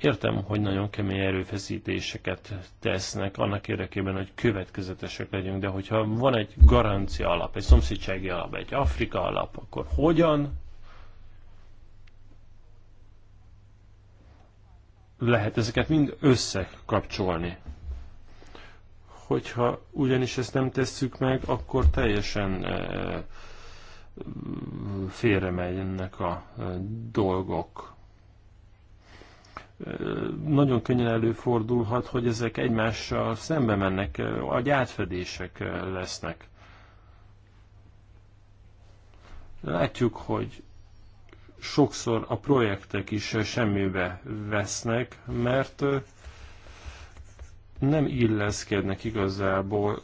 Értem, hogy nagyon kemény erőfeszítéseket tesznek annak érdekében, hogy következetesek legyünk, de hogyha van egy garancia alap, egy szomszédsági alap, egy Afrika alap, akkor hogyan lehet ezeket mind összekapcsolni? Hogyha ugyanis ezt nem tesszük meg, akkor teljesen eh, félre megy ennek a eh, dolgok nagyon könnyen előfordulhat, hogy ezek egymással szembe mennek, a gyártfedések lesznek. Látjuk, hogy sokszor a projektek is semmibe vesznek, mert nem illeszkednek igazából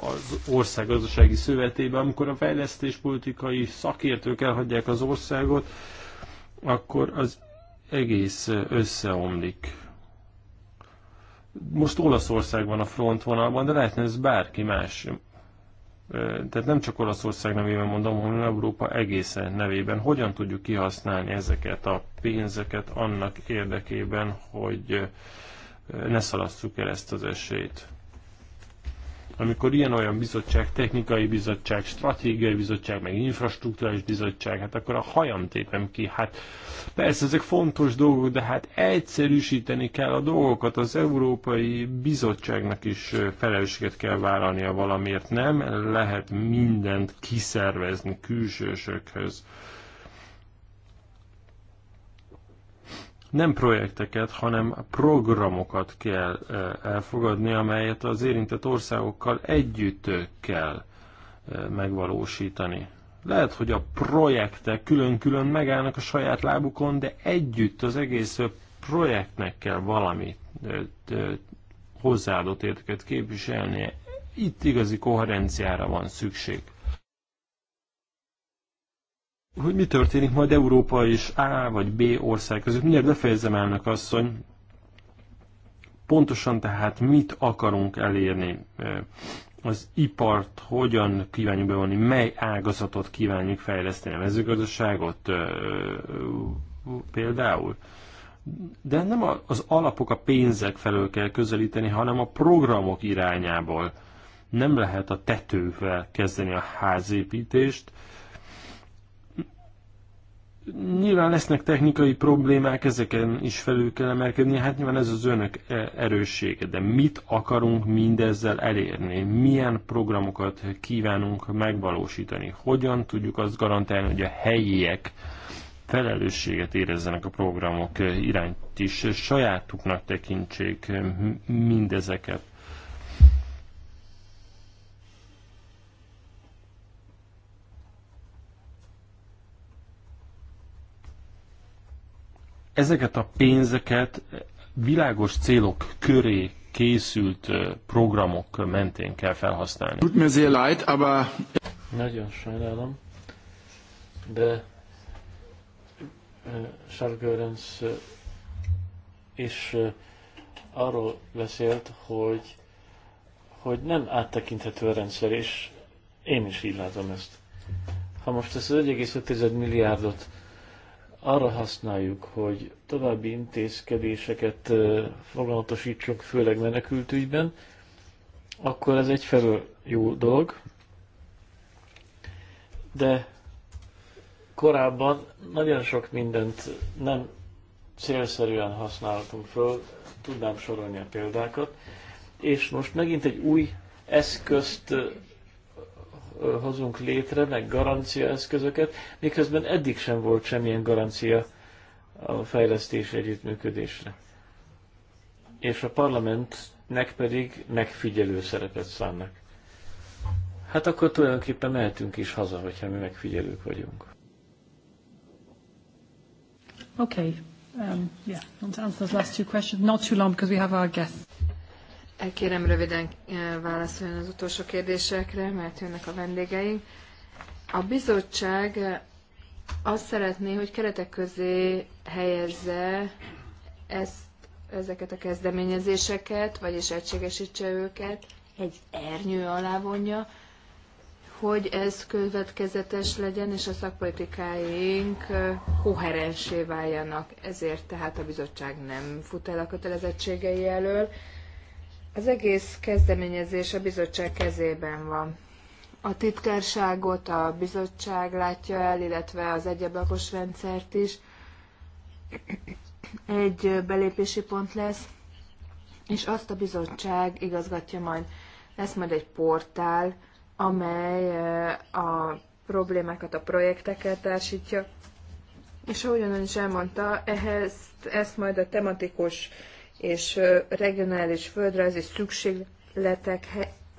az ország gazdasági szövetében, Amikor a fejlesztéspolitikai szakértők elhagyják az országot, akkor az egész összeomlik. Most Olaszország van a frontvonalban, de lehetne ez bárki más. Tehát nem csak Olaszország nevében mondom, hanem Európa egészen nevében. Hogyan tudjuk kihasználni ezeket a pénzeket annak érdekében, hogy ne szalasszuk el ezt az esélyt? amikor ilyen-olyan bizottság, technikai bizottság, stratégiai bizottság, meg infrastruktúrális bizottság, hát akkor a hajam tépem ki. Hát persze ezek fontos dolgok, de hát egyszerűsíteni kell a dolgokat. Az Európai Bizottságnak is felelősséget kell vállalnia valamiért. Nem lehet mindent kiszervezni külsősökhöz nem projekteket, hanem programokat kell elfogadni, amelyet az érintett országokkal együtt kell megvalósítani. Lehet, hogy a projektek külön-külön megállnak a saját lábukon, de együtt az egész projektnek kell valamit hozzáadott értéket képviselnie. Itt igazi koherenciára van szükség hogy mi történik majd Európa és A vagy B ország között. Mindjárt befejezem elnök asszony. Pontosan tehát mit akarunk elérni? Az ipart hogyan kívánjuk bevonni? Mely ágazatot kívánjuk fejleszteni? A mezőgazdaságot például? De nem az alapok, a pénzek felől kell közelíteni, hanem a programok irányából. Nem lehet a tetővel kezdeni a házépítést, Nyilván lesznek technikai problémák, ezeken is felül kell emelkedni, hát nyilván ez az önök e- erőssége, de mit akarunk mindezzel elérni? Milyen programokat kívánunk megvalósítani? Hogyan tudjuk azt garantálni, hogy a helyiek felelősséget érezzenek a programok irányt is, sajátuknak tekintsék mindezeket? ezeket a pénzeket világos célok köré készült programok mentén kell felhasználni. Nagyon sajnálom, de Charles Görens is arról beszélt, hogy, hogy nem áttekinthető a rendszer, és én is így látom ezt. Ha most ezt az 1,5 milliárdot arra használjuk, hogy további intézkedéseket foglalatosítsunk, főleg menekültügyben, akkor ez egyfelől jó dolog, de korábban nagyon sok mindent nem célszerűen használtunk föl, tudnám sorolni a példákat, és most megint egy új eszközt hozunk létre, meg garancia eszközöket, miközben eddig sem volt semmilyen garancia a fejlesztés együttműködésre. És a parlamentnek pedig megfigyelő szerepet szánnak. Hát akkor tulajdonképpen mehetünk is haza, hogyha mi megfigyelők vagyunk. Okay. Um, yeah, I want to answer those last two questions. Not too long because we have our guests. Eh, kérem röviden eh, válaszoljon az utolsó kérdésekre, mert jönnek a vendégeink. A bizottság eh, azt szeretné, hogy keretek közé helyezze ezt, ezeket a kezdeményezéseket, vagyis egységesítse őket, egy ernyő alá vonja, hogy ez következetes legyen, és a szakpolitikáink koherensé váljanak. Ezért tehát a bizottság nem fut el a kötelezettségei elől, az egész kezdeményezés a bizottság kezében van. A titkárságot a bizottság látja el, illetve az egyablakos rendszert is. Egy belépési pont lesz, és azt a bizottság igazgatja majd. Lesz majd egy portál, amely a problémákat, a projektekkel társítja. És ahogyan ön is elmondta, ehhez ezt majd a tematikus és regionális földrajzi szükségletek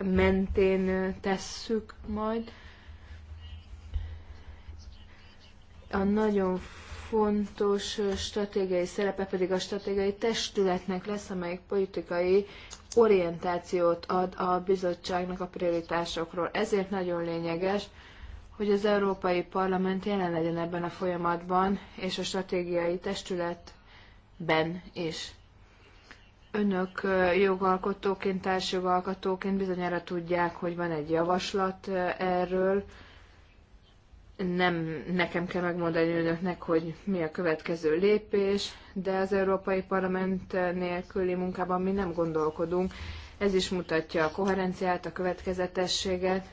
mentén tesszük majd. A nagyon fontos stratégiai szerepe pedig a stratégiai testületnek lesz, amelyik politikai orientációt ad a bizottságnak a prioritásokról. Ezért nagyon lényeges, hogy az Európai Parlament jelen legyen ebben a folyamatban, és a stratégiai testületben is. Önök jogalkotóként, társjogalkotóként bizonyára tudják, hogy van egy javaslat erről. Nem nekem kell megmondani önöknek, hogy mi a következő lépés, de az Európai Parlament nélküli munkában mi nem gondolkodunk. Ez is mutatja a koherenciát, a következetességet,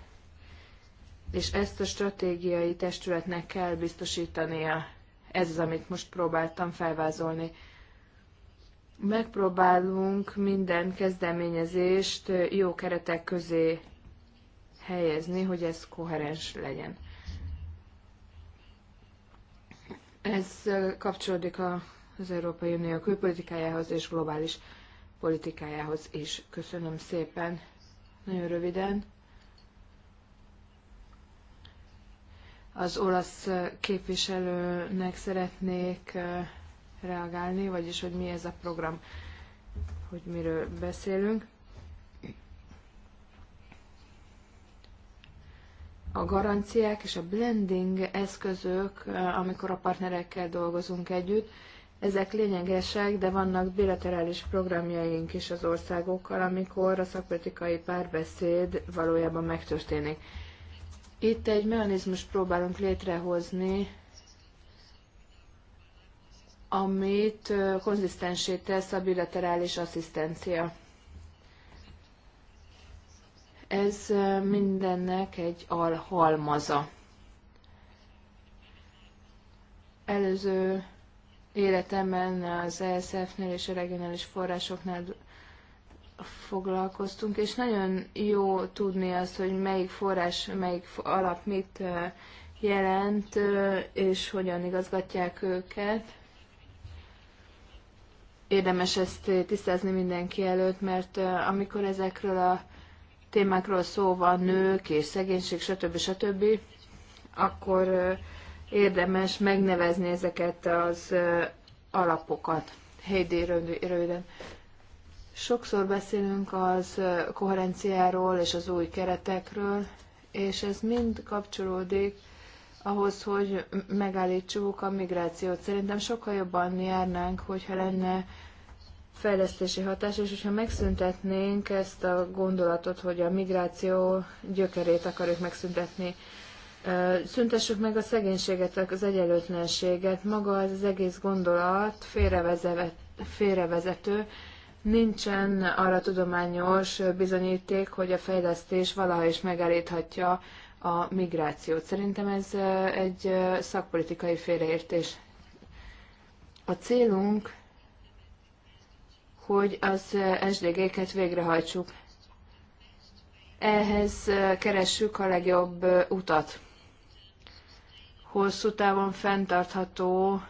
és ezt a stratégiai testületnek kell biztosítania. Ez az, amit most próbáltam felvázolni megpróbálunk minden kezdeményezést jó keretek közé helyezni, hogy ez koherens legyen. Ez kapcsolódik az Európai Unió külpolitikájához és globális politikájához is. Köszönöm szépen. Nagyon röviden. Az olasz képviselőnek szeretnék reagálni, vagyis hogy mi ez a program, hogy miről beszélünk. A garanciák és a blending eszközök, amikor a partnerekkel dolgozunk együtt, ezek lényegesek, de vannak bilaterális programjaink is az országokkal, amikor a szakpolitikai párbeszéd valójában megtörténik. Itt egy mechanizmust próbálunk létrehozni amit konzisztensé tesz a bilaterális asszisztencia. Ez mindennek egy alhalmaza. Előző életemben az ESF-nél és a regionális forrásoknál foglalkoztunk, és nagyon jó tudni azt, hogy melyik forrás, melyik alap mit jelent, és hogyan igazgatják őket érdemes ezt eh, tisztázni mindenki előtt, mert eh, amikor ezekről a témákról szó van, nők és szegénység, stb. stb., akkor eh, érdemes megnevezni ezeket az alapokat. Heidi röviden. Sokszor beszélünk az koherenciáról és az új keretekről, és ez mind kapcsolódik ahhoz, hogy megállítsuk a migrációt. Szerintem sokkal jobban járnánk, hogyha lenne fejlesztési hatás, és hogyha megszüntetnénk ezt a gondolatot, hogy a migráció gyökerét akarjuk megszüntetni. Szüntessük meg a szegénységet, az egyenlőtlenséget. Maga az, az egész gondolat félrevezető. Nincsen arra tudományos bizonyíték, hogy a fejlesztés valaha is megállíthatja a migrációt. Szerintem ez egy szakpolitikai félreértés. A célunk, hogy az SDG-ket végrehajtsuk. Ehhez keressük a legjobb utat. Hosszú távon fenntartható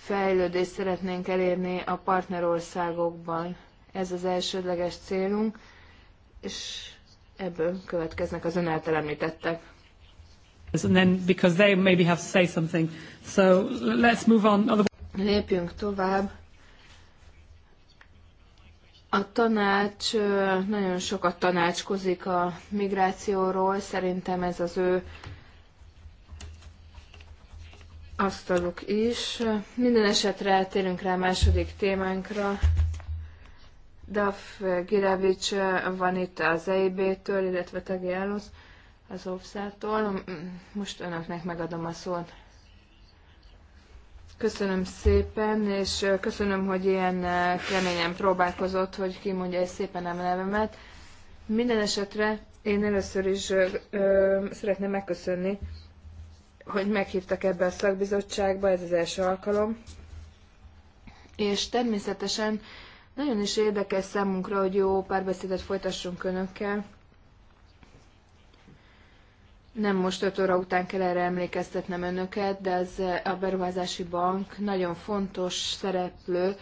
fejlődést szeretnénk elérni a partnerországokban. Ez az elsődleges célunk, és ebből következnek az ön által említettek. And then, because they maybe have to say something. So let's move on. Lépjünk tovább. A tanács nagyon sokat tanácskozik a migrációról, szerintem ez az ő asztaluk is. Minden esetre térünk rá a második témánkra, Daf eh, Girevics eh, van itt az EIB-től, illetve Tegi János az Offszától. Mm, most önöknek megadom a szót. Köszönöm szépen, és eh, köszönöm, hogy ilyen keményen próbálkozott, hogy kimondja egy szépen a nevemet. Minden esetre én először is ö, ö, szeretném megköszönni, hogy meghívtak ebbe a szakbizottságba, ez az első alkalom. És természetesen nagyon is érdekes számunkra, hogy jó párbeszédet folytassunk önökkel. Nem most 5 óra után kell erre emlékeztetnem önöket, de az a beruházási bank nagyon fontos szereplő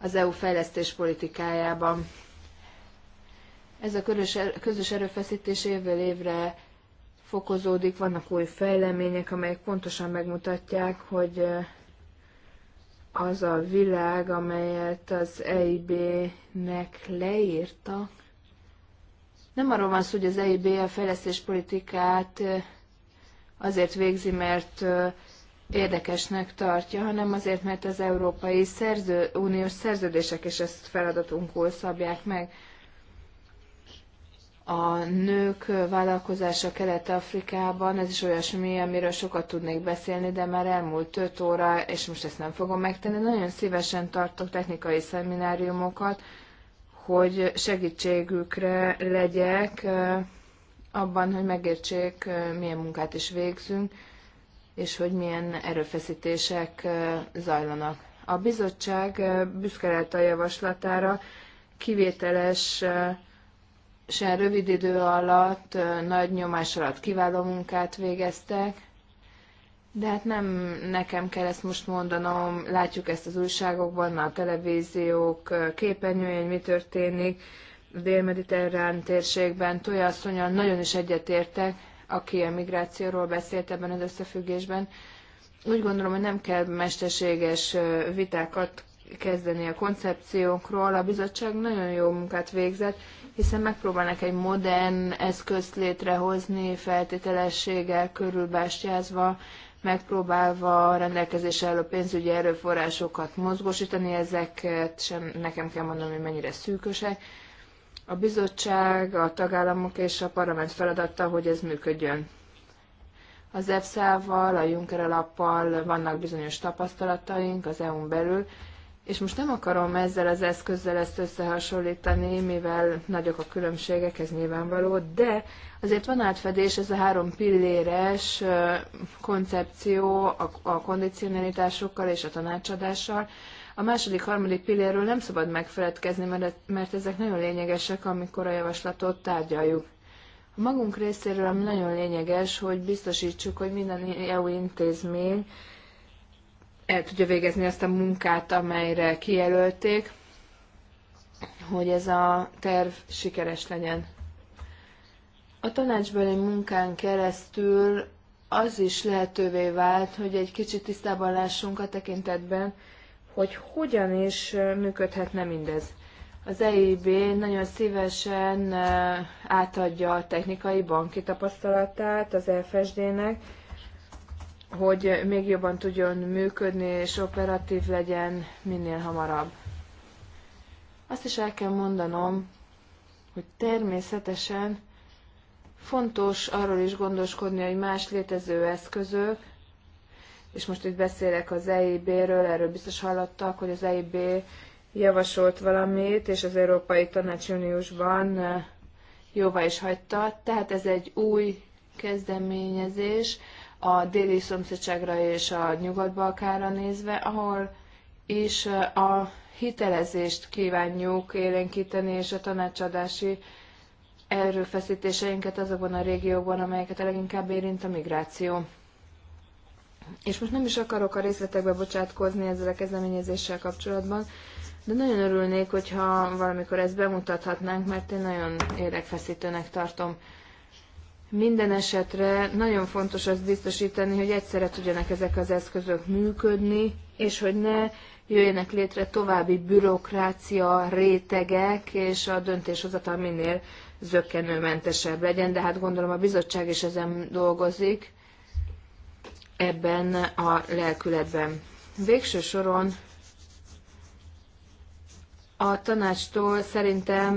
az EU fejlesztés politikájában. Ez a er-, közös erőfeszítés évvel évre fokozódik, vannak új fejlemények, amelyek pontosan megmutatják, hogy az a világ, amelyet az EIB-nek leírta. Nem arról van szó, hogy az EIB a fejlesztéspolitikát azért végzi, mert érdekesnek tartja, hanem azért, mert az Európai Szerző, Uniós szerződések és ezt feladatunkul szabják meg a nők vállalkozása Kelet-Afrikában, ez is olyasmi, amiről sokat tudnék beszélni, de már elmúlt 5 óra, és most ezt nem fogom megtenni. Nagyon szívesen tartok technikai szemináriumokat, hogy segítségükre legyek abban, hogy megértsék, milyen munkát is végzünk, és hogy milyen erőfeszítések zajlanak. A bizottság büszke lehet a javaslatára, kivételes sem rövid idő alatt, nagy nyomás alatt kiváló munkát végeztek, de hát nem nekem kell ezt most mondanom, látjuk ezt az újságokban, a televíziók képernyőjén, hogy mi történik a dél-mediterrán térségben. Tojasszonyal nagyon is egyetértek, aki a migrációról beszélt ebben az összefüggésben. Úgy gondolom, hogy nem kell mesterséges vitákat kezdeni a koncepciókról. A bizottság nagyon jó munkát végzett, hiszen megpróbálnak egy modern eszközt létrehozni, feltételességgel körülbástyázva, megpróbálva a rendelkezésre álló pénzügyi erőforrásokat mozgósítani, ezeket sem nekem kell mondanom, hogy mennyire szűkösek. A bizottság, a tagállamok és a parlament feladata, hogy ez működjön. Az EFSA-val, a Juncker alappal vannak bizonyos tapasztalataink az EU-n belül, és most nem akarom ezzel az eszközzel ezt összehasonlítani, mivel nagyok a különbségek, ez nyilvánvaló, de azért van átfedés, ez a három pilléres koncepció a, a kondicionalitásokkal és a tanácsadással. A második, harmadik pillérről nem szabad megfeledkezni, mert, mert ezek nagyon lényegesek, amikor a javaslatot tárgyaljuk. A magunk részéről nagyon lényeges, hogy biztosítsuk, hogy minden EU intézmény el tudja végezni azt a munkát, amelyre kijelölték, hogy ez a terv sikeres legyen. A tanácsbeli munkán keresztül az is lehetővé vált, hogy egy kicsit tisztában lássunk a tekintetben, hogy hogyan is működhetne mindez. Az EIB nagyon szívesen átadja a technikai banki tapasztalatát az FSD-nek, hogy még jobban tudjon működni és operatív legyen minél hamarabb. Azt is el kell mondanom, hogy természetesen fontos arról is gondoskodni, hogy más létező eszközök, és most itt beszélek az EIB-ről, erről biztos hallottak, hogy az EIB javasolt valamit, és az Európai Tanács júniusban eh, jóvá is hagyta. Tehát ez egy új kezdeményezés, a déli szomszédságra és a nyugat-balkára nézve, ahol is a hitelezést kívánjuk élénkíteni, és a tanácsadási erőfeszítéseinket azokban a régiókban, amelyeket a leginkább érint a migráció. És most nem is akarok a részletekbe bocsátkozni ezzel a kezdeményezéssel kapcsolatban, de nagyon örülnék, hogyha valamikor ezt bemutathatnánk, mert én nagyon érdekfeszítőnek tartom. Minden esetre nagyon fontos azt biztosítani, hogy egyszerre tudjanak ezek az eszközök működni, és hogy ne jöjjenek létre további bürokrácia, rétegek, és a döntéshozatal minél zöggenőmentesebb legyen, de hát gondolom a bizottság is ezen dolgozik ebben a lelkületben. Végső soron a tanácstól szerintem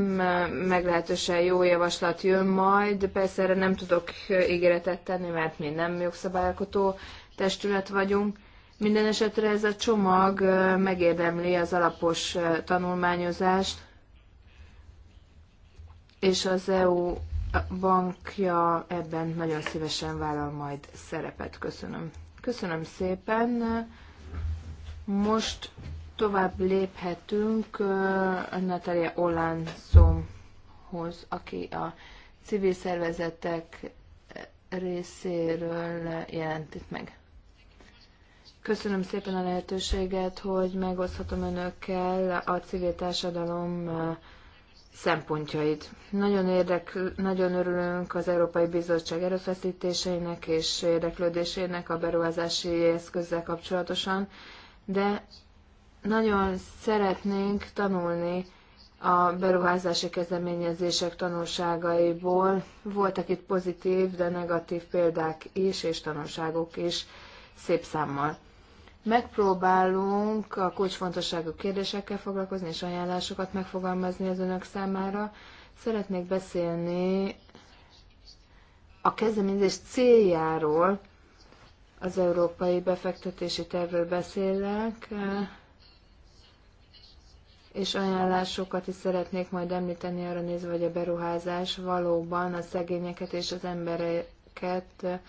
meglehetősen jó javaslat jön majd, persze erre nem tudok ígéretet tenni, mert mi nem jogszabályalkotó testület vagyunk. Minden esetre ez a csomag megérdemli az alapos tanulmányozást, és az EU bankja ebben nagyon szívesen vállal majd szerepet. Köszönöm. Köszönöm szépen. Most tovább léphetünk Natalia Olanszomhoz, aki a civil szervezetek részéről jelent itt meg. Köszönöm szépen a lehetőséget, hogy megoszthatom önökkel a civil társadalom szempontjait. Nagyon, érdek, nagyon örülünk az Európai Bizottság erőfeszítéseinek és érdeklődésének a beruházási eszközzel kapcsolatosan, de nagyon szeretnénk tanulni a beruházási kezdeményezések tanulságaiból. Voltak itt pozitív, de negatív példák is, és tanulságok is szép számmal. Megpróbálunk a kulcsfontosságú kérdésekkel foglalkozni, és ajánlásokat megfogalmazni az önök számára. Szeretnék beszélni a kezdeményezés céljáról, az európai befektetési tervről beszélek, és ajánlásokat is szeretnék majd említeni arra nézve, hogy a beruházás valóban a szegényeket és az embereket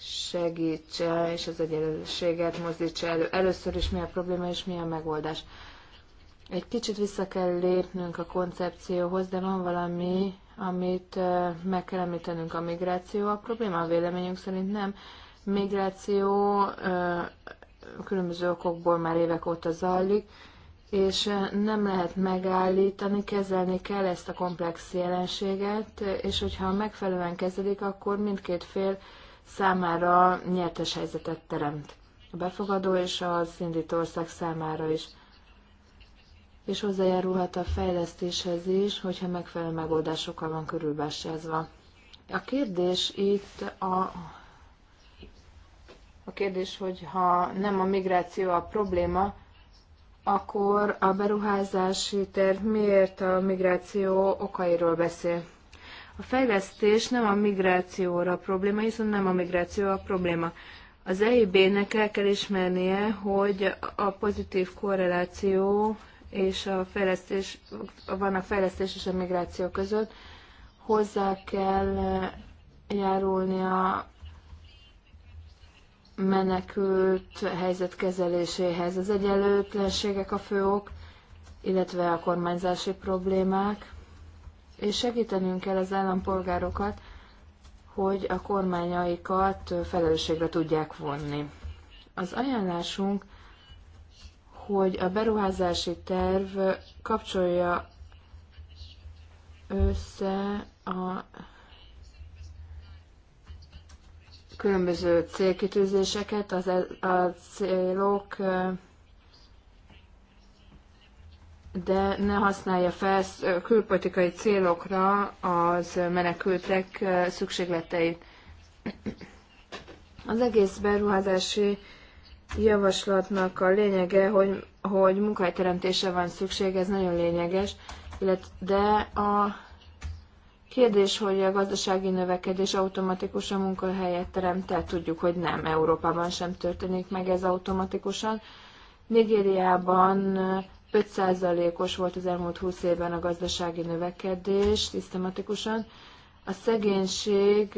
segítse, és az egyenlőséget mozdítsa elő. Először is mi a probléma, és mi a megoldás. Egy kicsit vissza kell lépnünk a koncepcióhoz, de van valami, amit meg kell említenünk a migráció. A probléma a véleményünk szerint nem. Migráció különböző okokból már évek óta zajlik, és nem lehet megállítani, kezelni kell ezt a komplex jelenséget, és hogyha megfelelően kezelik, akkor mindkét fél számára nyertes helyzetet teremt. A befogadó és az indító ország számára is. És hozzájárulhat a fejlesztéshez is, hogyha megfelelő megoldásokkal van körülbásázva. A kérdés itt a a kérdés, hogy ha nem a migráció a probléma, akkor a beruházási terv miért a migráció okairól beszél? A fejlesztés nem a migrációra a probléma, hiszen nem a migráció a probléma. Az EIB-nek el kell ismernie, hogy a pozitív korreláció és a fejlesztés, van a fejlesztés és a migráció között, hozzá kell járulnia menekült helyzet kezeléséhez. Az egyenlőtlenségek a fő ok, illetve a kormányzási problémák, és segítenünk kell az állampolgárokat, hogy a kormányaikat felelősségre tudják vonni. Az ajánlásunk, hogy a beruházási terv kapcsolja össze a különböző célkitűzéseket, az, e- a célok, de ne használja fel külpolitikai célokra az menekültek szükségleteit. Az egész beruházási javaslatnak a lényege, hogy, hogy munkahelyteremtése van szükség, ez nagyon lényeges, illetve de a Kérdés, hogy a gazdasági növekedés automatikusan munkahelyet teremt, el tudjuk, hogy nem, Európában sem történik meg ez automatikusan. Nigériában 5%-os volt az elmúlt 20 évben a gazdasági növekedés szisztematikusan. A szegénység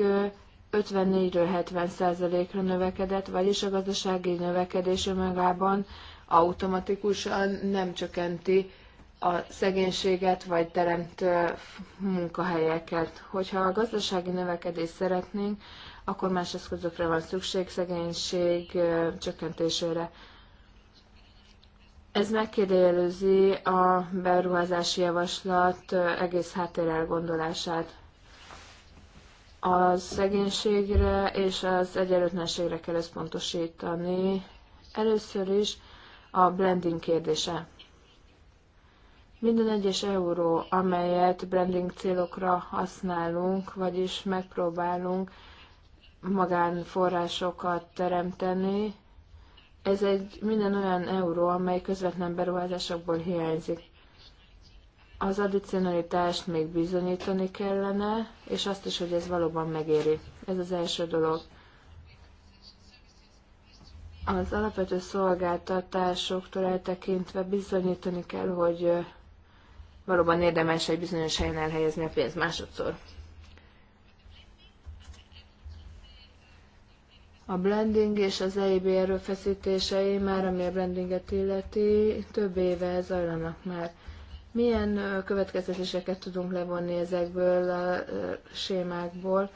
54-ről 70%-ra növekedett, vagyis a gazdasági növekedés önmagában automatikusan nem csökkenti a szegénységet, vagy teremt munkahelyeket. Hogyha a gazdasági növekedést szeretnénk, akkor más eszközökre van szükség, szegénység csökkentésére. Ez megkérdőjelezi a beruházási javaslat egész háttérelgondolását. A szegénységre és az egyenlőtlenségre kell összpontosítani. Először is a blending kérdése. Minden egyes euró, amelyet branding célokra használunk, vagyis megpróbálunk magánforrásokat teremteni, ez egy minden olyan euró, amely közvetlen beruházásokból hiányzik. Az addicionalitást még bizonyítani kellene, és azt is, hogy ez valóban megéri. Ez az első dolog. Az alapvető szolgáltatásoktól eltekintve bizonyítani kell, hogy valóban érdemes egy bizonyos helyen elhelyezni a pénzt másodszor. A blending és az EIB erőfeszítései már, ami a blendinget illeti, több éve zajlanak már. Milyen következtetéseket tudunk levonni ezekből a sémákból,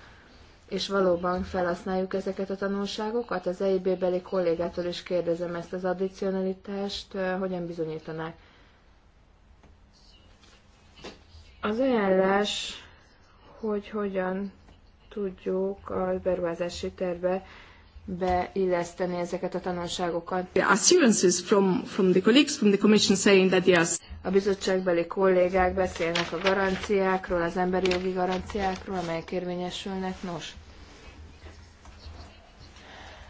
és valóban felhasználjuk ezeket a tanulságokat? Az EIB-beli kollégától is kérdezem ezt az addicionalitást, hogyan bizonyítanák? Az ajánlás, hogy hogyan tudjuk a beruházási tervbe beilleszteni ezeket a tanulságokat. assurances from, from the colleagues from the commission saying that yes. A bizottságbeli kollégák beszélnek a garanciákról, az emberi jogi garanciákról, amelyek érvényesülnek. Nos,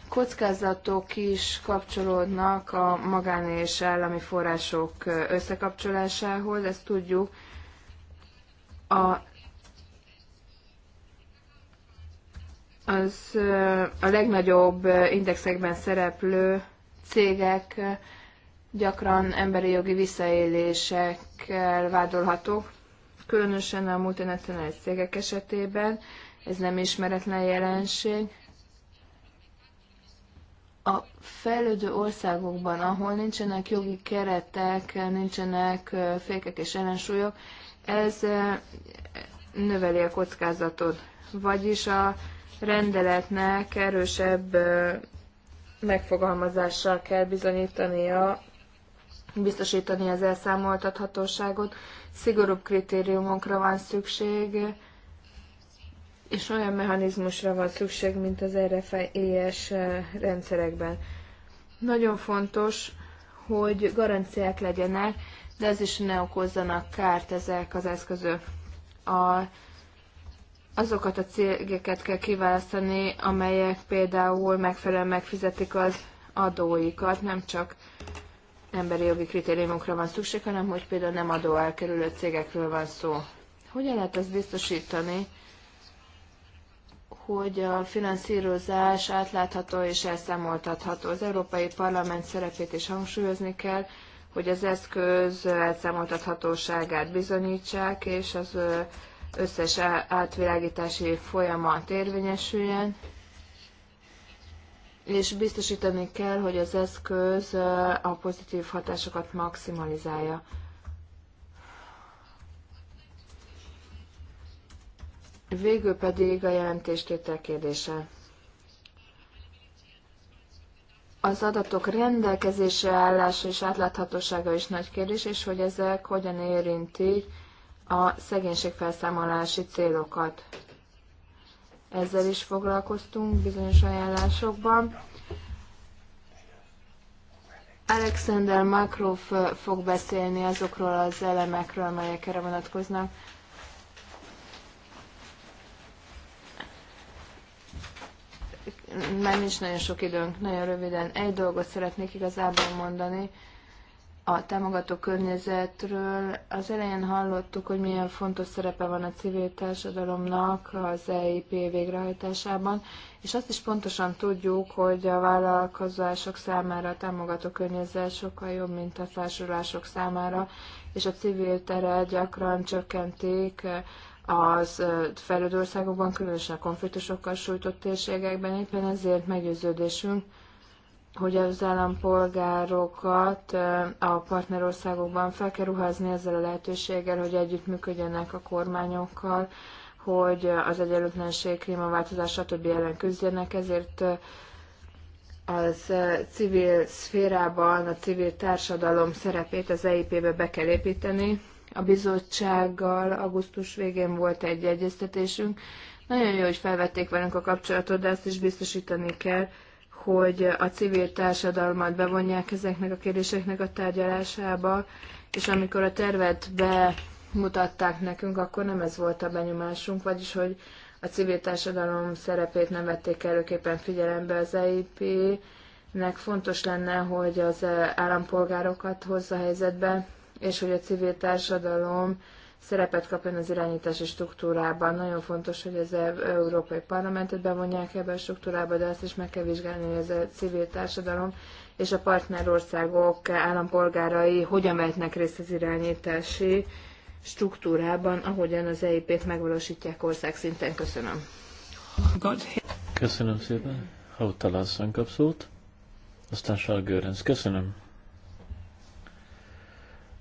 kockázatok is kapcsolódnak a magán és állami források összekapcsolásához, ezt tudjuk, a az a legnagyobb indexekben szereplő cégek gyakran emberi jogi visszaélésekkel vádolhatók, különösen a multinacionális cégek esetében. Ez nem ismeretlen jelenség. A fejlődő országokban, ahol nincsenek jogi keretek, nincsenek fékek és ellensúlyok, ez növeli a kockázatot. Vagyis a rendeletnek erősebb megfogalmazással kell bizonyítania, biztosítani az elszámoltathatóságot, szigorúbb kritériumokra van szükség, és olyan mechanizmusra van szükség, mint az RFI-es rendszerekben. Nagyon fontos, hogy garanciák legyenek de ez is ne okozzanak kárt ezek az eszközök. A, azokat a cégeket kell kiválasztani, amelyek például megfelelően megfizetik az adóikat, nem csak emberi jogi kritériumokra van szükség, hanem hogy például nem adó elkerülő cégekről van szó. Hogyan lehet ezt biztosítani, hogy a finanszírozás átlátható és elszámoltatható? Az Európai Parlament szerepét is hangsúlyozni kell, hogy az eszköz elszámoltathatóságát bizonyítsák, és az összes átvilágítási folyamat érvényesüljen, és biztosítani kell, hogy az eszköz a pozitív hatásokat maximalizálja. Végül pedig a jelentéstétel kérdése az adatok rendelkezésre állása és átláthatósága is nagy kérdés, és hogy ezek hogyan érintik a szegénységfelszámolási célokat. Ezzel is foglalkoztunk bizonyos ajánlásokban. Alexander Makrov fog beszélni azokról az elemekről, amelyek erre vonatkoznak. már nincs nagyon sok időnk, nagyon röviden. Egy dolgot szeretnék igazából mondani a támogató környezetről. Az elején hallottuk, hogy milyen fontos szerepe van a civil társadalomnak az EIP végrehajtásában, és azt is pontosan tudjuk, hogy a vállalkozások számára a támogató környezet sokkal jobb, mint a társulások számára, és a civil tere gyakran csökkentik az fejlődő országokban, különösen a konfliktusokkal sújtott térségekben. Éppen ezért meggyőződésünk, hogy az állampolgárokat a partnerországokban fel kell ruházni ezzel a lehetőséggel, hogy együttműködjenek a kormányokkal, hogy az egyenlőtlenség, klímaváltozás, stb. ellen küzdjenek, ezért az civil szférában, a civil társadalom szerepét az EIP-be be kell építeni, a bizottsággal augusztus végén volt egy egyeztetésünk. Nagyon jó, hogy felvették velünk a kapcsolatot, de azt is biztosítani kell, hogy a civil társadalmat bevonják ezeknek a kérdéseknek a tárgyalásába, és amikor a tervet bemutatták nekünk, akkor nem ez volt a benyomásunk, vagyis hogy a civil társadalom szerepét nem vették előképpen figyelembe az EIP, nek fontos lenne, hogy az állampolgárokat hozza helyzetbe, és hogy a civil társadalom szerepet kapjon az irányítási struktúrában. Nagyon fontos, hogy az Európai Parlamentet bevonják ebbe a struktúrába, de azt is meg kell vizsgálni, hogy ez a civil társadalom és a partnerországok állampolgárai hogyan vehetnek részt az irányítási struktúrában, ahogyan az EIP-t megvalósítják szinten Köszönöm. Köszönöm szépen. Hautala asszony kap aztán Sal Görenc. Köszönöm.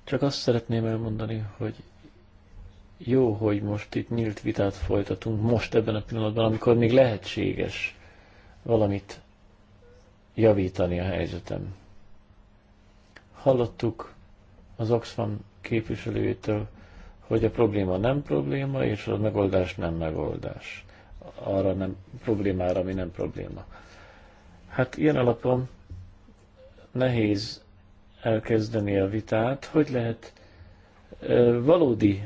Csak azt szeretném elmondani, hogy jó, hogy most itt nyílt vitát folytatunk, most ebben a pillanatban, amikor még lehetséges valamit javítani a helyzetem. Hallottuk az Oxfam képviselőjétől, hogy a probléma nem probléma, és a megoldás nem megoldás. Arra nem problémára, ami nem probléma. Hát ilyen alapon nehéz elkezdeni a vitát, hogy lehet valódi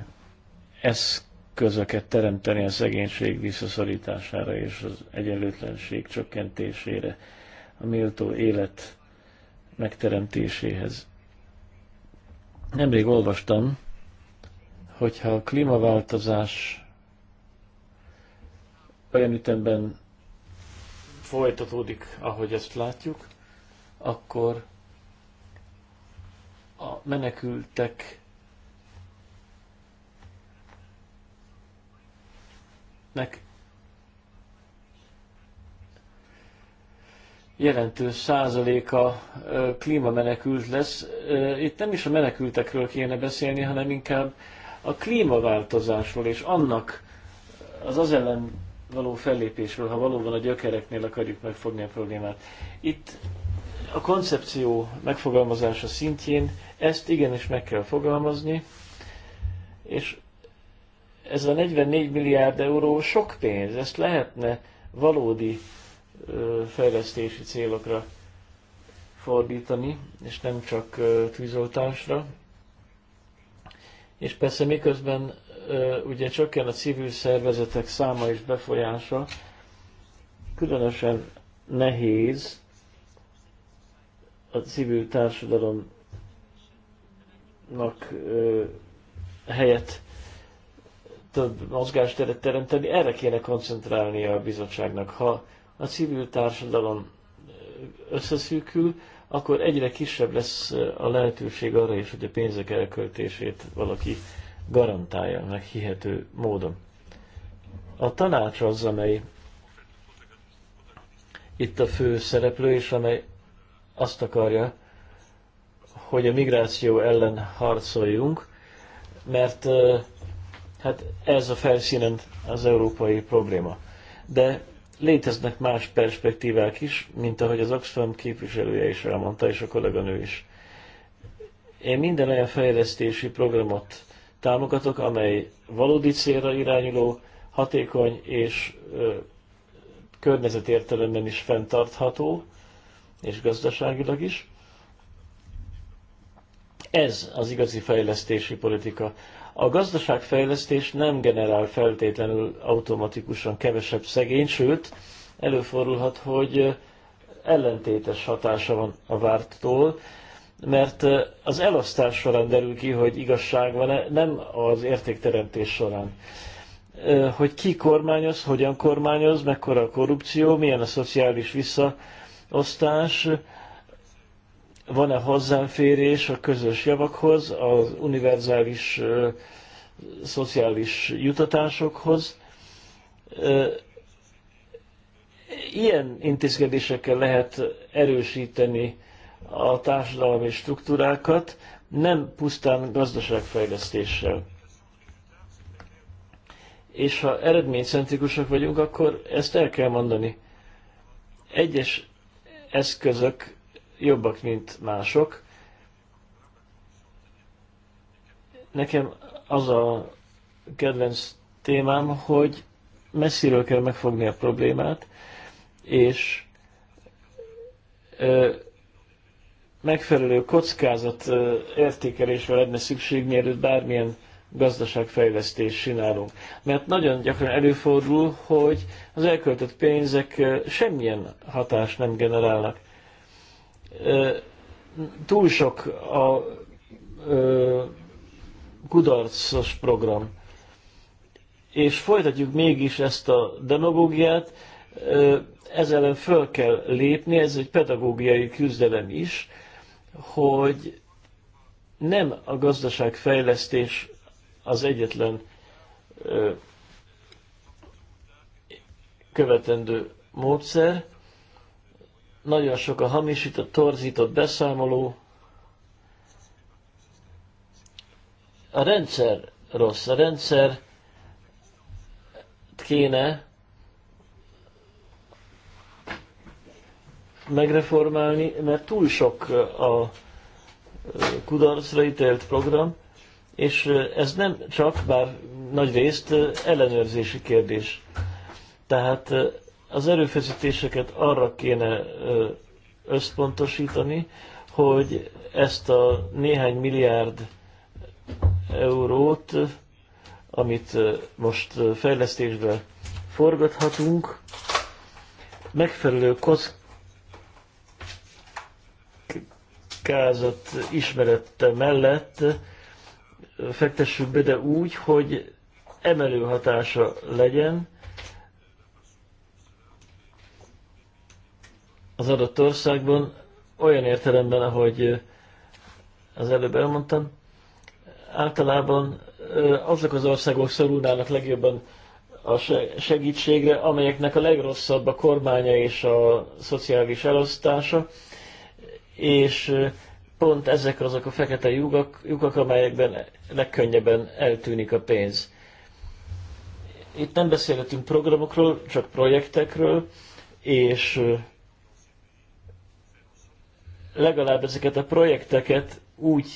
eszközöket teremteni a szegénység visszaszorítására és az egyenlőtlenség csökkentésére, a méltó élet megteremtéséhez. Nemrég olvastam, hogyha a klímaváltozás olyan ütemben folytatódik, ahogy ezt látjuk, akkor a menekültek nek jelentős százaléka klímamenekült lesz. Itt nem is a menekültekről kéne beszélni, hanem inkább a klímaváltozásról és annak az az ellen való fellépésről, ha valóban a gyökereknél akarjuk megfogni a problémát. Itt a koncepció megfogalmazása szintjén ezt igenis meg kell fogalmazni, és ez a 44 milliárd euró sok pénz, ezt lehetne valódi fejlesztési célokra fordítani, és nem csak tűzoltásra. És persze miközben ugye csökken a civil szervezetek száma és befolyása, különösen nehéz a civil társadalomnak helyett több mozgásteret teremteni, erre kéne koncentrálnia a bizottságnak. Ha a civil társadalom összeszűkül, akkor egyre kisebb lesz a lehetőség arra is, hogy a pénzek elköltését valaki garantálja meg hihető módon. A tanács az, amely itt a fő szereplő, és amely azt akarja, hogy a migráció ellen harcoljunk, mert hát ez a felszínen az európai probléma. De léteznek más perspektívák is, mint ahogy az Oxfam képviselője is elmondta, és a kolléganő is. Én minden olyan fejlesztési programot támogatok, amely valódi célra irányuló, hatékony és ö, környezetértelemben is fenntartható, és gazdaságilag is. Ez az igazi fejlesztési politika. A gazdaságfejlesztés nem generál feltétlenül automatikusan kevesebb szegény, sőt, előfordulhat, hogy ellentétes hatása van a várttól, mert az elosztás során derül ki, hogy igazság van-e, nem az értékteremtés során. Hogy ki kormányoz, hogyan kormányoz, mekkora a korrupció, milyen a szociális vissza, osztás, van-e hozzáférés a közös javakhoz, az univerzális szociális jutatásokhoz. ilyen intézkedésekkel lehet erősíteni a társadalmi struktúrákat, nem pusztán gazdaságfejlesztéssel. És ha eredménycentrikusak vagyunk, akkor ezt el kell mondani. Egyes eszközök jobbak, mint mások. Nekem az a kedvenc témám, hogy messziről kell megfogni a problémát, és megfelelő kockázat értékelésre lenne szükség, mielőtt bármilyen gazdaságfejlesztést csinálunk. Mert nagyon gyakran előfordul, hogy az elköltött pénzek semmilyen hatást nem generálnak. Túl sok a kudarcos program. És folytatjuk mégis ezt a demagógiát, ez ellen föl kell lépni, ez egy pedagógiai küzdelem is, hogy nem a gazdaságfejlesztés az egyetlen ö, követendő módszer. Nagyon sok a hamisított, torzított beszámoló. A rendszer rossz. A rendszer kéne megreformálni, mert túl sok a kudarcra ítélt program, és ez nem csak, bár nagy részt ellenőrzési kérdés. Tehát az erőfeszítéseket arra kéne összpontosítani, hogy ezt a néhány milliárd eurót, amit most fejlesztésbe forgathatunk, megfelelő kockázat ismerette mellett fektessük be, de úgy, hogy emelő hatása legyen az adott országban, olyan értelemben, ahogy az előbb elmondtam, általában azok az országok szorulnának legjobban a segítségre, amelyeknek a legrosszabb a kormánya és a szociális elosztása, és pont ezek azok a fekete lyukak, lyukak amelyekben legkönnyebben eltűnik a pénz. Itt nem beszélhetünk programokról, csak projektekről, és legalább ezeket a projekteket úgy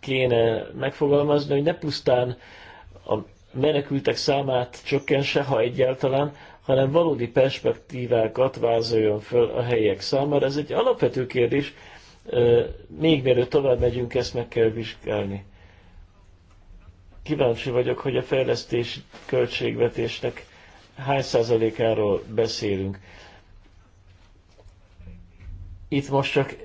kéne megfogalmazni, hogy ne pusztán a menekültek számát csökkense, ha egyáltalán, hanem valódi perspektívákat vázoljon föl a helyek számára. Ez egy alapvető kérdés, még mielőtt tovább megyünk, ezt meg kell vizsgálni. Kíváncsi vagyok, hogy a fejlesztés költségvetésnek hány százalékáról beszélünk. Itt most csak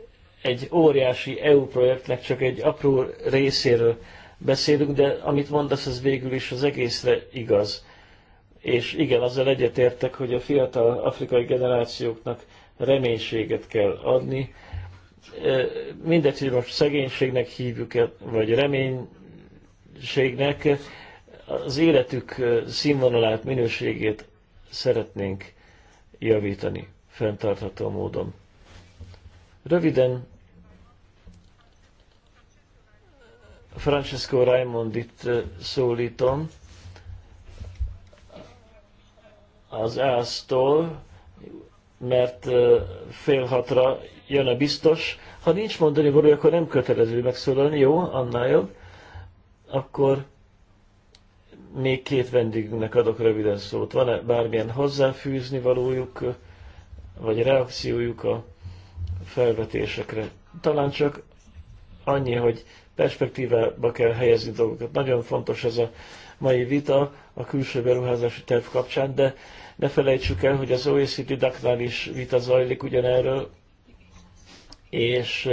egy óriási EU projektnek csak egy apró részéről beszélünk, de amit mondasz, az végül is az egészre igaz. És igen, azzal egyetértek, hogy a fiatal afrikai generációknak reménységet kell adni, mindegy, hogy most szegénységnek hívjuk -e, vagy reménységnek, az életük színvonalát, minőségét szeretnénk javítani fenntartható módon. Röviden Francesco Raimondit szólítom az ÁSZ-tól, mert fél hatra jön a biztos. Ha nincs mondani való, akkor nem kötelező megszólalni, jó, annál jobb. Akkor még két vendégünknek adok röviden szót. Van-e bármilyen hozzáfűzni valójuk, vagy reakciójuk a felvetésekre? Talán csak annyi, hogy perspektívába kell helyezni dolgokat. Nagyon fontos ez a mai vita a külső beruházási terv kapcsán, de ne felejtsük el, hogy az OECD dac is vita zajlik ugyanerről, és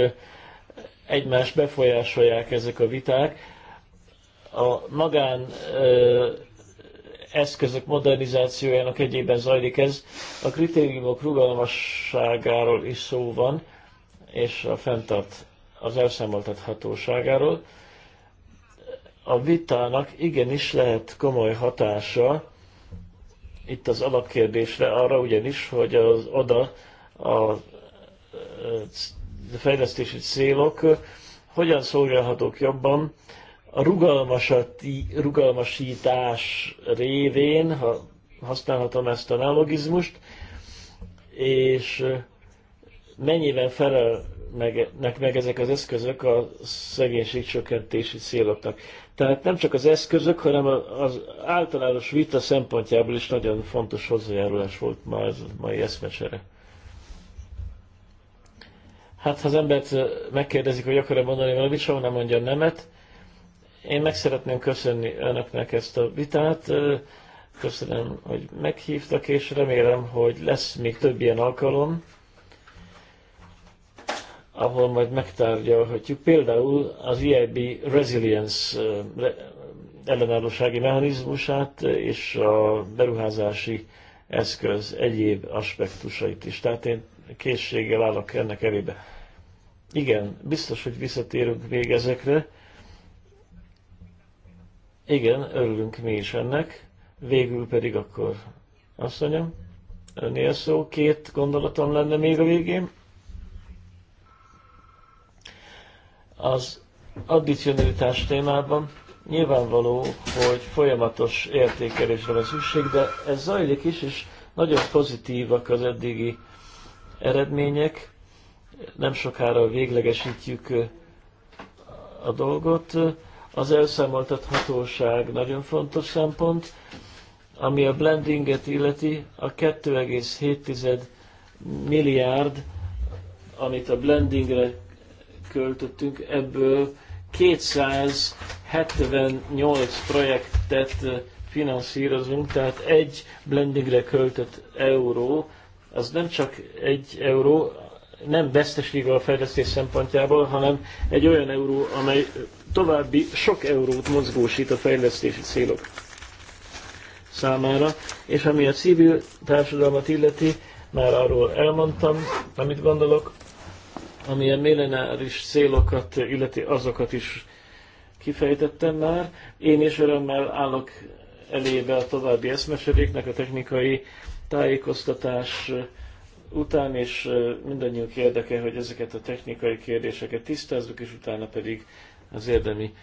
egymást befolyásolják ezek a viták. A magán eszközök modernizációjának egyében zajlik ez. A kritériumok rugalmasságáról is szó van, és a fenntart az elszámoltathatóságáról. A vitának igenis lehet komoly hatása itt az alapkérdésre arra ugyanis, hogy az oda a fejlesztési célok hogyan szolgálhatók jobban a rugalmasítás révén, ha használhatom ezt a analogizmust, és mennyiben felel meg, meg ezek az eszközök a szegénységcsökkentési céloknak. Tehát nem csak az eszközök, hanem az általános vita szempontjából is nagyon fontos hozzájárulás volt ma ez a mai eszmecsere. Hát, ha az embert megkérdezik, hogy akar-e mondani valamit, soha nem mondja nemet. Én meg szeretném köszönni önöknek ezt a vitát. Köszönöm, hogy meghívtak, és remélem, hogy lesz még több ilyen alkalom, ahol majd megtárgyalhatjuk például az EIB Resilience ellenállósági mechanizmusát és a beruházási eszköz egyéb aspektusait is. Tehát én készséggel állok ennek elébe. Igen, biztos, hogy visszatérünk még ezekre. Igen, örülünk mi is ennek. Végül pedig akkor azt mondjam, önnél szó, két gondolatom lenne még a végén. Az addicionalitás témában nyilvánvaló, hogy folyamatos értékelésre van szükség, de ez zajlik is, és nagyon pozitívak az eddigi eredmények nem sokára véglegesítjük a dolgot. Az elszámoltathatóság nagyon fontos szempont, ami a blendinget illeti, a 2,7 milliárd, amit a blendingre költöttünk, ebből 278 projektet finanszírozunk, tehát egy blendingre költött euró, az nem csak egy euró, nem veszteség a fejlesztés szempontjából, hanem egy olyan euró, amely további sok eurót mozgósít a fejlesztési célok számára, és ami a civil társadalmat illeti, már arról elmondtam, amit gondolok, amilyen millenáris célokat illeti, azokat is kifejtettem már. Én is örömmel állok elébe a további eszmeseréknek, a technikai tájékoztatás után, és mindannyiunk érdeke, hogy ezeket a technikai kérdéseket tisztázzuk, és utána pedig az érdemi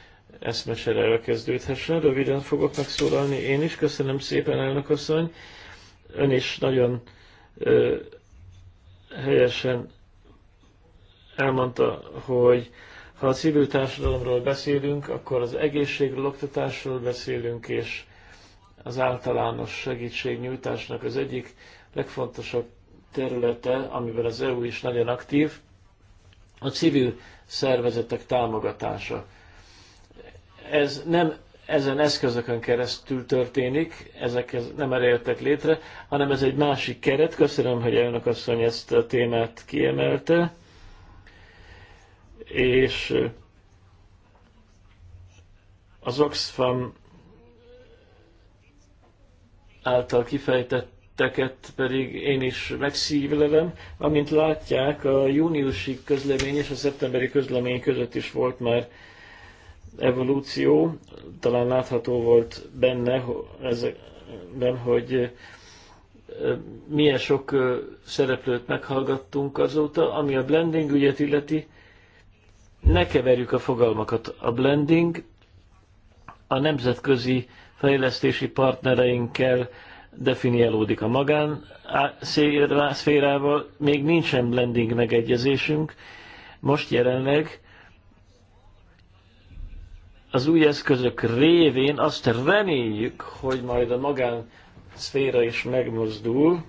eszmesere elkezdődhessen. Röviden fogok megszólalni én is. Köszönöm szépen, elnök asszony. Ön is nagyon ö, helyesen elmondta, hogy ha a civil társadalomról beszélünk, akkor az egészségről, oktatásról beszélünk, és az általános segítségnyújtásnak az egyik legfontosabb területe, amiben az EU is nagyon aktív, a civil szervezetek támogatása. Ez nem ezen eszközökön keresztül történik, ezek nem elértek létre, hanem ez egy másik keret. Köszönöm, hogy elnök asszony ezt a témát kiemelte. És eh, az Oxfam által kifejtett tetteket pedig én is megszívlelem. Amint látják, a júniusi közlemény és a szeptemberi közlemény között is volt már evolúció. Talán látható volt benne, ezekben, hogy milyen sok szereplőt meghallgattunk azóta, ami a blending ügyet illeti, ne keverjük a fogalmakat. A blending a nemzetközi fejlesztési partnereinkkel definiálódik a magán szférával, még nincsen blending megegyezésünk. Most jelenleg az új eszközök révén azt reméljük, hogy majd a magán szféra is megmozdul,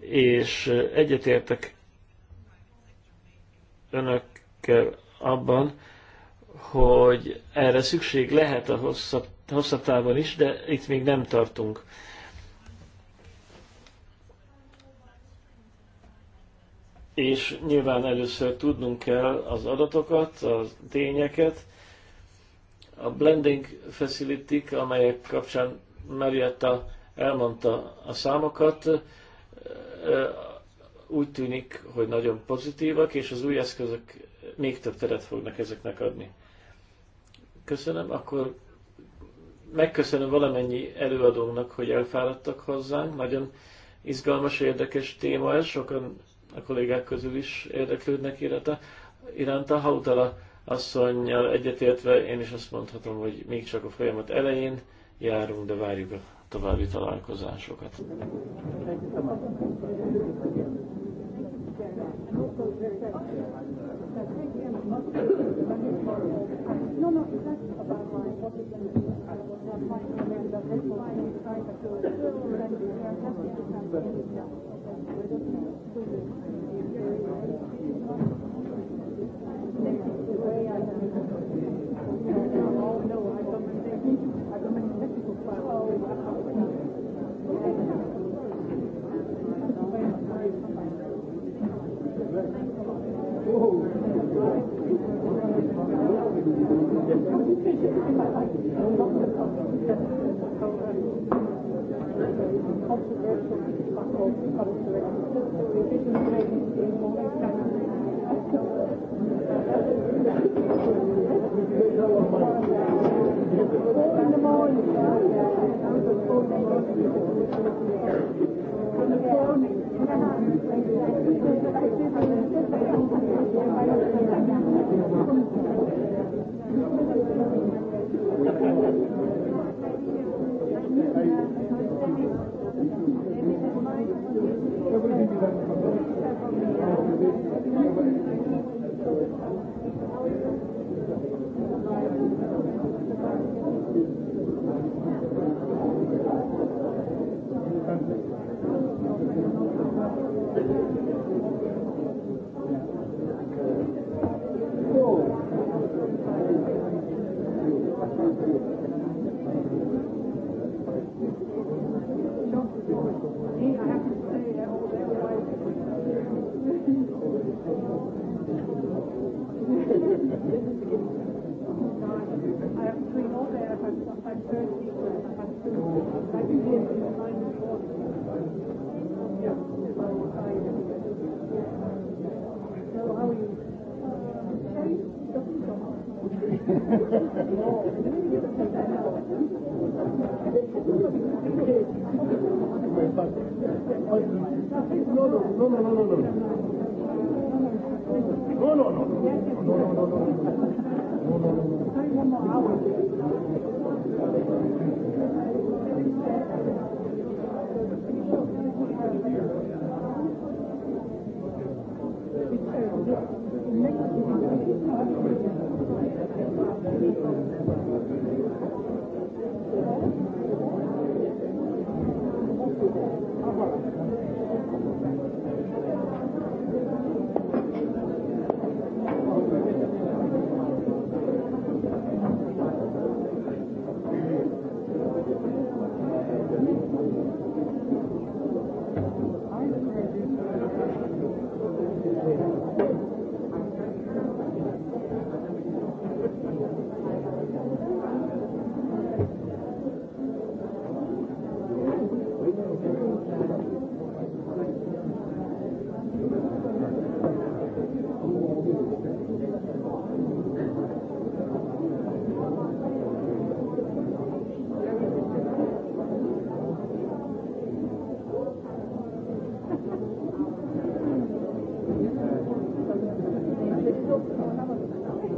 és egyetértek önökkel abban, hogy erre szükség lehet a hosszabb hosszabb távon is, de itt még nem tartunk. És nyilván először tudnunk kell az adatokat, a tényeket. A blending facility amelyek kapcsán Marietta elmondta a számokat, úgy tűnik, hogy nagyon pozitívak, és az új eszközök még több teret fognak ezeknek adni. Köszönöm, akkor megköszönöm valamennyi előadónak, hogy elfáradtak hozzánk. Nagyon izgalmas, érdekes téma ez, sokan a kollégák közül is érdeklődnek iránta. Iránta Hautala asszonynal egyetértve én is azt mondhatom, hogy még csak a folyamat elején járunk, de várjuk a további találkozásokat. No, no, that's Thank you.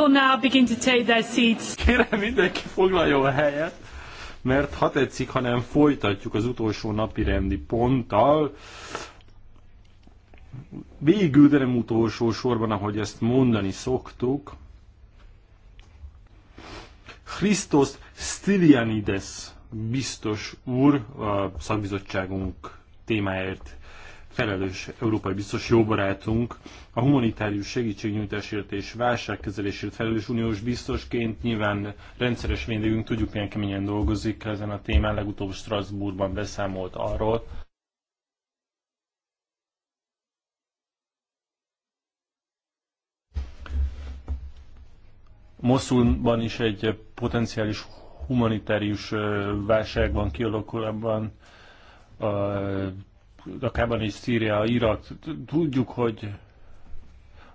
people now begin to take their seats. Kérem mindenki foglaljon a helyet, mert ha tetszik, hanem folytatjuk az utolsó napi rendi ponttal. Végül, de nem utolsó sorban, ahogy ezt mondani szoktuk, Christos Stylianides biztos úr, a szakbizottságunk témáért felelős európai biztos barátunk, a humanitárius segítségnyújtásért és válságkezelésért felelős uniós biztosként nyilván rendszeres vendégünk, tudjuk milyen keményen dolgozik ezen a témán, legutóbb Strasbourgban beszámolt arról, Moszulban is egy potenciális humanitárius válságban kialakulóban, Dakában és Szíria, Irak. Tudjuk, hogy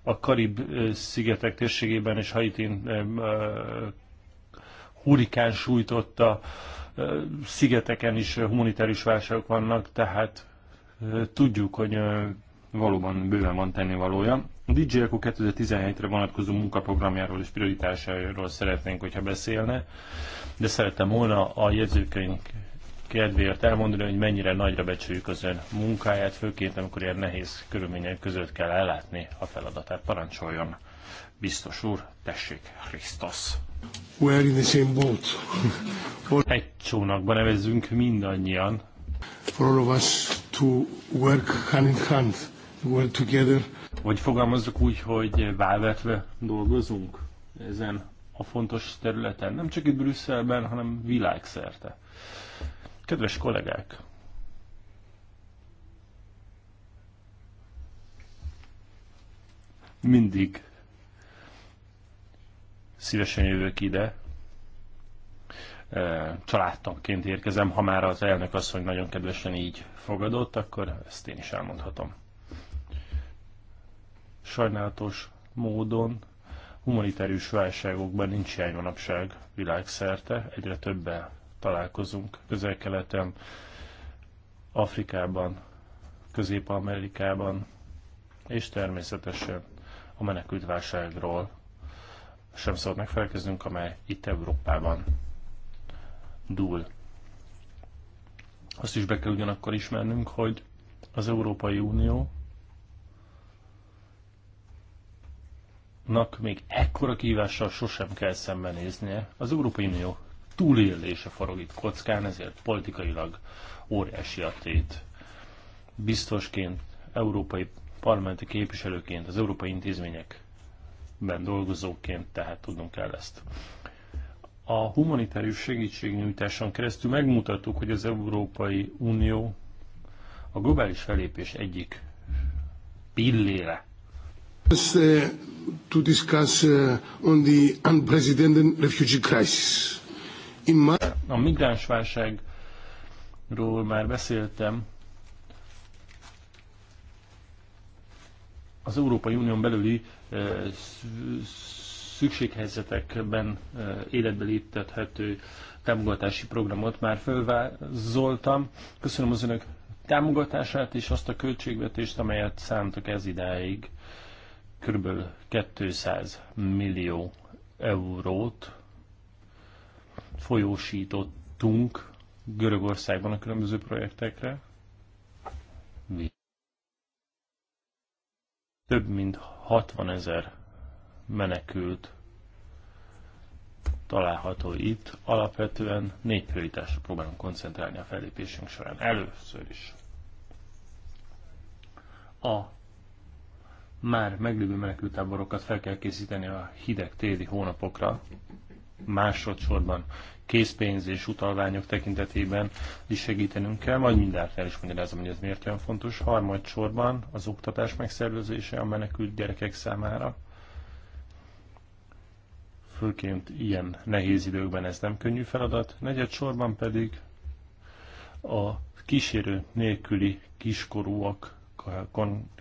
a Karib-szigetek térségében és Haitin hurikán sújtotta szigeteken is humanitárius válságok vannak, tehát tudjuk, hogy valóban bőven van tennivalója. A DJ Eko 2017-re vonatkozó munkaprogramjáról és prioritásairól szeretnénk, hogyha beszélne, de szerettem volna a jegyzőkeink kedvéért elmondani, hogy mennyire nagyra becsüljük az ön munkáját, főként amikor ilyen nehéz körülmények között kell ellátni a feladatát. Parancsoljon, biztos úr, tessék, Krisztus. We're in the same boat. Egy csónakba nevezzünk mindannyian. For all of us to work hand in hand, work together. Vagy fogalmazzuk úgy, hogy válvetve dolgozunk ezen a fontos területen, nem csak itt Brüsszelben, hanem világszerte. Kedves kollégák! Mindig szívesen jövök ide. Eh, családtagként érkezem, ha már az elnök asszony nagyon kedvesen így fogadott, akkor ezt én is elmondhatom. Sajnálatos módon humanitárius válságokban nincs hiány manapság világszerte, egyre többen találkozunk közel-keleten, Afrikában, Közép-Amerikában, és természetesen a menekültválságról sem szabad megfelelkeznünk, amely itt Európában dúl. Azt is be kell ugyanakkor ismernünk, hogy az Európai Unió még ekkora kihívással sosem kell szembenéznie. Az Európai Unió túlélése forog itt kockán, ezért politikailag óriási a tét. Biztosként, európai parlamenti képviselőként, az európai intézményekben dolgozóként, tehát tudnunk kell ezt. A humanitárius segítségnyújtáson keresztül megmutattuk, hogy az Európai Unió a globális felépés egyik pillére. Uh, to discuss uh, on the unprecedented refugee crisis. A migránsválságról már beszéltem. Az Európai Unión belüli eh, szükséghelyzetekben eh, életbe léptethető támogatási programot már fölvázoltam. Köszönöm az önök támogatását és azt a költségvetést, amelyet szántak ez idáig. Körülbelül 200 millió eurót folyósítottunk Görögországban a különböző projektekre. Több mint 60 ezer menekült található itt. Alapvetően négy prioritásra próbálunk koncentrálni a fellépésünk során. Először is a már meglévő menekültáborokat fel kell készíteni a hideg téli hónapokra. Másodszorban készpénz és utalványok tekintetében is segítenünk kell, majd mindjárt el is magyarázom, hogy ez miért olyan fontos. Harmadsorban az oktatás megszervezése a menekült gyerekek számára. Főként ilyen nehéz időkben ez nem könnyű feladat. Negyedsorban pedig a kísérő nélküli kiskorúak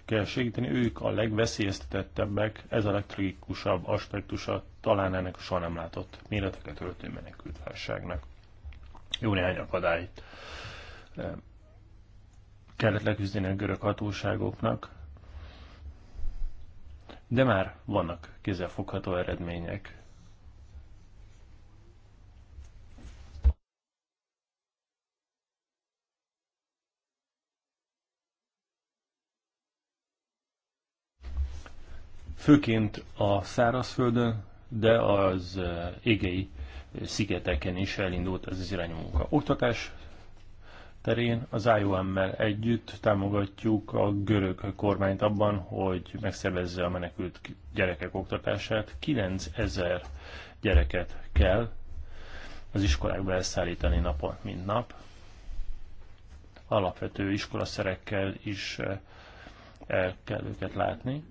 kell segíteni, ők a legveszélyeztetettebbek, ez a legtragikusabb aspektusa talán ennek a soha nem látott öltő menekült menekültválságnak. Jó néhány akadályt eh, kellett leküzdeni a görög hatóságoknak, de már vannak kézzelfogható eredmények. Főként a szárazföldön, de az eh, égei szigeteken is elindult ez az irányú munka. Oktatás terén az IOM-mel együtt támogatjuk a görög kormányt abban, hogy megszervezze a menekült gyerekek oktatását. 9000 gyereket kell az iskolákba elszállítani napon, mint nap. Alapvető iskolaszerekkel is eh, el kell őket látni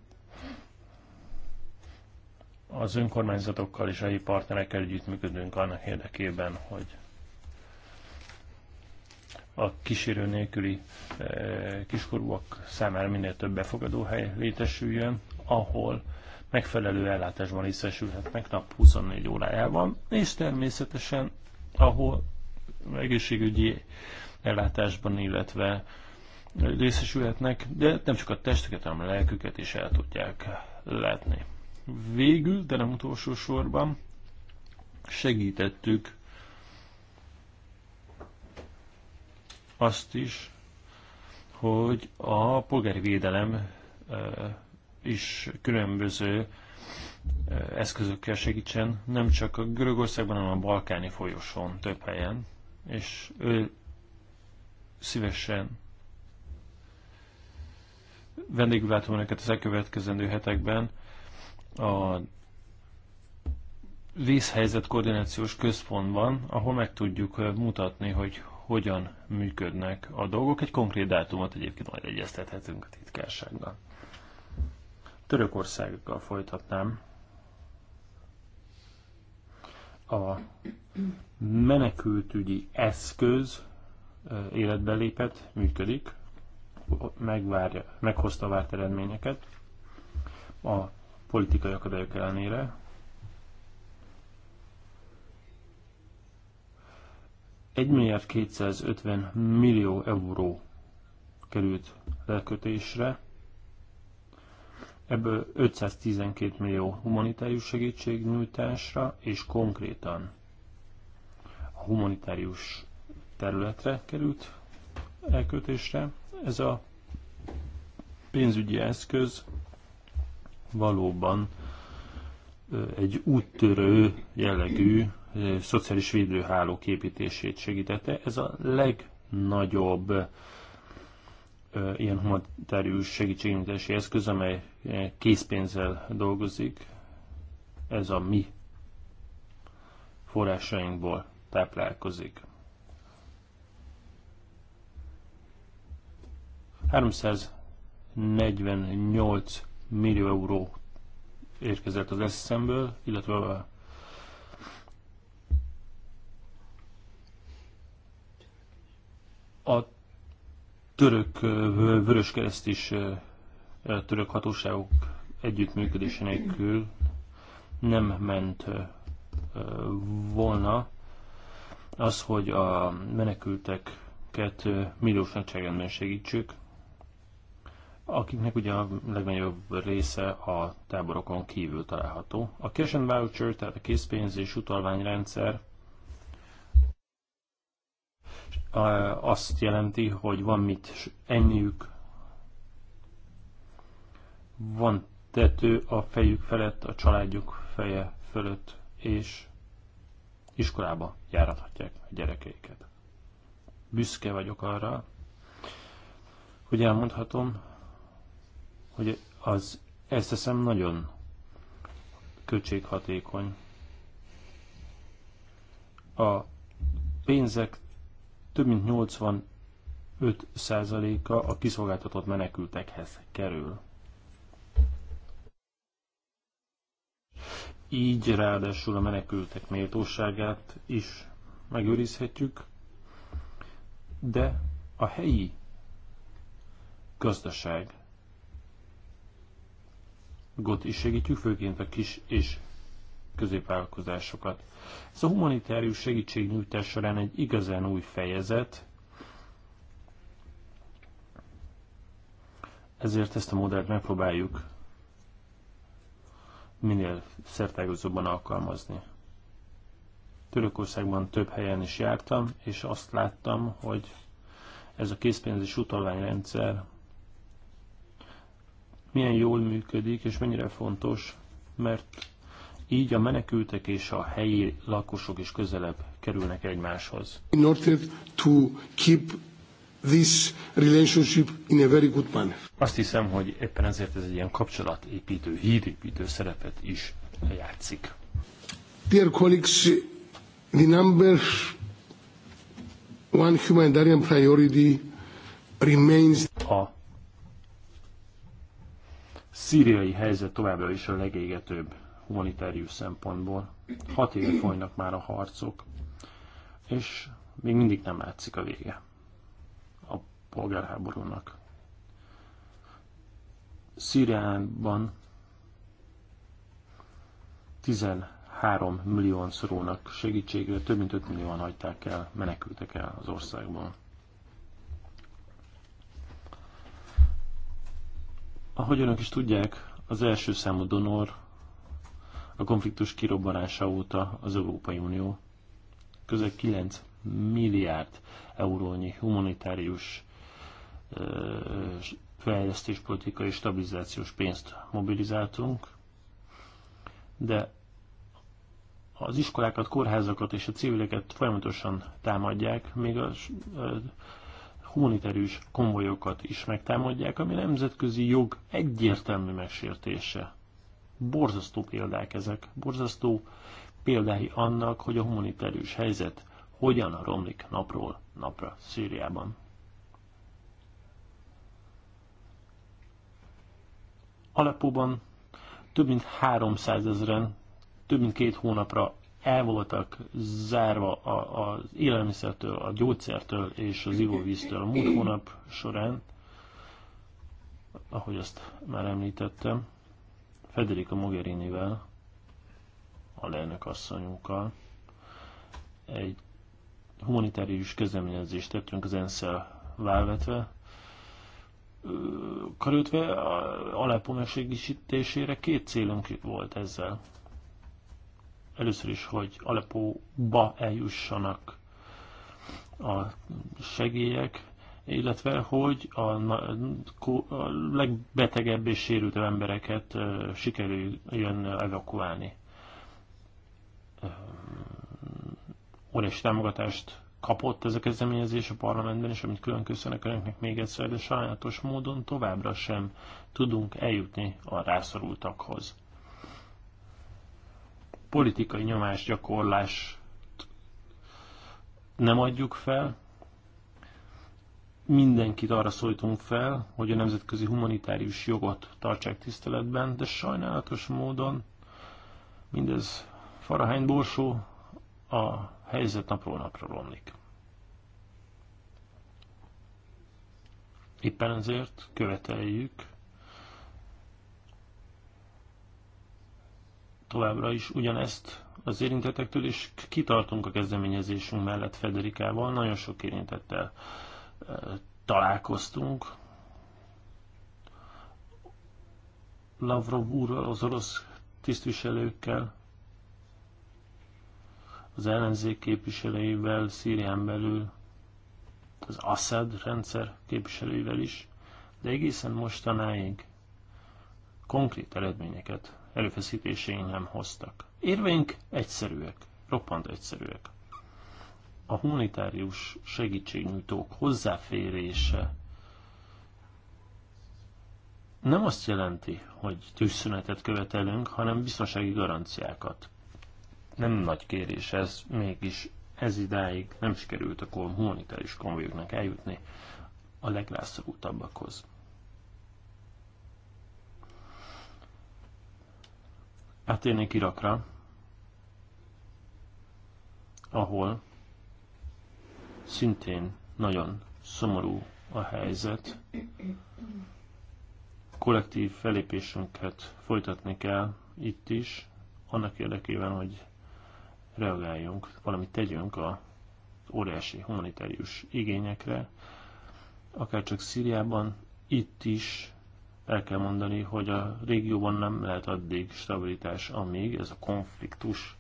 az önkormányzatokkal és a helyi partnerekkel együttműködünk annak érdekében, hogy a kísérő nélküli eh, kiskorúak számára minél több befogadó hely létesüljön, ahol megfelelő ellátásban részesülhetnek nap 24 órájában, és természetesen, ahol egészségügyi ellátásban, illetve részesülhetnek, de nem csak a testüket, hanem a lelküket is el tudják látni. Végül, de nem utolsó sorban segítettük azt is, hogy a polgári védelem is különböző eszközökkel segítsen, nem csak a Görögországban, hanem a Balkáni folyosón több helyen, és ő szívesen vendégül látom önöket az elkövetkezendő hetekben, a vízhelyzet koordinációs központban, ahol meg tudjuk mutatni, hogy hogyan működnek a dolgok. Egy konkrét dátumot egyébként majd egyeztethetünk a titkársággal. Törökországgal folytatnám. A menekültügyi eszköz életbe lépett, működik, megvárja, meghozta várt eredményeket. A politikai akadályok ellenére egy milliárd 250 millió euró került lekötésre, ebből 512 millió humanitárius segítségnyújtásra és konkrétan a humanitárius területre került elkötésre. Ez a pénzügyi eszköz valóban egy úttörő jellegű szociális védőháló képítését segítette. Ez a legnagyobb ilyen humanitárius segítségnyújtási eszköz, amely készpénzzel dolgozik. Ez a mi forrásainkból táplálkozik. 348 millió euró érkezett az SSM-ből, illetve a a török vöröskereszt is török hatóságok együttműködése nélkül nem ment volna az, hogy a menekülteket milliós nagyságrendben segítsük akiknek ugye a legnagyobb része a táborokon kívül található. A cash and voucher, tehát a készpénz és utalványrendszer azt jelenti, hogy van mit enniük, van tető a fejük felett, a családjuk feje fölött, és iskolába járathatják a gyerekeiket. Büszke vagyok arra, hogy elmondhatom, hogy az ezt hiszem nagyon költséghatékony. A pénzek több mint 85%-a a kiszolgáltatott menekültekhez kerül. Így ráadásul a menekültek méltóságát is megőrizhetjük, de a helyi gazdaság gott is segítjük, főként a kis és középvállalkozásokat. Ez a humanitárius segítségnyújtás során egy igazán új fejezet, ezért ezt a modellt megpróbáljuk minél szertágozóban alkalmazni. Törökországban több helyen is jártam, és azt láttam, hogy ez a készpénz utalványrendszer milyen jól működik, és mennyire fontos, mert így a menekültek és a helyi lakosok is közelebb kerülnek egymáshoz. In order to keep this relationship in a very good manner. Azt hiszem, hogy éppen ezért ez egy ilyen kapcsolatépítő, hírépítő szerepet is játszik. Dear colleagues, the number one humanitarian priority remains a szíriai helyzet továbbra is a legégetőbb humanitárius szempontból. Hat éve folynak már a harcok, és még mindig nem látszik a vége a polgárháborúnak. Szíriában 13 millióan szorulnak segítségre, több mint 5 millióan hagyták el, menekültek el az országban. Ahogy önök is tudják, az első számú donor a konfliktus kirobbanása óta az Európai Unió közel 9 milliárd eurónyi humanitárius fejlesztéspolitikai stabilizációs pénzt mobilizáltunk, de az iskolákat, kórházakat és a civileket folyamatosan támadják, még a humanitárius konvojokat is megtámadják, ami nemzetközi jog egyértelmű megsértése. Borzasztó példák ezek, borzasztó példái annak, hogy a humanitárius helyzet hogyan romlik napról napra Szíriában. aleppo több mint 300 ezeren több mint két hónapra el voltak zárva az élelmiszertől, a gyógyszertől és az ivóvíztől a múlt hónap során, ahogy azt már említettem, Federica Mogherinivel, a lelnök asszonyunkkal egy humanitárius kezdeményezést tettünk az ENSZ-el válvetve, karöltve a megségisítésére két célunk volt ezzel először is, hogy Aleppo-ba eljussanak a segélyek, illetve hogy a, a legbetegebb és sérültebb embereket sikerüljön evakuálni. Óriási támogatást kapott ez a kezdeményezés a parlamentben, és amit külön köszönök önöknek még egyszer, de sajnálatos módon továbbra sem tudunk eljutni a rászorultakhoz politikai nyomásgyakorlást nem adjuk fel, mindenkit arra szólítunk fel, hogy a nemzetközi humanitárius jogot tartsák tiszteletben, de sajnálatos módon mindez farahány borsó, a helyzet napról napra romlik. Éppen ezért követeljük továbbra is ugyanezt az érintetektől, és kitartunk a kezdeményezésünk mellett Federikával. Nagyon sok érintettel találkoztunk. Lavrov úrral, az orosz tisztviselőkkel, az ellenzék képviselőivel, Szírián belül, az Assad rendszer képviselőivel is, de egészen mostanáig konkrét eredményeket előfeszítésein nem hoztak. Érveink egyszerűek, roppant egyszerűek. A humanitárius segítségnyújtók hozzáférése nem azt jelenti, hogy tűzszünetet követelünk, hanem biztonsági garanciákat. Nem nagy kérés ez, mégis ez idáig nem sikerült a humanitárius konvojoknak eljutni a legrászorultabbakhoz. Átérnék Irakra, ahol szintén nagyon szomorú a helyzet. Kollektív felépésünket folytatni kell itt is, annak érdekében, hogy reagáljunk, valamit tegyünk a óriási humanitárius igényekre, akár csak Szíriában, itt is el kell mondani, hogy a régióban nem lehet addig stabilitás, amíg ez a konfliktus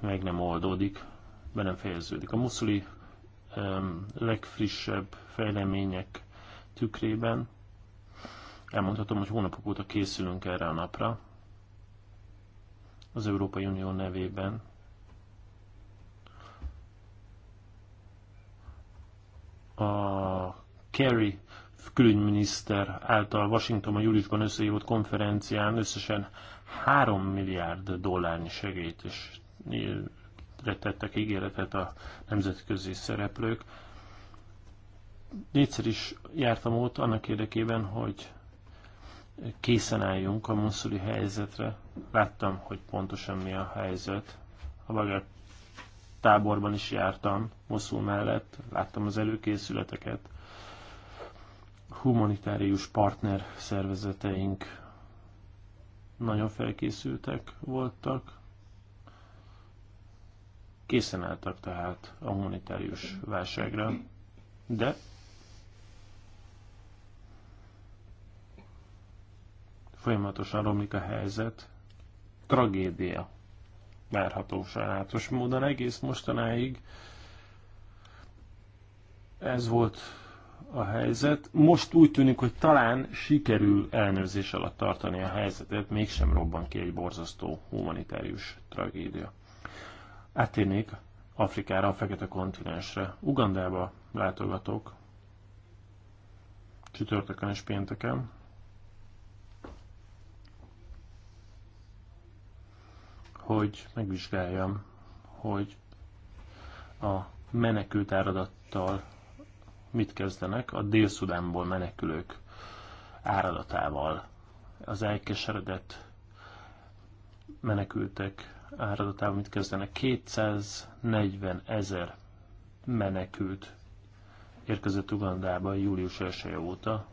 meg nem oldódik, be nem fejeződik. A muszuli legfrissebb fejlemények tükrében elmondhatom, hogy hónapok óta készülünk erre a napra. Az Európai Unió nevében a Kerry külügyminiszter által Washingtonban júliusban összehívott konferencián összesen 3 milliárd dollárnyi segélyt is tettek ígéretet a nemzetközi szereplők. Négyszer is jártam ott annak érdekében, hogy készen álljunk a monszuli helyzetre. Láttam, hogy pontosan mi a helyzet. A bagát táborban is jártam, Moszul mellett, láttam az előkészületeket humanitárius partner szervezeteink nagyon felkészültek voltak, készen álltak tehát a humanitárius válságra, de folyamatosan romlik a helyzet, tragédia várható sajnálatos módon egész mostanáig ez volt a helyzet. Most úgy tűnik, hogy talán sikerül elnőrzés alatt tartani a helyzetet, mégsem robban ki egy borzasztó humanitárius tragédia. Áttérnék Afrikára, a fekete kontinensre. Ugandába látogatok csütörtökön és pénteken. hogy megvizsgáljam, hogy a menekült áradattal mit kezdenek a Dél-Szudánból menekülők áradatával. Az elkeseredett menekültek áradatával mit kezdenek? 240 ezer menekült érkezett Ugandába július 1 óta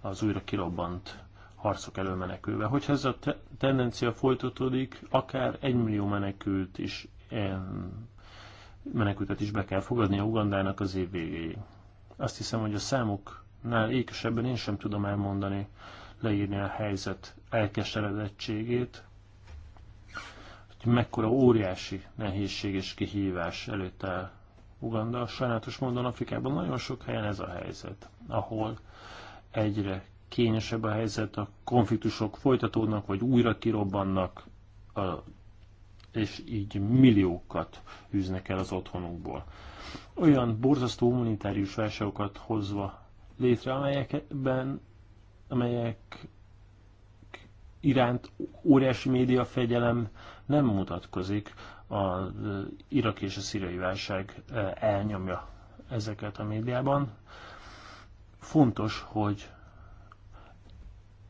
az újra kirobbant harcok elől menekülve. Hogyha ez a te tendencia folytatódik, akár egy millió menekült is menekültet is be kell fogadni a Ugandának az év végéig. Azt hiszem, hogy a számuknál ékesebben én sem tudom elmondani, leírni a helyzet elkeseredettségét, hogy mekkora óriási nehézség és kihívás előtt áll Uganda. Sajnálatos módon Afrikában nagyon sok helyen ez a helyzet, ahol egyre kényesebb a helyzet, a konfliktusok folytatódnak, vagy újra kirobbannak, és így milliókat üznek el az otthonukból olyan borzasztó humanitárius válságokat hozva létre, amelyekben, amelyek iránt óriási médiafegyelem nem mutatkozik, az e, irak és a szíriai válság e, elnyomja ezeket a médiában. Fontos, hogy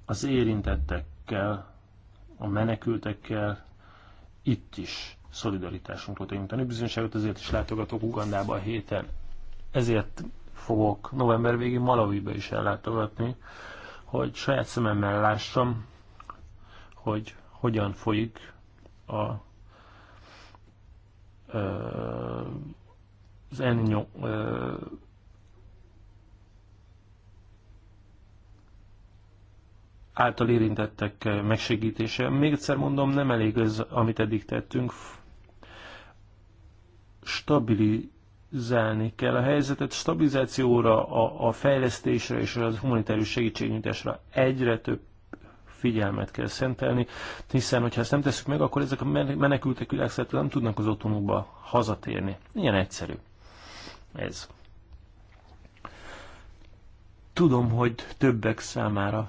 az érintettekkel, a menekültekkel itt is szolidaritásunkról tegyünk tanú bizonyságot, ezért is látogatok Ugandába a héten. Ezért fogok november végén Malawi-be is ellátogatni, hogy saját szememmel lássam, hogy hogyan folyik a az ennyi által érintettek megsegítése. Még egyszer mondom, nem elég ez, amit eddig tettünk, stabilizálni kell a helyzetet, stabilizációra, a, a fejlesztésre és az humanitárius segítségnyújtásra egyre több figyelmet kell szentelni, hiszen hogyha ezt nem tesszük meg, akkor ezek a menekültek világszerte nem tudnak az otthonukba hazatérni. Ilyen egyszerű ez. Tudom, hogy többek számára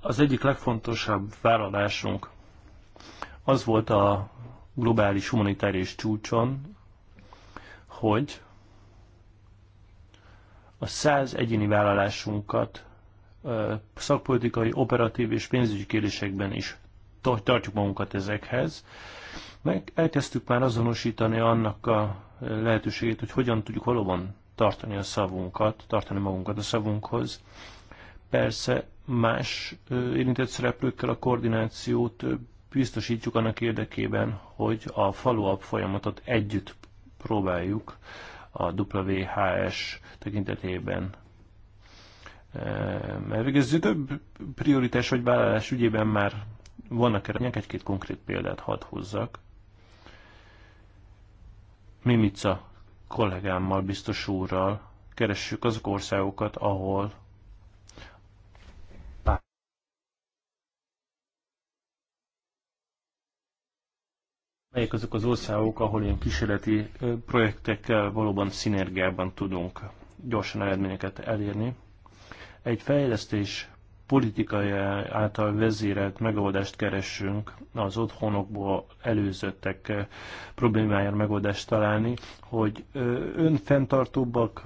Az egyik legfontosabb vállalásunk az volt a globális humanitárius csúcson, hogy a száz egyéni vállalásunkat szakpolitikai, operatív és pénzügyi kérdésekben is tartjuk magunkat ezekhez. Meg elkezdtük már azonosítani annak a lehetőségét, hogy hogyan tudjuk valóban tartani a szavunkat, tartani magunkat a szavunkhoz, Persze más érintett szereplőkkel a koordinációt biztosítjuk annak érdekében, hogy a follow-up folyamatot együtt próbáljuk a WHS tekintetében elvégezzük. Több prioritás vagy vállalás ügyében már vannak eredmények, egy-két konkrét példát hadd hozzak. Mimica kollégámmal, biztos úrral keressük azok országokat, ahol melyek azok az országok, ahol ilyen kísérleti projektekkel valóban szinergiában tudunk gyorsan eredményeket elérni. Egy fejlesztés politikai által vezérelt megoldást keresünk az otthonokból előzöttek problémájára megoldást találni, hogy önfenntartóbbak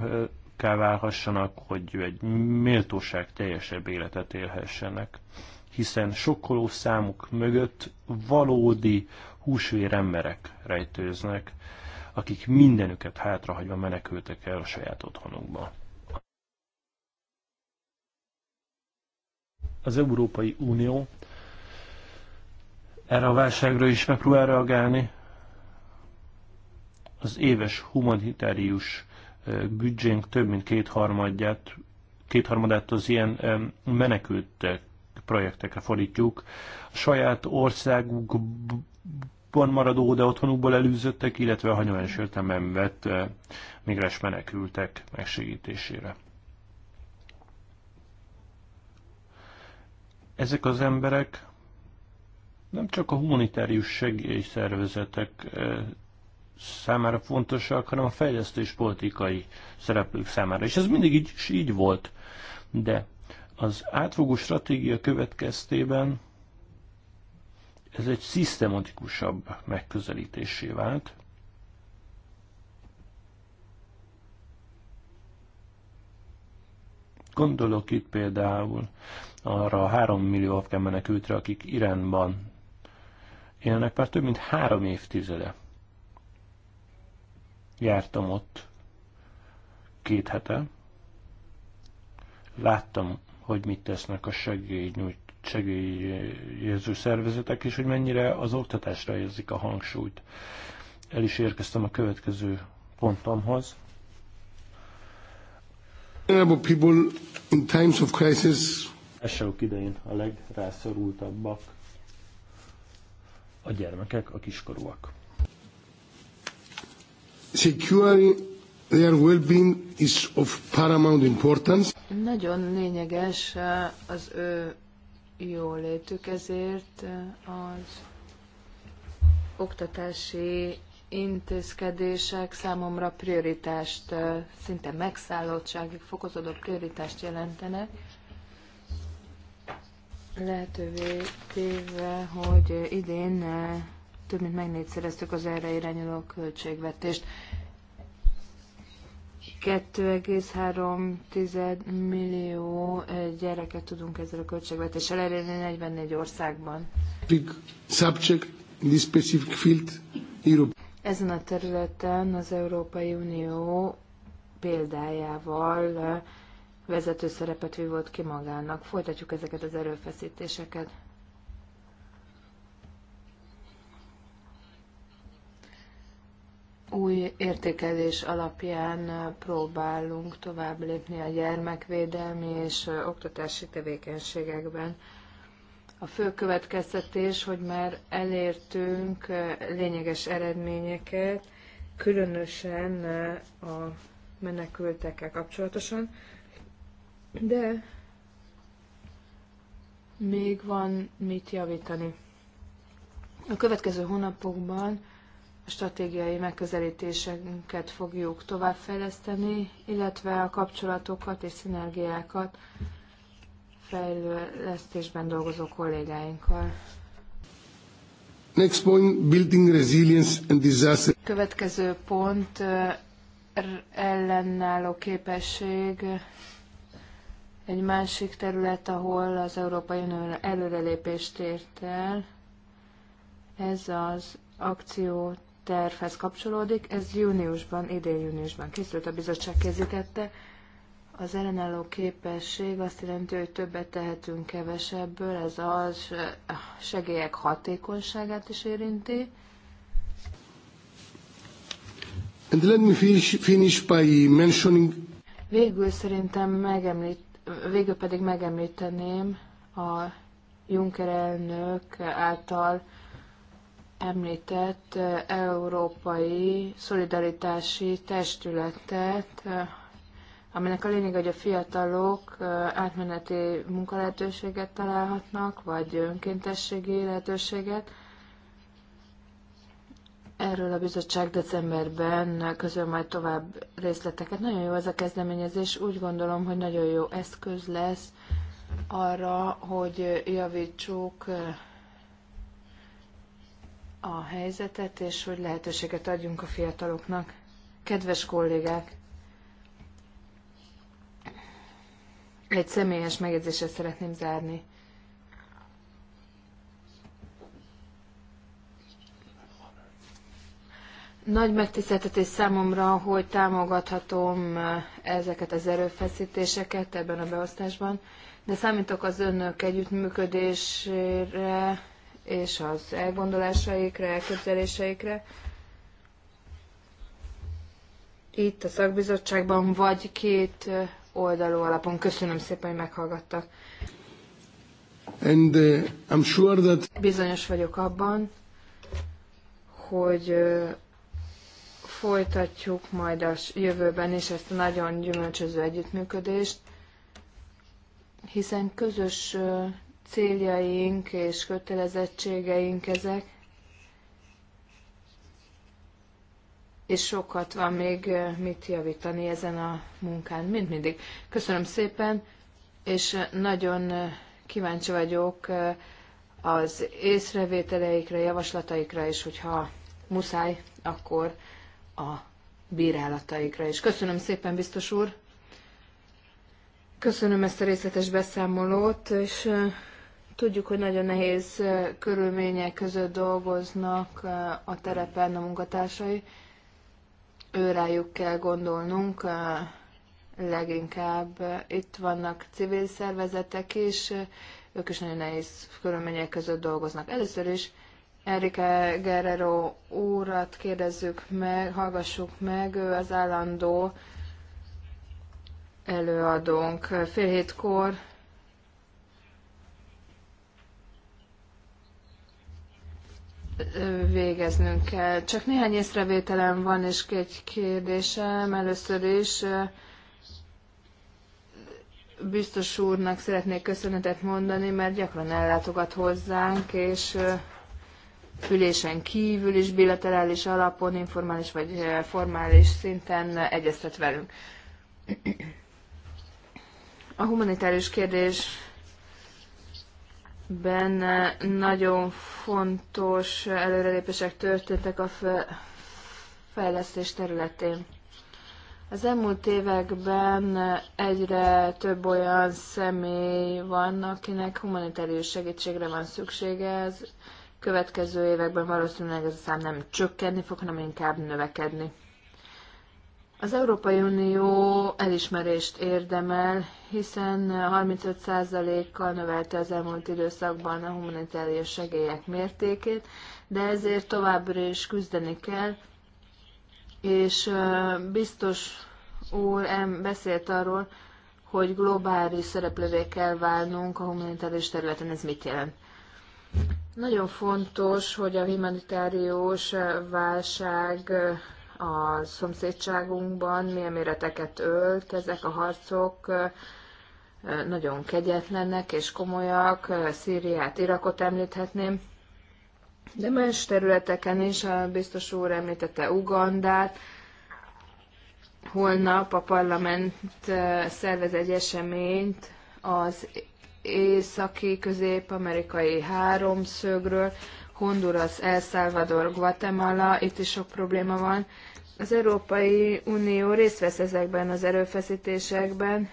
válhassanak, hogy egy méltóság teljesebb életet élhessenek. Hiszen sokkoló számuk mögött valódi húsvér emberek rejtőznek, akik mindenüket hátrahagyva menekültek el a saját otthonukba. Az Európai Unió erre a válságra is megpróbál reagálni. Az éves humanitárius büdzsénk több mint kétharmadját, kétharmadát az ilyen menekült projektekre fordítjuk. A saját országuk maradó, de otthonukból elűzöttek, illetve a hagyományos értelemben vett eh, migráns menekültek megsegítésére. Ezek az emberek nem csak a humanitárius segélyszervezetek eh, számára fontosak, hanem a fejlesztés politikai szereplők számára. És ez mindig így, így volt. De az átfogó stratégia következtében ez egy szisztematikusabb megközelítésé vált. Gondolok itt például arra a három millió afgán menekültre, akik Iránban élnek már több mint három évtizede. Jártam ott két hete, láttam, hogy mit tesznek a segélynyújt segélyérző szervezetek, és hogy mennyire az oktatásra érzik a hangsúlyt. El is érkeztem a következő pontomhoz. People in times of crisis. Esők idején a legrászorultabbak a gyermekek, a kiskorúak. Securing their well-being is of paramount importance. Nagyon lényeges eh, az ő jólétük, ezért az oktatási intézkedések számomra prioritást, szinte megszállottságig fokozódó prioritást jelentenek, lehetővé téve, hogy idén több mint megnégyszereztük az erre irányuló költségvetést. 2,3 millió gyereket tudunk ezzel a költségvetéssel elérni 44 országban. Subject, this specific field, Europe. Ezen a területen az Európai Unió példájával vezető szerepet vívott ki magának. Folytatjuk ezeket az erőfeszítéseket. új értékelés alapján próbálunk tovább lépni a gyermekvédelmi és oktatási tevékenységekben. A fő következtetés, hogy már elértünk lényeges eredményeket, különösen a menekültekkel kapcsolatosan, de még van mit javítani. A következő hónapokban stratégiai megközelítéseket fogjuk továbbfejleszteni, illetve a kapcsolatokat és szinergiákat fejlesztésben dolgozó kollégáinkkal. Next point, building resilience and disaster. Következő pont eh, ellenálló képesség egy másik terület, ahol az Európai Unió előrelépést ért el. Ez az akciót tervhez kapcsolódik, ez júniusban, idén júniusban készült, a bizottság kezítette. Az ellenálló képesség azt jelenti, hogy többet tehetünk kevesebből, ez a segélyek hatékonyságát is érinti. And let me finish, finish by mentioning... Végül szerintem megemlít, végül pedig megemlíteném a Juncker elnök által említett európai szolidaritási testületet, aminek a lényeg, hogy a fiatalok átmeneti munkalehetőséget találhatnak, vagy önkéntességi lehetőséget. Erről a bizottság decemberben közöl majd tovább részleteket. Nagyon jó ez a kezdeményezés, úgy gondolom, hogy nagyon jó eszköz lesz arra, hogy javítsuk a helyzetet, és hogy lehetőséget adjunk a fiataloknak. Kedves kollégák, egy személyes megjegyzéssel szeretném zárni. Nagy megtiszteltetés számomra, hogy támogathatom eh, ezeket az erőfeszítéseket ebben a beosztásban, de számítok az önök együttműködésére és az elgondolásaikra, elképzeléseikre. Itt a szakbizottságban vagy két oldalú alapon. Köszönöm szépen, hogy meghallgattak. And, uh, I'm sure that... Bizonyos vagyok abban, hogy uh, folytatjuk majd a jövőben is ezt a nagyon gyümölcsöző együttműködést, hiszen közös céljaink és kötelezettségeink ezek, és sokat van még mit javítani ezen a munkán, mint mindig. Köszönöm szépen, és nagyon kíváncsi vagyok az észrevételeikre, javaslataikra, és hogyha muszáj, akkor a bírálataikra is. Köszönöm szépen, biztos úr! Köszönöm ezt a részletes beszámolót, és Tudjuk, hogy nagyon nehéz körülmények között dolgoznak a terepen a munkatársai. Őrájuk kell gondolnunk leginkább. Itt vannak civil szervezetek is, ők is nagyon nehéz körülmények között dolgoznak. Először is Erika Guerrero úrat kérdezzük meg, hallgassuk meg, ő az állandó előadónk. Fél hétkor végeznünk kell. Csak néhány észrevételem van, és egy kérdésem. Először is biztos úrnak szeretnék köszönetet mondani, mert gyakran ellátogat hozzánk, és ülésen kívül is, bilaterális alapon, informális vagy formális szinten egyeztet velünk. A humanitárius kérdés benne nagyon fontos előrelépések történtek a fejlesztés területén. Az elmúlt években egyre több olyan személy van, akinek humanitárius segítségre van szüksége. Ez következő években valószínűleg ez a szám nem csökkenni fog, hanem inkább növekedni. Az Európai Unió elismerést érdemel, hiszen 35%-kal növelte az elmúlt időszakban a humanitárius segélyek mértékét, de ezért továbbra is küzdeni kell, és biztos úr beszélt arról, hogy globális szereplővé kell válnunk a humanitárius területen. Ez mit jelent? Nagyon fontos, hogy a humanitárius válság a szomszédságunkban, milyen méreteket ölt ezek a harcok, nagyon kegyetlenek és komolyak, Szíriát, Irakot említhetném, de más területeken is, a biztos úr említette Ugandát, holnap a parlament szervez egy eseményt az északi közép-amerikai háromszögről, Honduras, El Salvador, Guatemala, itt is sok probléma van, az Európai Unió részt vesz ezekben az erőfeszítésekben,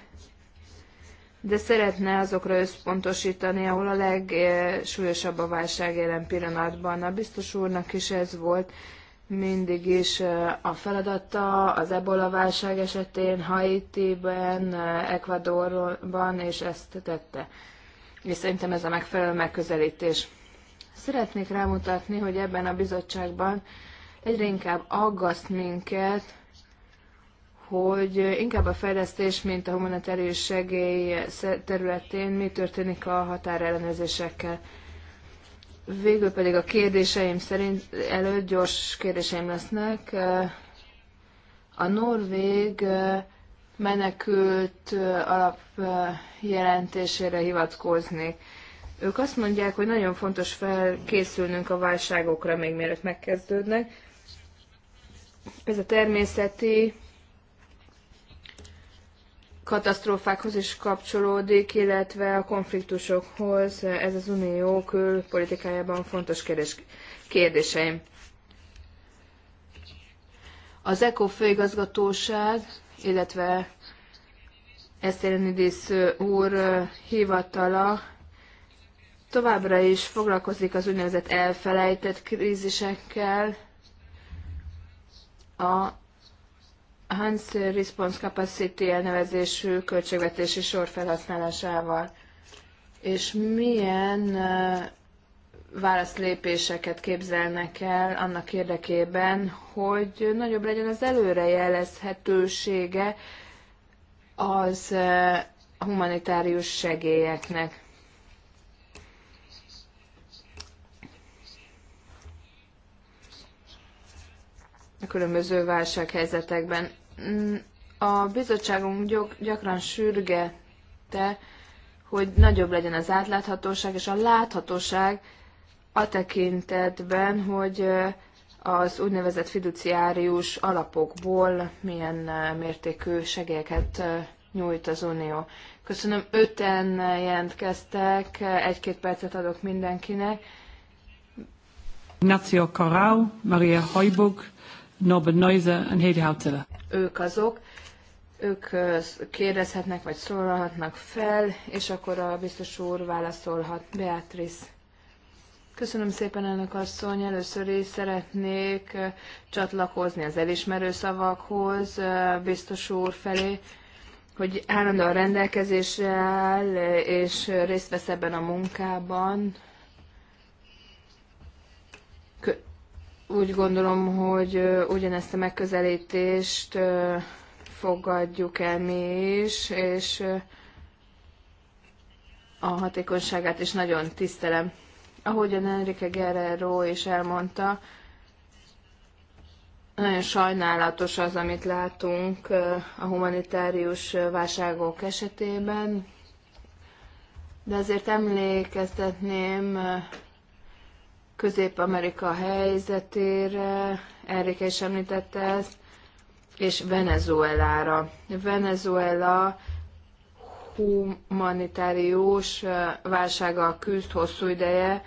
de szeretne azokra összpontosítani, ahol a legsúlyosabb a válság jelen pillanatban. A biztos úrnak is ez volt mindig is a feladata az ebola válság esetén, Haiti-ben, Ecuadorban, és ezt tette. És szerintem ez a megfelelő megközelítés. Szeretnék rámutatni, hogy ebben a bizottságban Egyre inkább aggaszt minket, hogy inkább a fejlesztés, mint a humanitárius segély területén mi történik a határellenőrzésekkel. Végül pedig a kérdéseim szerint előtt gyors kérdéseim lesznek. A norvég menekült alap jelentésére hivatkoznék. Ők azt mondják, hogy nagyon fontos felkészülnünk a válságokra, még mielőtt megkezdődnek, ez a természeti katasztrófákhoz is kapcsolódik, illetve a konfliktusokhoz. Ez az unió külpolitikájában fontos kérdés, kérdéseim. Az ECO főigazgatóság, illetve Eszterenidis úr hivatala továbbra is foglalkozik az úgynevezett elfelejtett krízisekkel, a Hans Response Capacity elnevezésű költségvetési sor felhasználásával. És milyen válaszlépéseket képzelnek el annak érdekében, hogy nagyobb legyen az előrejelezhetősége az humanitárius segélyeknek. különböző válsághelyzetekben. Mm, a bizottságunk gyakran sürgette, hogy nagyobb legyen az átláthatóság, és a láthatóság a tekintetben, hogy az úgynevezett fiduciárius alapokból milyen mértékű segélyeket nyújt az Unió. Köszönöm, öten jelentkeztek, egy-két percet adok mindenkinek. Ignacio Carau, Maria Hajbog. Norbert Neuser and Heidi Ők azok, ők kérdezhetnek, vagy szólalhatnak fel, és akkor a biztos úr válaszolhat. Beatrice. Köszönöm szépen, elnök asszony. Először is szeretnék csatlakozni az elismerő szavakhoz, biztos úr felé, hogy állandóan rendelkezésre áll, és részt vesz ebben a munkában. Úgy gondolom, hogy ugyanezt a megközelítést fogadjuk el mi is, és a hatékonyságát is nagyon tisztelem. Ahogyan Enrique Guerrero is elmondta, nagyon sajnálatos az, amit látunk a humanitárius válságok esetében, de azért emlékeztetném Közép-Amerika helyzetére, Enrique is említette ezt, és Venezuelára. Venezuela humanitárius válsággal küzd hosszú ideje,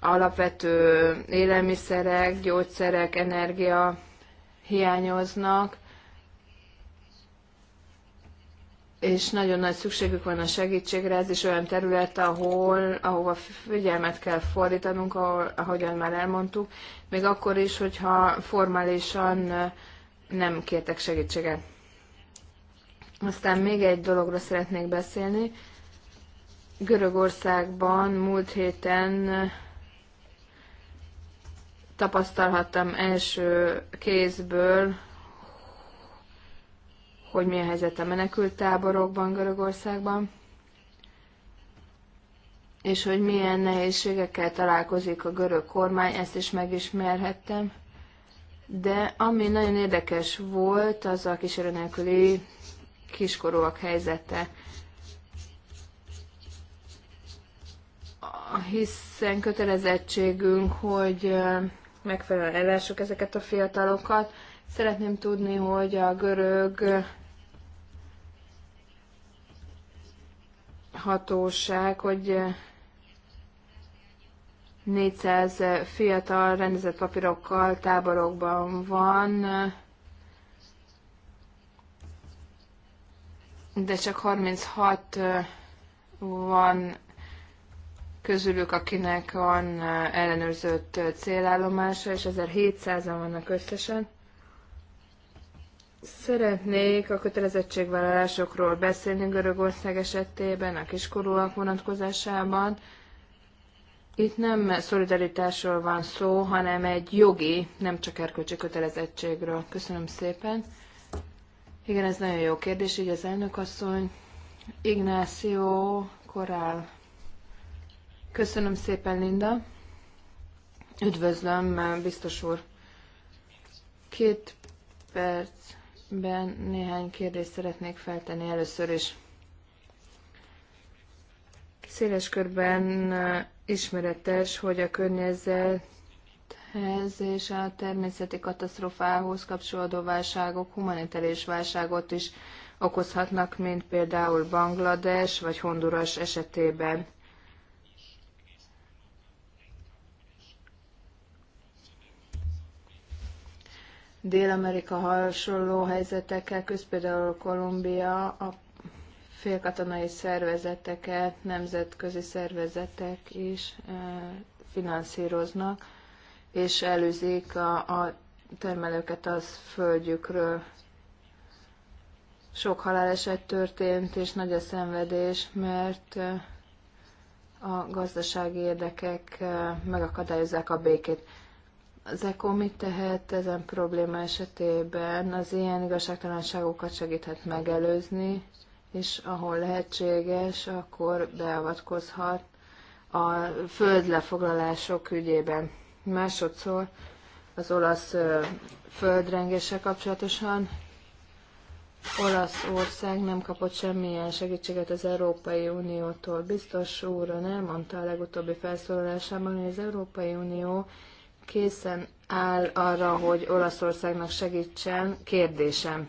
alapvető élelmiszerek, gyógyszerek, energia hiányoznak, és nagyon nagy szükségük van a segítségre, ez is olyan terület, ahol, ahova figyelmet kell fordítanunk, ahol, ahogyan már elmondtuk, még akkor is, hogyha formálisan nem kértek segítséget. Aztán még egy dologról szeretnék beszélni. Görögországban múlt héten tapasztalhattam első kézből hogy milyen helyzet a menekült táborokban Görögországban, és hogy milyen nehézségekkel találkozik a görög kormány, ezt is megismerhettem. De ami nagyon érdekes volt, az a kísérő nélküli kiskorúak helyzete. Hiszen kötelezettségünk, hogy megfelelően ellássuk ezeket a fiatalokat. Szeretném tudni, hogy a görög hatóság, hogy 400 eh, eh, fiatal rendezett papírokkal táborokban van, eh, de csak 36 van közülük, akinek van ellenőrzött célállomása, és 1700-an vannak összesen. Szeretnék a kötelezettségvállalásokról beszélni Görögország esetében, a kiskorúak vonatkozásában. Itt nem szolidaritásról van szó, hanem egy jogi, nem csak erkölcsi kötelezettségről. Köszönöm szépen. Igen, ez nagyon jó kérdés, így az elnök Ignáció Ignácio Korál. Köszönöm szépen, Linda. Üdvözlöm, biztos úr. Két perc ben néhány kérdést szeretnék feltenni először is. Széles körben ismeretes, hogy a környezethez és a természeti katasztrofához kapcsolódó válságok humanitárius válságot is okozhatnak, mint például Banglades vagy Honduras esetében. Dél-Amerika hasonló helyzetekkel közpéldául Kolumbia a félkatonai szervezeteket, nemzetközi szervezetek is finanszíroznak, és előzik a, a termelőket az földjükről. Sok haláleset történt, és nagy a szenvedés, mert a gazdasági érdekek megakadályozzák a békét az ECO mit tehet ezen probléma esetében? Az ilyen igazságtalanságokat segíthet megelőzni, és ahol lehetséges, akkor beavatkozhat a földlefoglalások ügyében. Másodszor az olasz földrengése kapcsolatosan Olaszország nem kapott semmilyen segítséget az Európai Uniótól. Biztos úr nem mondta a legutóbbi felszólalásában, hogy az Európai Unió készen áll arra, hogy Olaszországnak segítsen. Kérdésem.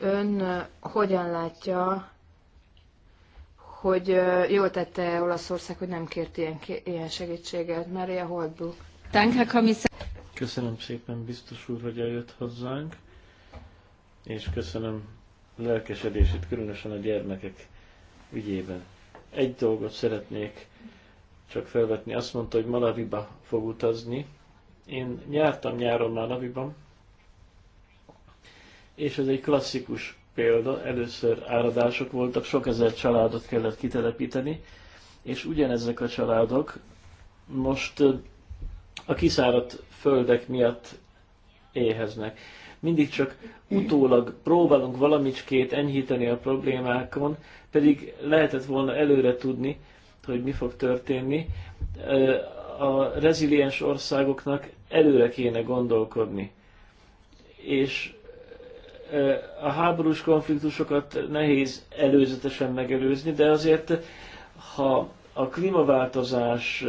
Ön hogyan látja, hogy jól tette Olaszország, hogy nem kért ilyen, ilyen segítséget? Maria Holdbuk. Köszönöm szépen, biztos úr, hogy eljött hozzánk, és köszönöm lelkesedését, különösen a gyermekek ügyében. Egy dolgot szeretnék csak felvetni. Azt mondta, hogy Malaviba fog utazni. Én nyártam nyáron Malaviban, és ez egy klasszikus példa. Először áradások voltak, sok ezer családot kellett kitelepíteni, és ugyanezek a családok most a kiszáradt földek miatt éheznek. Mindig csak utólag próbálunk valamicskét enyhíteni a problémákon, pedig lehetett volna előre tudni, hogy mi fog történni. A reziliens országoknak előre kéne gondolkodni. És a háborús konfliktusokat nehéz előzetesen megelőzni, de azért, ha a klímaváltozás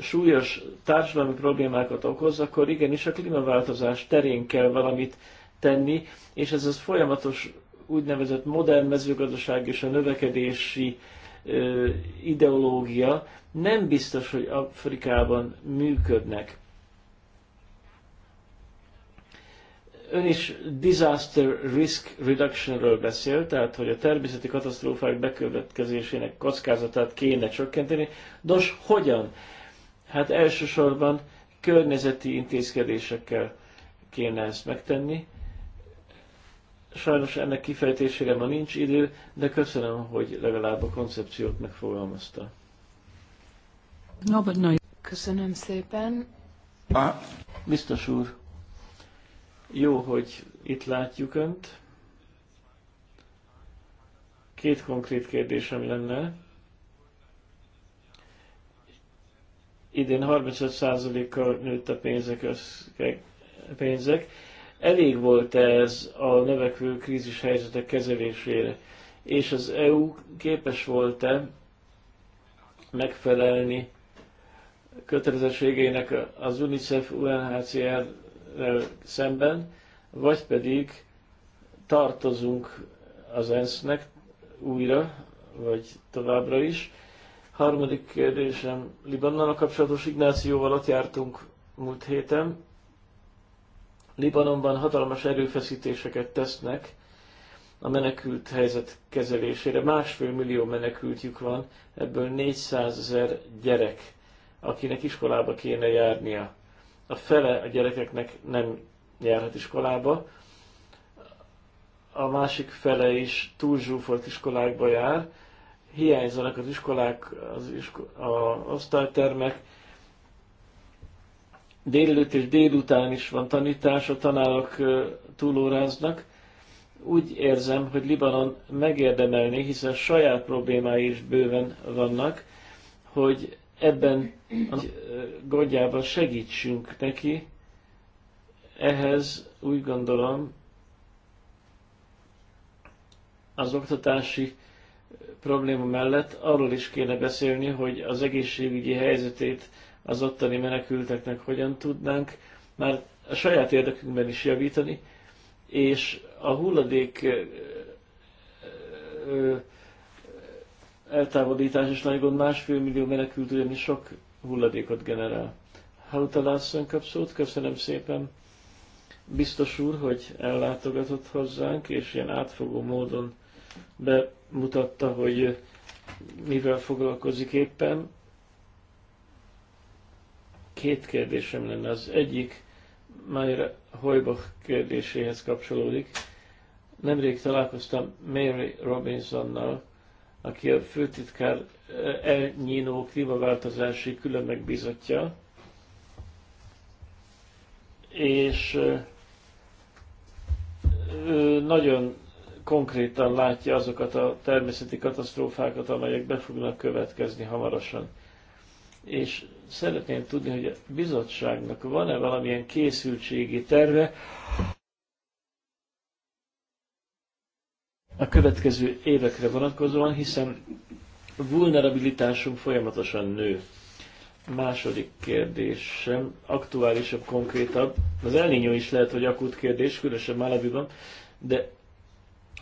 súlyos társadalmi problémákat okoz, akkor igenis a klímaváltozás terén kell valamit tenni, és ez az folyamatos úgynevezett modern mezőgazdaság és a növekedési ideológia nem biztos, hogy Afrikában működnek. Ön is disaster risk reductionről beszél, tehát hogy a természeti katasztrófák bekövetkezésének kockázatát kéne csökkenteni. Nos, hogyan? Hát elsősorban környezeti intézkedésekkel kéne ezt megtenni Sajnos ennek kifejtésére ma nincs idő, de köszönöm, hogy legalább a koncepciót megfogalmazta. No, but Köszönöm szépen. Ah. Biztos úr, jó, hogy itt látjuk Önt. Két konkrét kérdésem lenne. Idén 35%-kal nőtt a pénzek, pénzek Elég volt ez a növekvő krízis helyzetek kezelésére, és az EU képes volt-e megfelelni kötelezettségeinek az UNICEF unhcr szemben, vagy pedig tartozunk az ENSZ-nek újra, vagy továbbra is. Harmadik kérdésem Libannal kapcsolatos Ignációval ott jártunk múlt héten, Libanonban hatalmas erőfeszítéseket tesznek a menekült helyzet kezelésére. Másfél millió menekültjük van, ebből 400 ezer gyerek, akinek iskolába kéne járnia. A fele a gyerekeknek nem járhat iskolába, a másik fele is túl zsúfolt iskolákba jár, hiányzanak az iskolák, az isko- az osztálytermek, délelőtt és délután is van tanítás, a tanárok túlóráznak. Úgy érzem, hogy Libanon megérdemelni, hiszen saját problémái is bőven vannak, hogy ebben a gondjában segítsünk neki. Ehhez úgy gondolom, az oktatási probléma mellett arról is kéne beszélni, hogy az egészségügyi helyzetét az ottani menekülteknek hogyan tudnánk már a saját érdekünkben is javítani, és a hulladék eltávolítás is nagy gond, másfél millió menekült ugyanis sok hulladékot generál. Ha asszony kap köszönöm szépen biztos úr, hogy ellátogatott hozzánk, és ilyen átfogó módon bemutatta, hogy mivel foglalkozik éppen. Két kérdésem lenne. Az egyik Mayra Hojbach kérdéséhez kapcsolódik. Nemrég találkoztam Mary Robinsonnal, aki a főtitkár eh, El klímaváltozási külön megbízatja, és eh, ő nagyon konkrétan látja azokat a természeti katasztrófákat, amelyek be fognak következni hamarosan. És szeretném tudni, hogy a bizottságnak van-e valamilyen készültségi terve a következő évekre vonatkozóan, hiszen vulnerabilitásunk folyamatosan nő. Második kérdésem, aktuálisabb, konkrétabb. Az elnyó is lehet, hogy akut kérdés, különösen Malabiban, de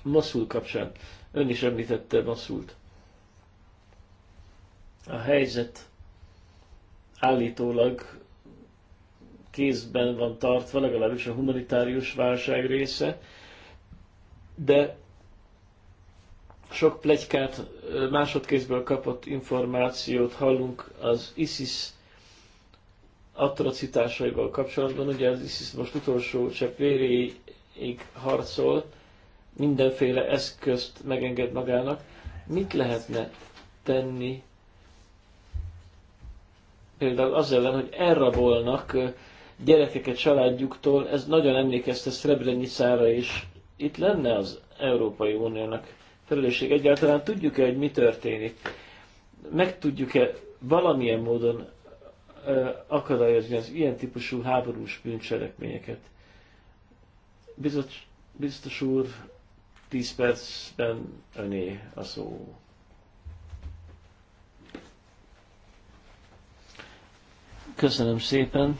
Moszul kapcsán. Ön is említette Moszult. A helyzet állítólag kézben van tartva, legalábbis a humanitárius válság része, de sok plegykát, másodkézből kapott információt hallunk az ISIS atrocitásaival kapcsolatban. Ugye az ISIS most utolsó csepp véréig harcol, mindenféle eszközt megenged magának. Mit lehetne tenni például az ellen, hogy elrabolnak gyerekeket családjuktól, ez nagyon emlékezte Srebrenicára is. Itt lenne az Európai Uniónak felelősség egyáltalán? Tudjuk-e, hogy mi történik? Meg tudjuk-e valamilyen módon akadályozni az ilyen típusú háborús bűncselekményeket? biztos úr, 10 percben öné a szó. Köszönöm szépen.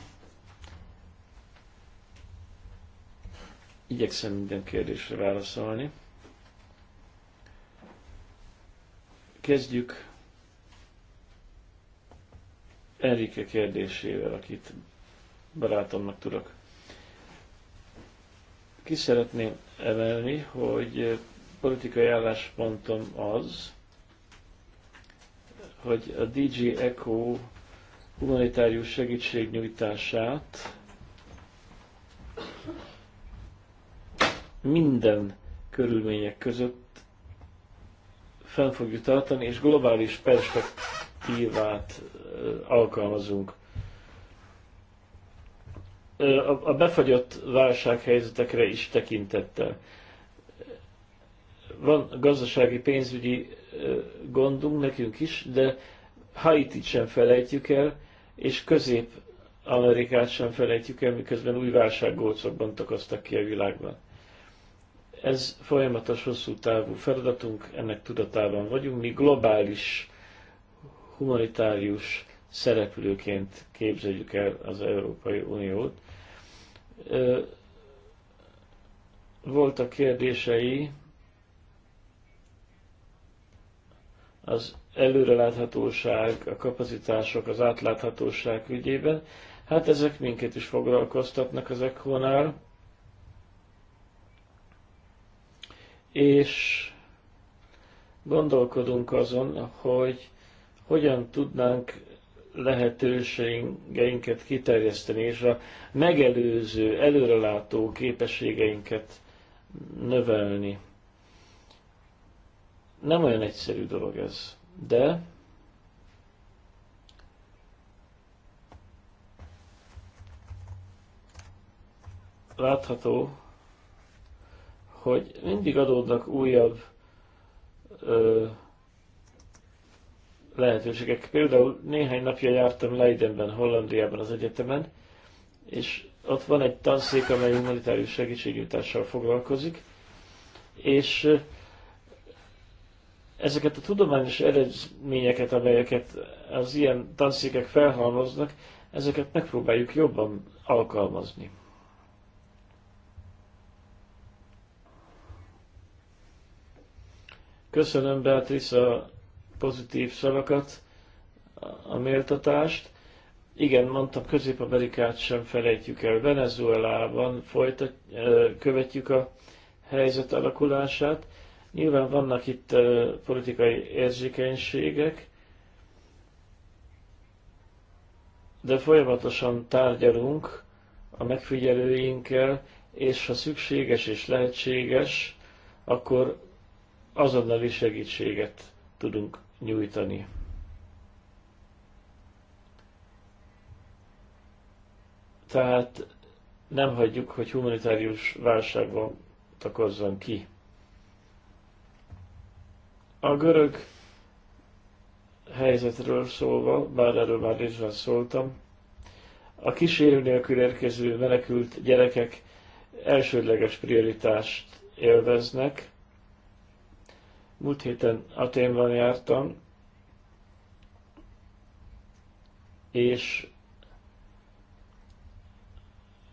Igyekszem minden kérdésre válaszolni. Kezdjük Erike kérdésével, akit barátomnak tudok. Ki szeretném emelni, hogy politikai álláspontom az, hogy a DG Echo humanitárius segítségnyújtását minden körülmények között fenn fogjuk tartani, és globális perspektívát alkalmazunk. A befagyott válsághelyzetekre is tekintettel. Van gazdasági, pénzügyi gondunk nekünk is, de Haiti-t sem felejtjük el, és közép Amerikát sem felejtjük el, miközben új válsággócokban takoztak ki a világban. Ez folyamatos hosszú távú feladatunk, ennek tudatában vagyunk, mi globális, humanitárius szereplőként képzeljük el az Európai Uniót. Voltak kérdései, az előreláthatóság, a kapacitások, az átláthatóság ügyében. Hát ezek minket is foglalkoztatnak az ECHO-nál. És gondolkodunk azon, hogy hogyan tudnánk lehetőségeinket kiterjeszteni, és a megelőző, előrelátó képességeinket növelni nem olyan egyszerű dolog ez, de látható, hogy mindig adódnak újabb ö, lehetőségek. Például néhány napja jártam Leidenben, Hollandiában az egyetemen, és ott van egy tanszék, amely humanitárius segítségnyújtással foglalkozik, és ezeket a tudományos eredményeket, amelyeket az ilyen tanszékek felhalmoznak, ezeket megpróbáljuk jobban alkalmazni. Köszönöm Beatrice a pozitív szavakat, a méltatást. Igen, mondtam, Közép-Amerikát sem felejtjük el. Venezuelában folytat, követjük a helyzet alakulását Nyilván vannak itt uh, politikai érzékenységek, de folyamatosan tárgyalunk a megfigyelőinkkel, és ha szükséges és lehetséges, akkor azonnali segítséget tudunk nyújtani. Tehát nem hagyjuk, hogy humanitárius válságban takozzon ki. A görög helyzetről szólva, bár erről már részben szóltam, a kísérő nélkül érkező menekült gyerekek elsődleges prioritást élveznek. Múlt héten Aténban jártam, és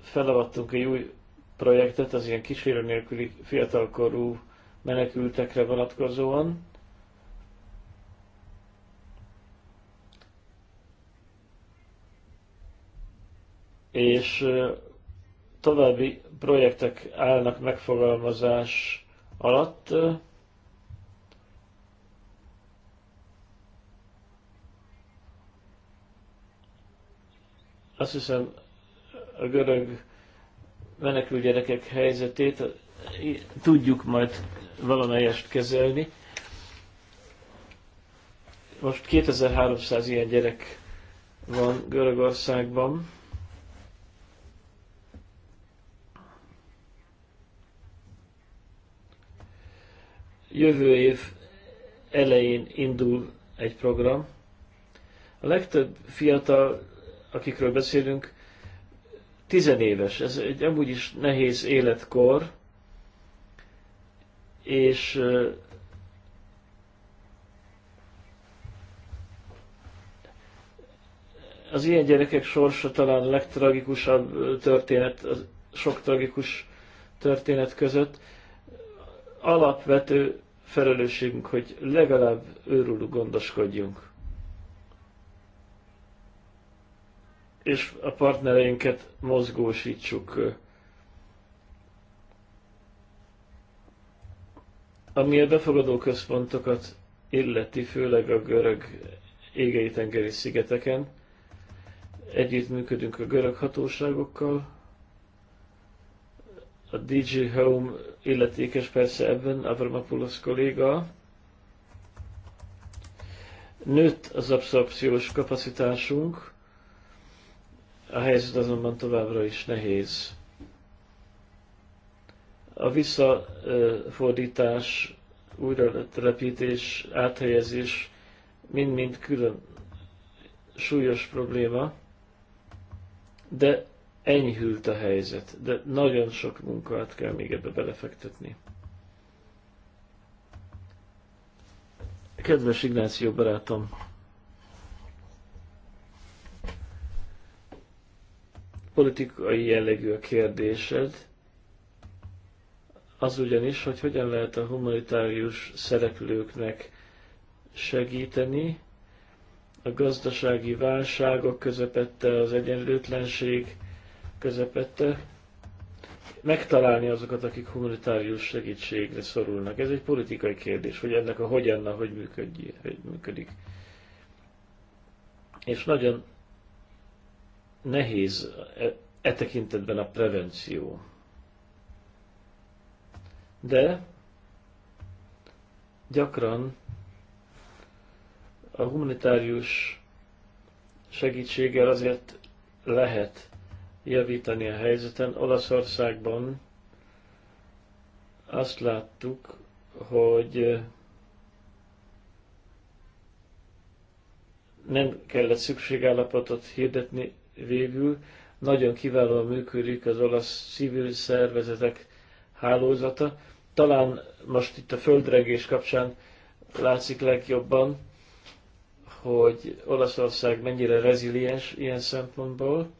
felavattunk egy új projektet az ilyen kísérő nélküli fiatalkorú menekültekre vonatkozóan. és további projektek állnak megfogalmazás alatt. Azt hiszem, a görög menekül gyerekek helyzetét tudjuk majd valamelyest kezelni. Most 2300 ilyen gyerek van Görögországban. Jövő év elején indul egy program. A legtöbb fiatal, akikről beszélünk, tizenéves. Ez egy amúgy is nehéz életkor, és az ilyen gyerekek sorsa talán a legtragikusabb történet, a sok tragikus történet között alapvető felelősségünk, hogy legalább őrülük gondoskodjunk. És a partnereinket mozgósítsuk. Ami a befogadó központokat illeti, főleg a görög égei tengeri szigeteken, együttműködünk a görög hatóságokkal, a DJ Home illetékes persze ebben, Avramopoulos kolléga. Nőtt az abszorpciós kapacitásunk, a helyzet azonban továbbra is nehéz. A visszafordítás, újra telepítés, áthelyezés mind-mind külön súlyos probléma, de enyhült a helyzet, de nagyon sok munkát kell még ebbe belefektetni. Kedves Ignáció barátom, politikai jellegű a kérdésed, az ugyanis, hogy hogyan lehet a humanitárius szereplőknek segíteni, a gazdasági válságok közepette, az egyenlőtlenség közepette megtalálni azokat, akik humanitárius segítségre szorulnak. Ez egy politikai kérdés, hogy ennek a hogyanna, hogy, működj, hogy működik. És nagyon nehéz e, e tekintetben a prevenció. De gyakran a humanitárius segítséggel azért lehet javítani a helyzeten. Olaszországban azt láttuk, hogy eh, nem kellett szükségállapotot hirdetni végül. Nagyon kiválóan működik az olasz civil szervezetek hálózata. Talán most itt a földregés kapcsán látszik legjobban, hogy Olaszország mennyire reziliens ilyen szempontból.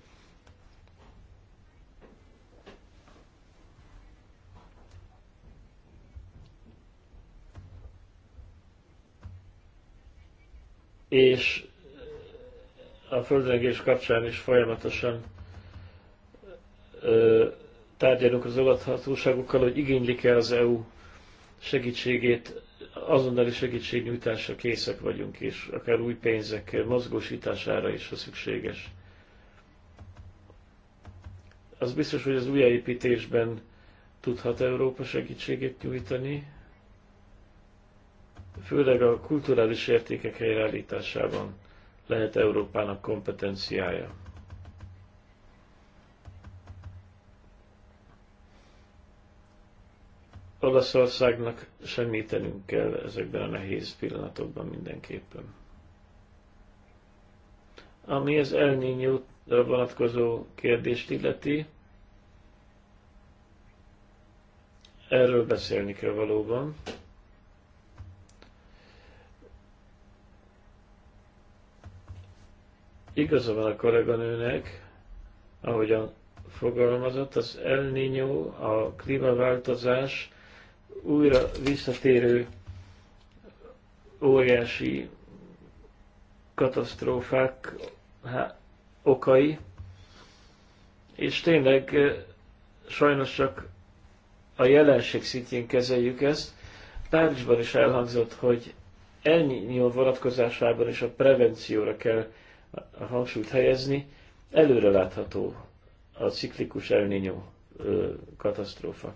és a földrengés kapcsán is folyamatosan tárgyalunk az olathatóságokkal, hogy igénylik-e az EU segítségét, azonnali segítségnyújtásra készek vagyunk, és akár új pénzek mozgósítására is, ha szükséges. Az biztos, hogy az újjáépítésben tudhat Európa segítségét nyújtani, főleg a kulturális értékek helyreállításában lehet Európának kompetenciája. Olaszországnak semmítenünk kell ezekben a nehéz pillanatokban mindenképpen. Ami az El vonatkozó kérdést illeti, erről beszélni kell valóban. Igaza van a kolléganőnek, ahogyan fogalmazott, az El Niño, a klímaváltozás újra visszatérő óriási katasztrófák há, okai, és tényleg eh, sajnos csak a jelenség szintjén kezeljük ezt. Párizsban is elhangzott, hogy elnyíló vonatkozásában is a prevencióra kell a hangsúlyt helyezni, előrelátható a ciklikus elnényó katasztrófa.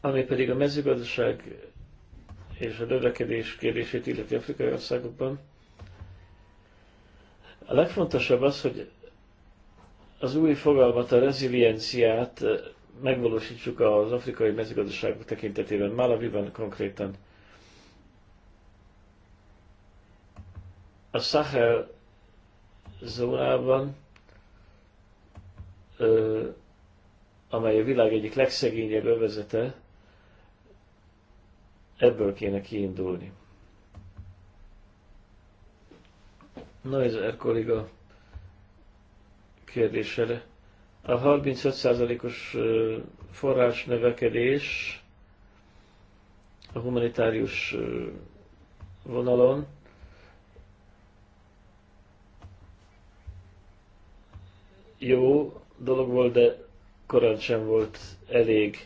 Ami pedig a mezőgazdaság és a növekedés kérdését illeti afrikai országokban, a legfontosabb az, hogy az új fogalmat, a rezilienciát megvalósítsuk az afrikai mezőgazdaságok tekintetében. Malawiban konkrétan A Sahel zónában, amely a világ egyik legszegényebb övezete, ebből kéne kiindulni. Na ez kolléga kérdésére. A 35%-os forrás növekedés a humanitárius vonalon jó dolog volt, de korán sem volt elég.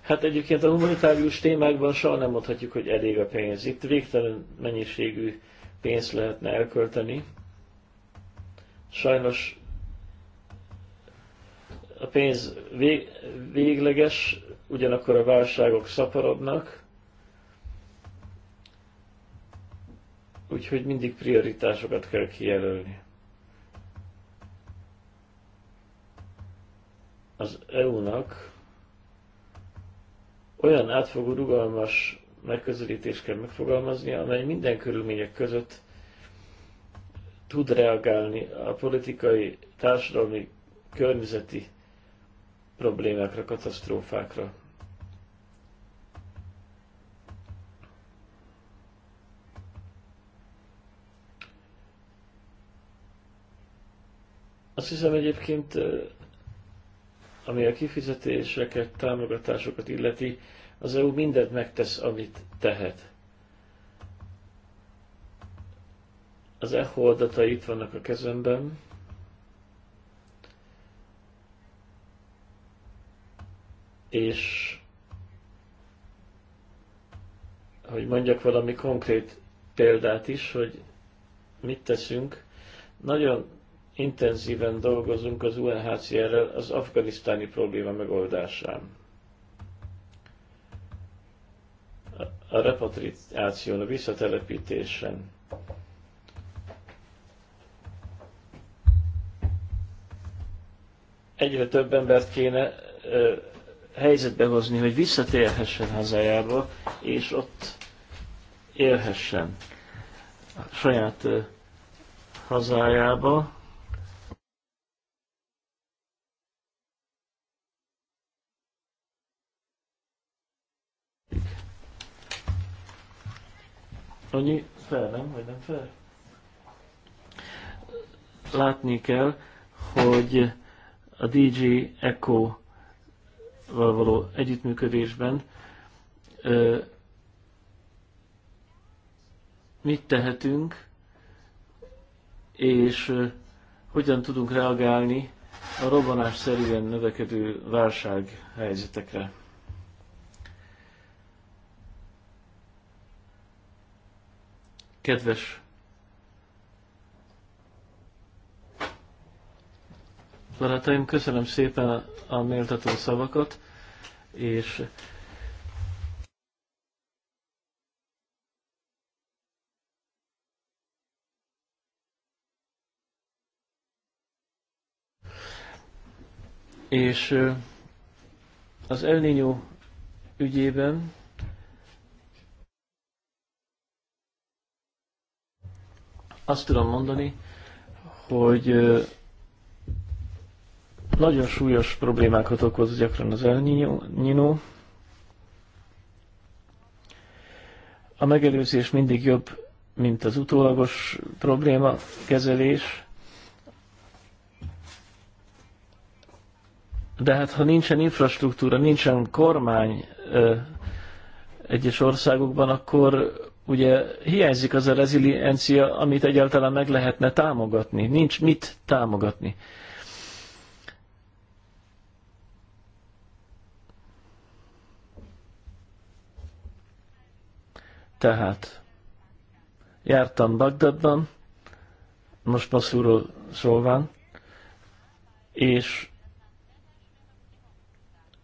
Hát egyébként a humanitárius témákban soha nem mondhatjuk, hogy elég a pénz. Itt végtelen mennyiségű pénzt lehetne elkölteni. Sajnos a pénz vég, végleges, ugyanakkor a válságok szaporodnak, úgyhogy mindig prioritásokat kell kijelölni. az EU-nak olyan átfogó, rugalmas megközelítést kell megfogalmaznia, amely minden körülmények között tud reagálni a politikai, társadalmi, környezeti problémákra, katasztrófákra. Azt hiszem egyébként ami a kifizetéseket, támogatásokat illeti, az EU mindent megtesz, amit tehet. Az EHO adatai itt vannak a kezemben. És hogy mondjak valami konkrét példát is, hogy mit teszünk. Nagyon intenzíven dolgozunk az UNHCR-rel az afganisztáni probléma megoldásán. A repatriáción, a visszatelepítésen. Egyre több embert kéne ö, helyzetbe hozni, hogy visszatérhessen hazájába, és ott élhessen a saját ö, hazájába annyi fel, nem? Vagy nem fel? Látni kell, hogy a DJ Echo val való együttműködésben ö, mit tehetünk, és ö, hogyan tudunk reagálni a robbanásszerűen növekedő válsághelyzetekre. Kedves barátaim, köszönöm szépen a méltató szavakat, és és az El Niño ügyében azt tudom mondani, hogy nagyon súlyos problémákat okoz gyakran az elnyinó. A megelőzés mindig jobb, mint az utólagos probléma kezelés. De hát ha nincsen infrastruktúra, nincsen kormány ö, egyes országokban, akkor Ugye hiányzik az a reziliencia, amit egyáltalán meg lehetne támogatni. Nincs mit támogatni. Tehát jártam Bagdadban, most Masszúról szólván, és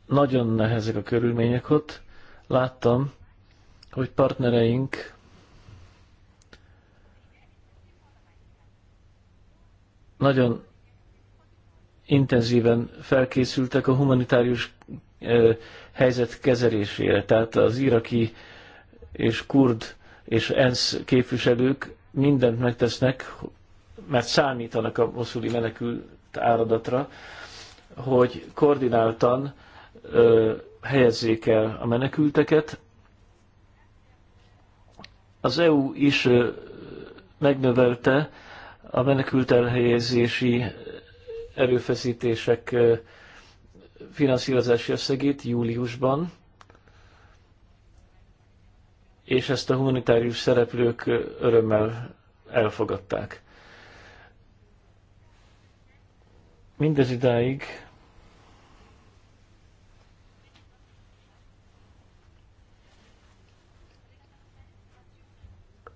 nagyon nehezek a körülmények ott. Láttam, hogy partnereink nagyon intenzíven felkészültek a humanitárius helyzet kezelésére. Tehát az iraki és kurd és ENSZ képviselők mindent megtesznek, mert számítanak a moszuli menekült áradatra, hogy koordináltan ö, helyezzék el a menekülteket, az EU is megnövelte a menekült elhelyezési erőfeszítések finanszírozási összegét júliusban, és ezt a humanitárius szereplők örömmel elfogadták. Mindez idáig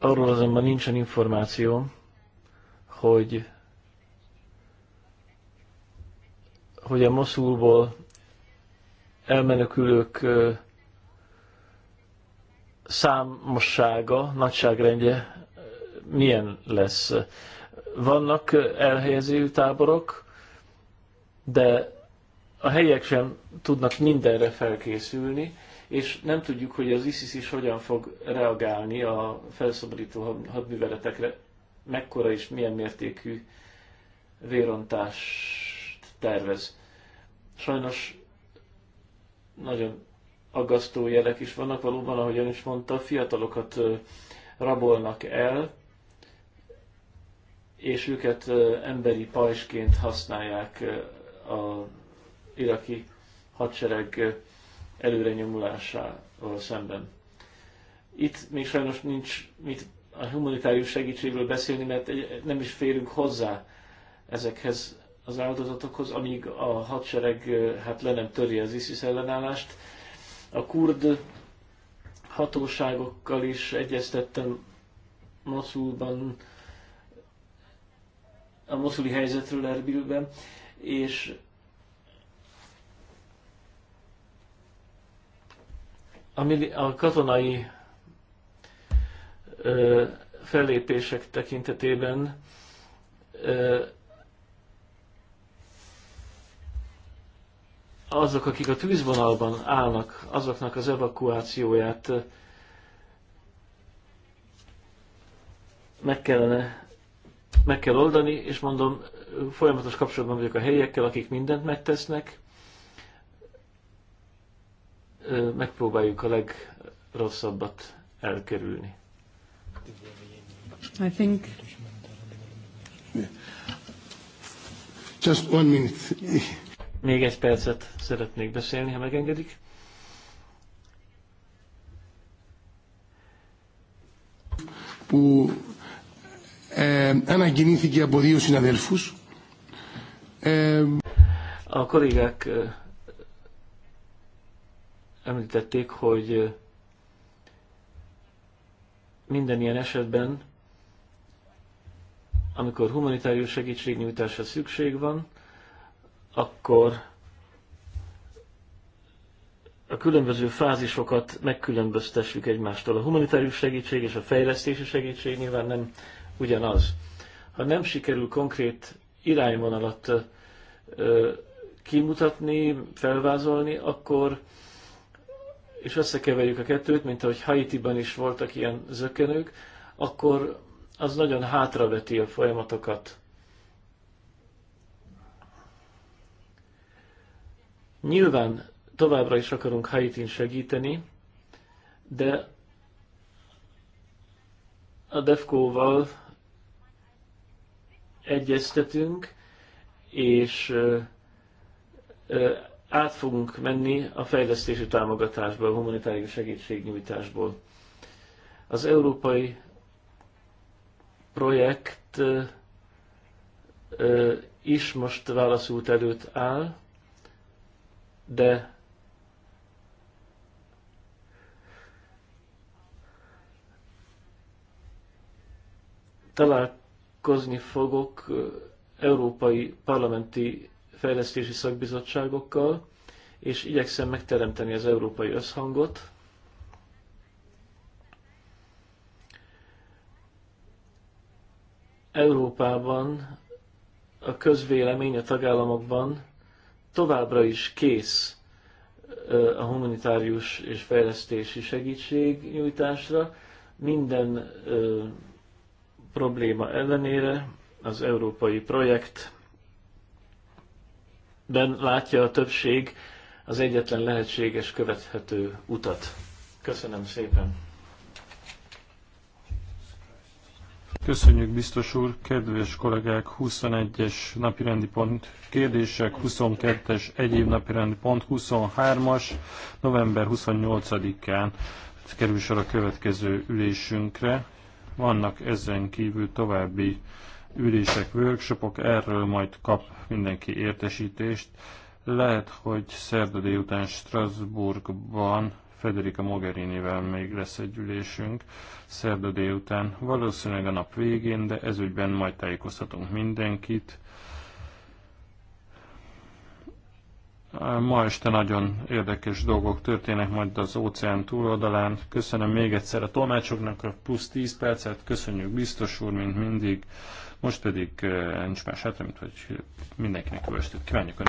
Arról azonban nincsen információ, hogy, hogy a Moszulból elmenekülők számossága, nagyságrendje milyen lesz. Vannak elhelyező táborok, de a helyek sem tudnak mindenre felkészülni, és nem tudjuk, hogy az ISIS is hogyan fog reagálni a felszabadító hadműveletekre, mekkora és milyen mértékű vérontást tervez. Sajnos nagyon aggasztó jelek is vannak, valóban, ahogy ön is mondta, fiatalokat rabolnak el, és őket emberi pajsként használják a iraki hadsereg előrenyomulásával szemben. Itt még sajnos nincs mit a humanitárius segítségről beszélni, mert nem is férünk hozzá ezekhez az áldozatokhoz, amíg a hadsereg hát le nem törje az ISIS ellenállást. A kurd hatóságokkal is egyeztettem Moszulban, a moszuli helyzetről Erbilben, és a katonai ö, fellépések tekintetében ö, azok, akik a tűzvonalban állnak, azoknak az evakuációját meg kellene meg kell oldani, és mondom, folyamatos kapcsolatban vagyok a helyekkel, akik mindent megtesznek, megpróbáljuk a legrosszabbat elkerülni. I think... Just one minute. Még egy percet szeretnék beszélni, ha megengedik. Που ε, ανακοινήθηκε από δύο συναδέλφους. Ε, a kollégák említették, hogy minden ilyen esetben, amikor humanitárius segítségnyújtásra szükség van, akkor a különböző fázisokat megkülönböztessük egymástól. A humanitárius segítség és a fejlesztési segítség nyilván nem ugyanaz. Ha nem sikerül konkrét irányvonalat kimutatni, felvázolni, akkor és összekeverjük a kettőt, mint ahogy haiti Haiti-ban is voltak ilyen zökkenők, akkor az nagyon hátraveti a folyamatokat. Nyilván továbbra is akarunk Haitin segíteni, de a Defco-val egyeztetünk, és át fogunk menni a fejlesztési támogatásból, a humanitárius segítségnyújtásból. Az európai projekt is most válaszút előtt áll, de találkozni fogok európai parlamenti fejlesztési szakbizottságokkal, és igyekszem megteremteni az európai összhangot. Európában a közvélemény a tagállamokban továbbra is kész a humanitárius és fejlesztési segítség nyújtásra minden ö, probléma ellenére az európai projekt ben látja a többség az egyetlen lehetséges követhető utat. Köszönöm szépen! Köszönjük biztos úr, kedves kollégák, 21-es napirendi pont kérdések, 22-es egyéb napirendi pont, 23-as, november 28-án kerül sor a következő ülésünkre. Vannak ezen kívül további ülések, workshopok, erről majd kap mindenki értesítést. Lehet, hogy szerda délután Strasbourgban Federica Mogherinivel még lesz egy ülésünk szerda délután, valószínűleg a nap végén, de ezügyben majd tájékoztatunk mindenkit. Ma este nagyon érdekes dolgok történnek majd az óceán túloldalán. Köszönöm még egyszer a tolmácsoknak a plusz 10 percet, köszönjük biztos úr, mint mindig. Most pedig eh, nincs más hátra, mint hogy mindenkinek jó estét kívánjuk.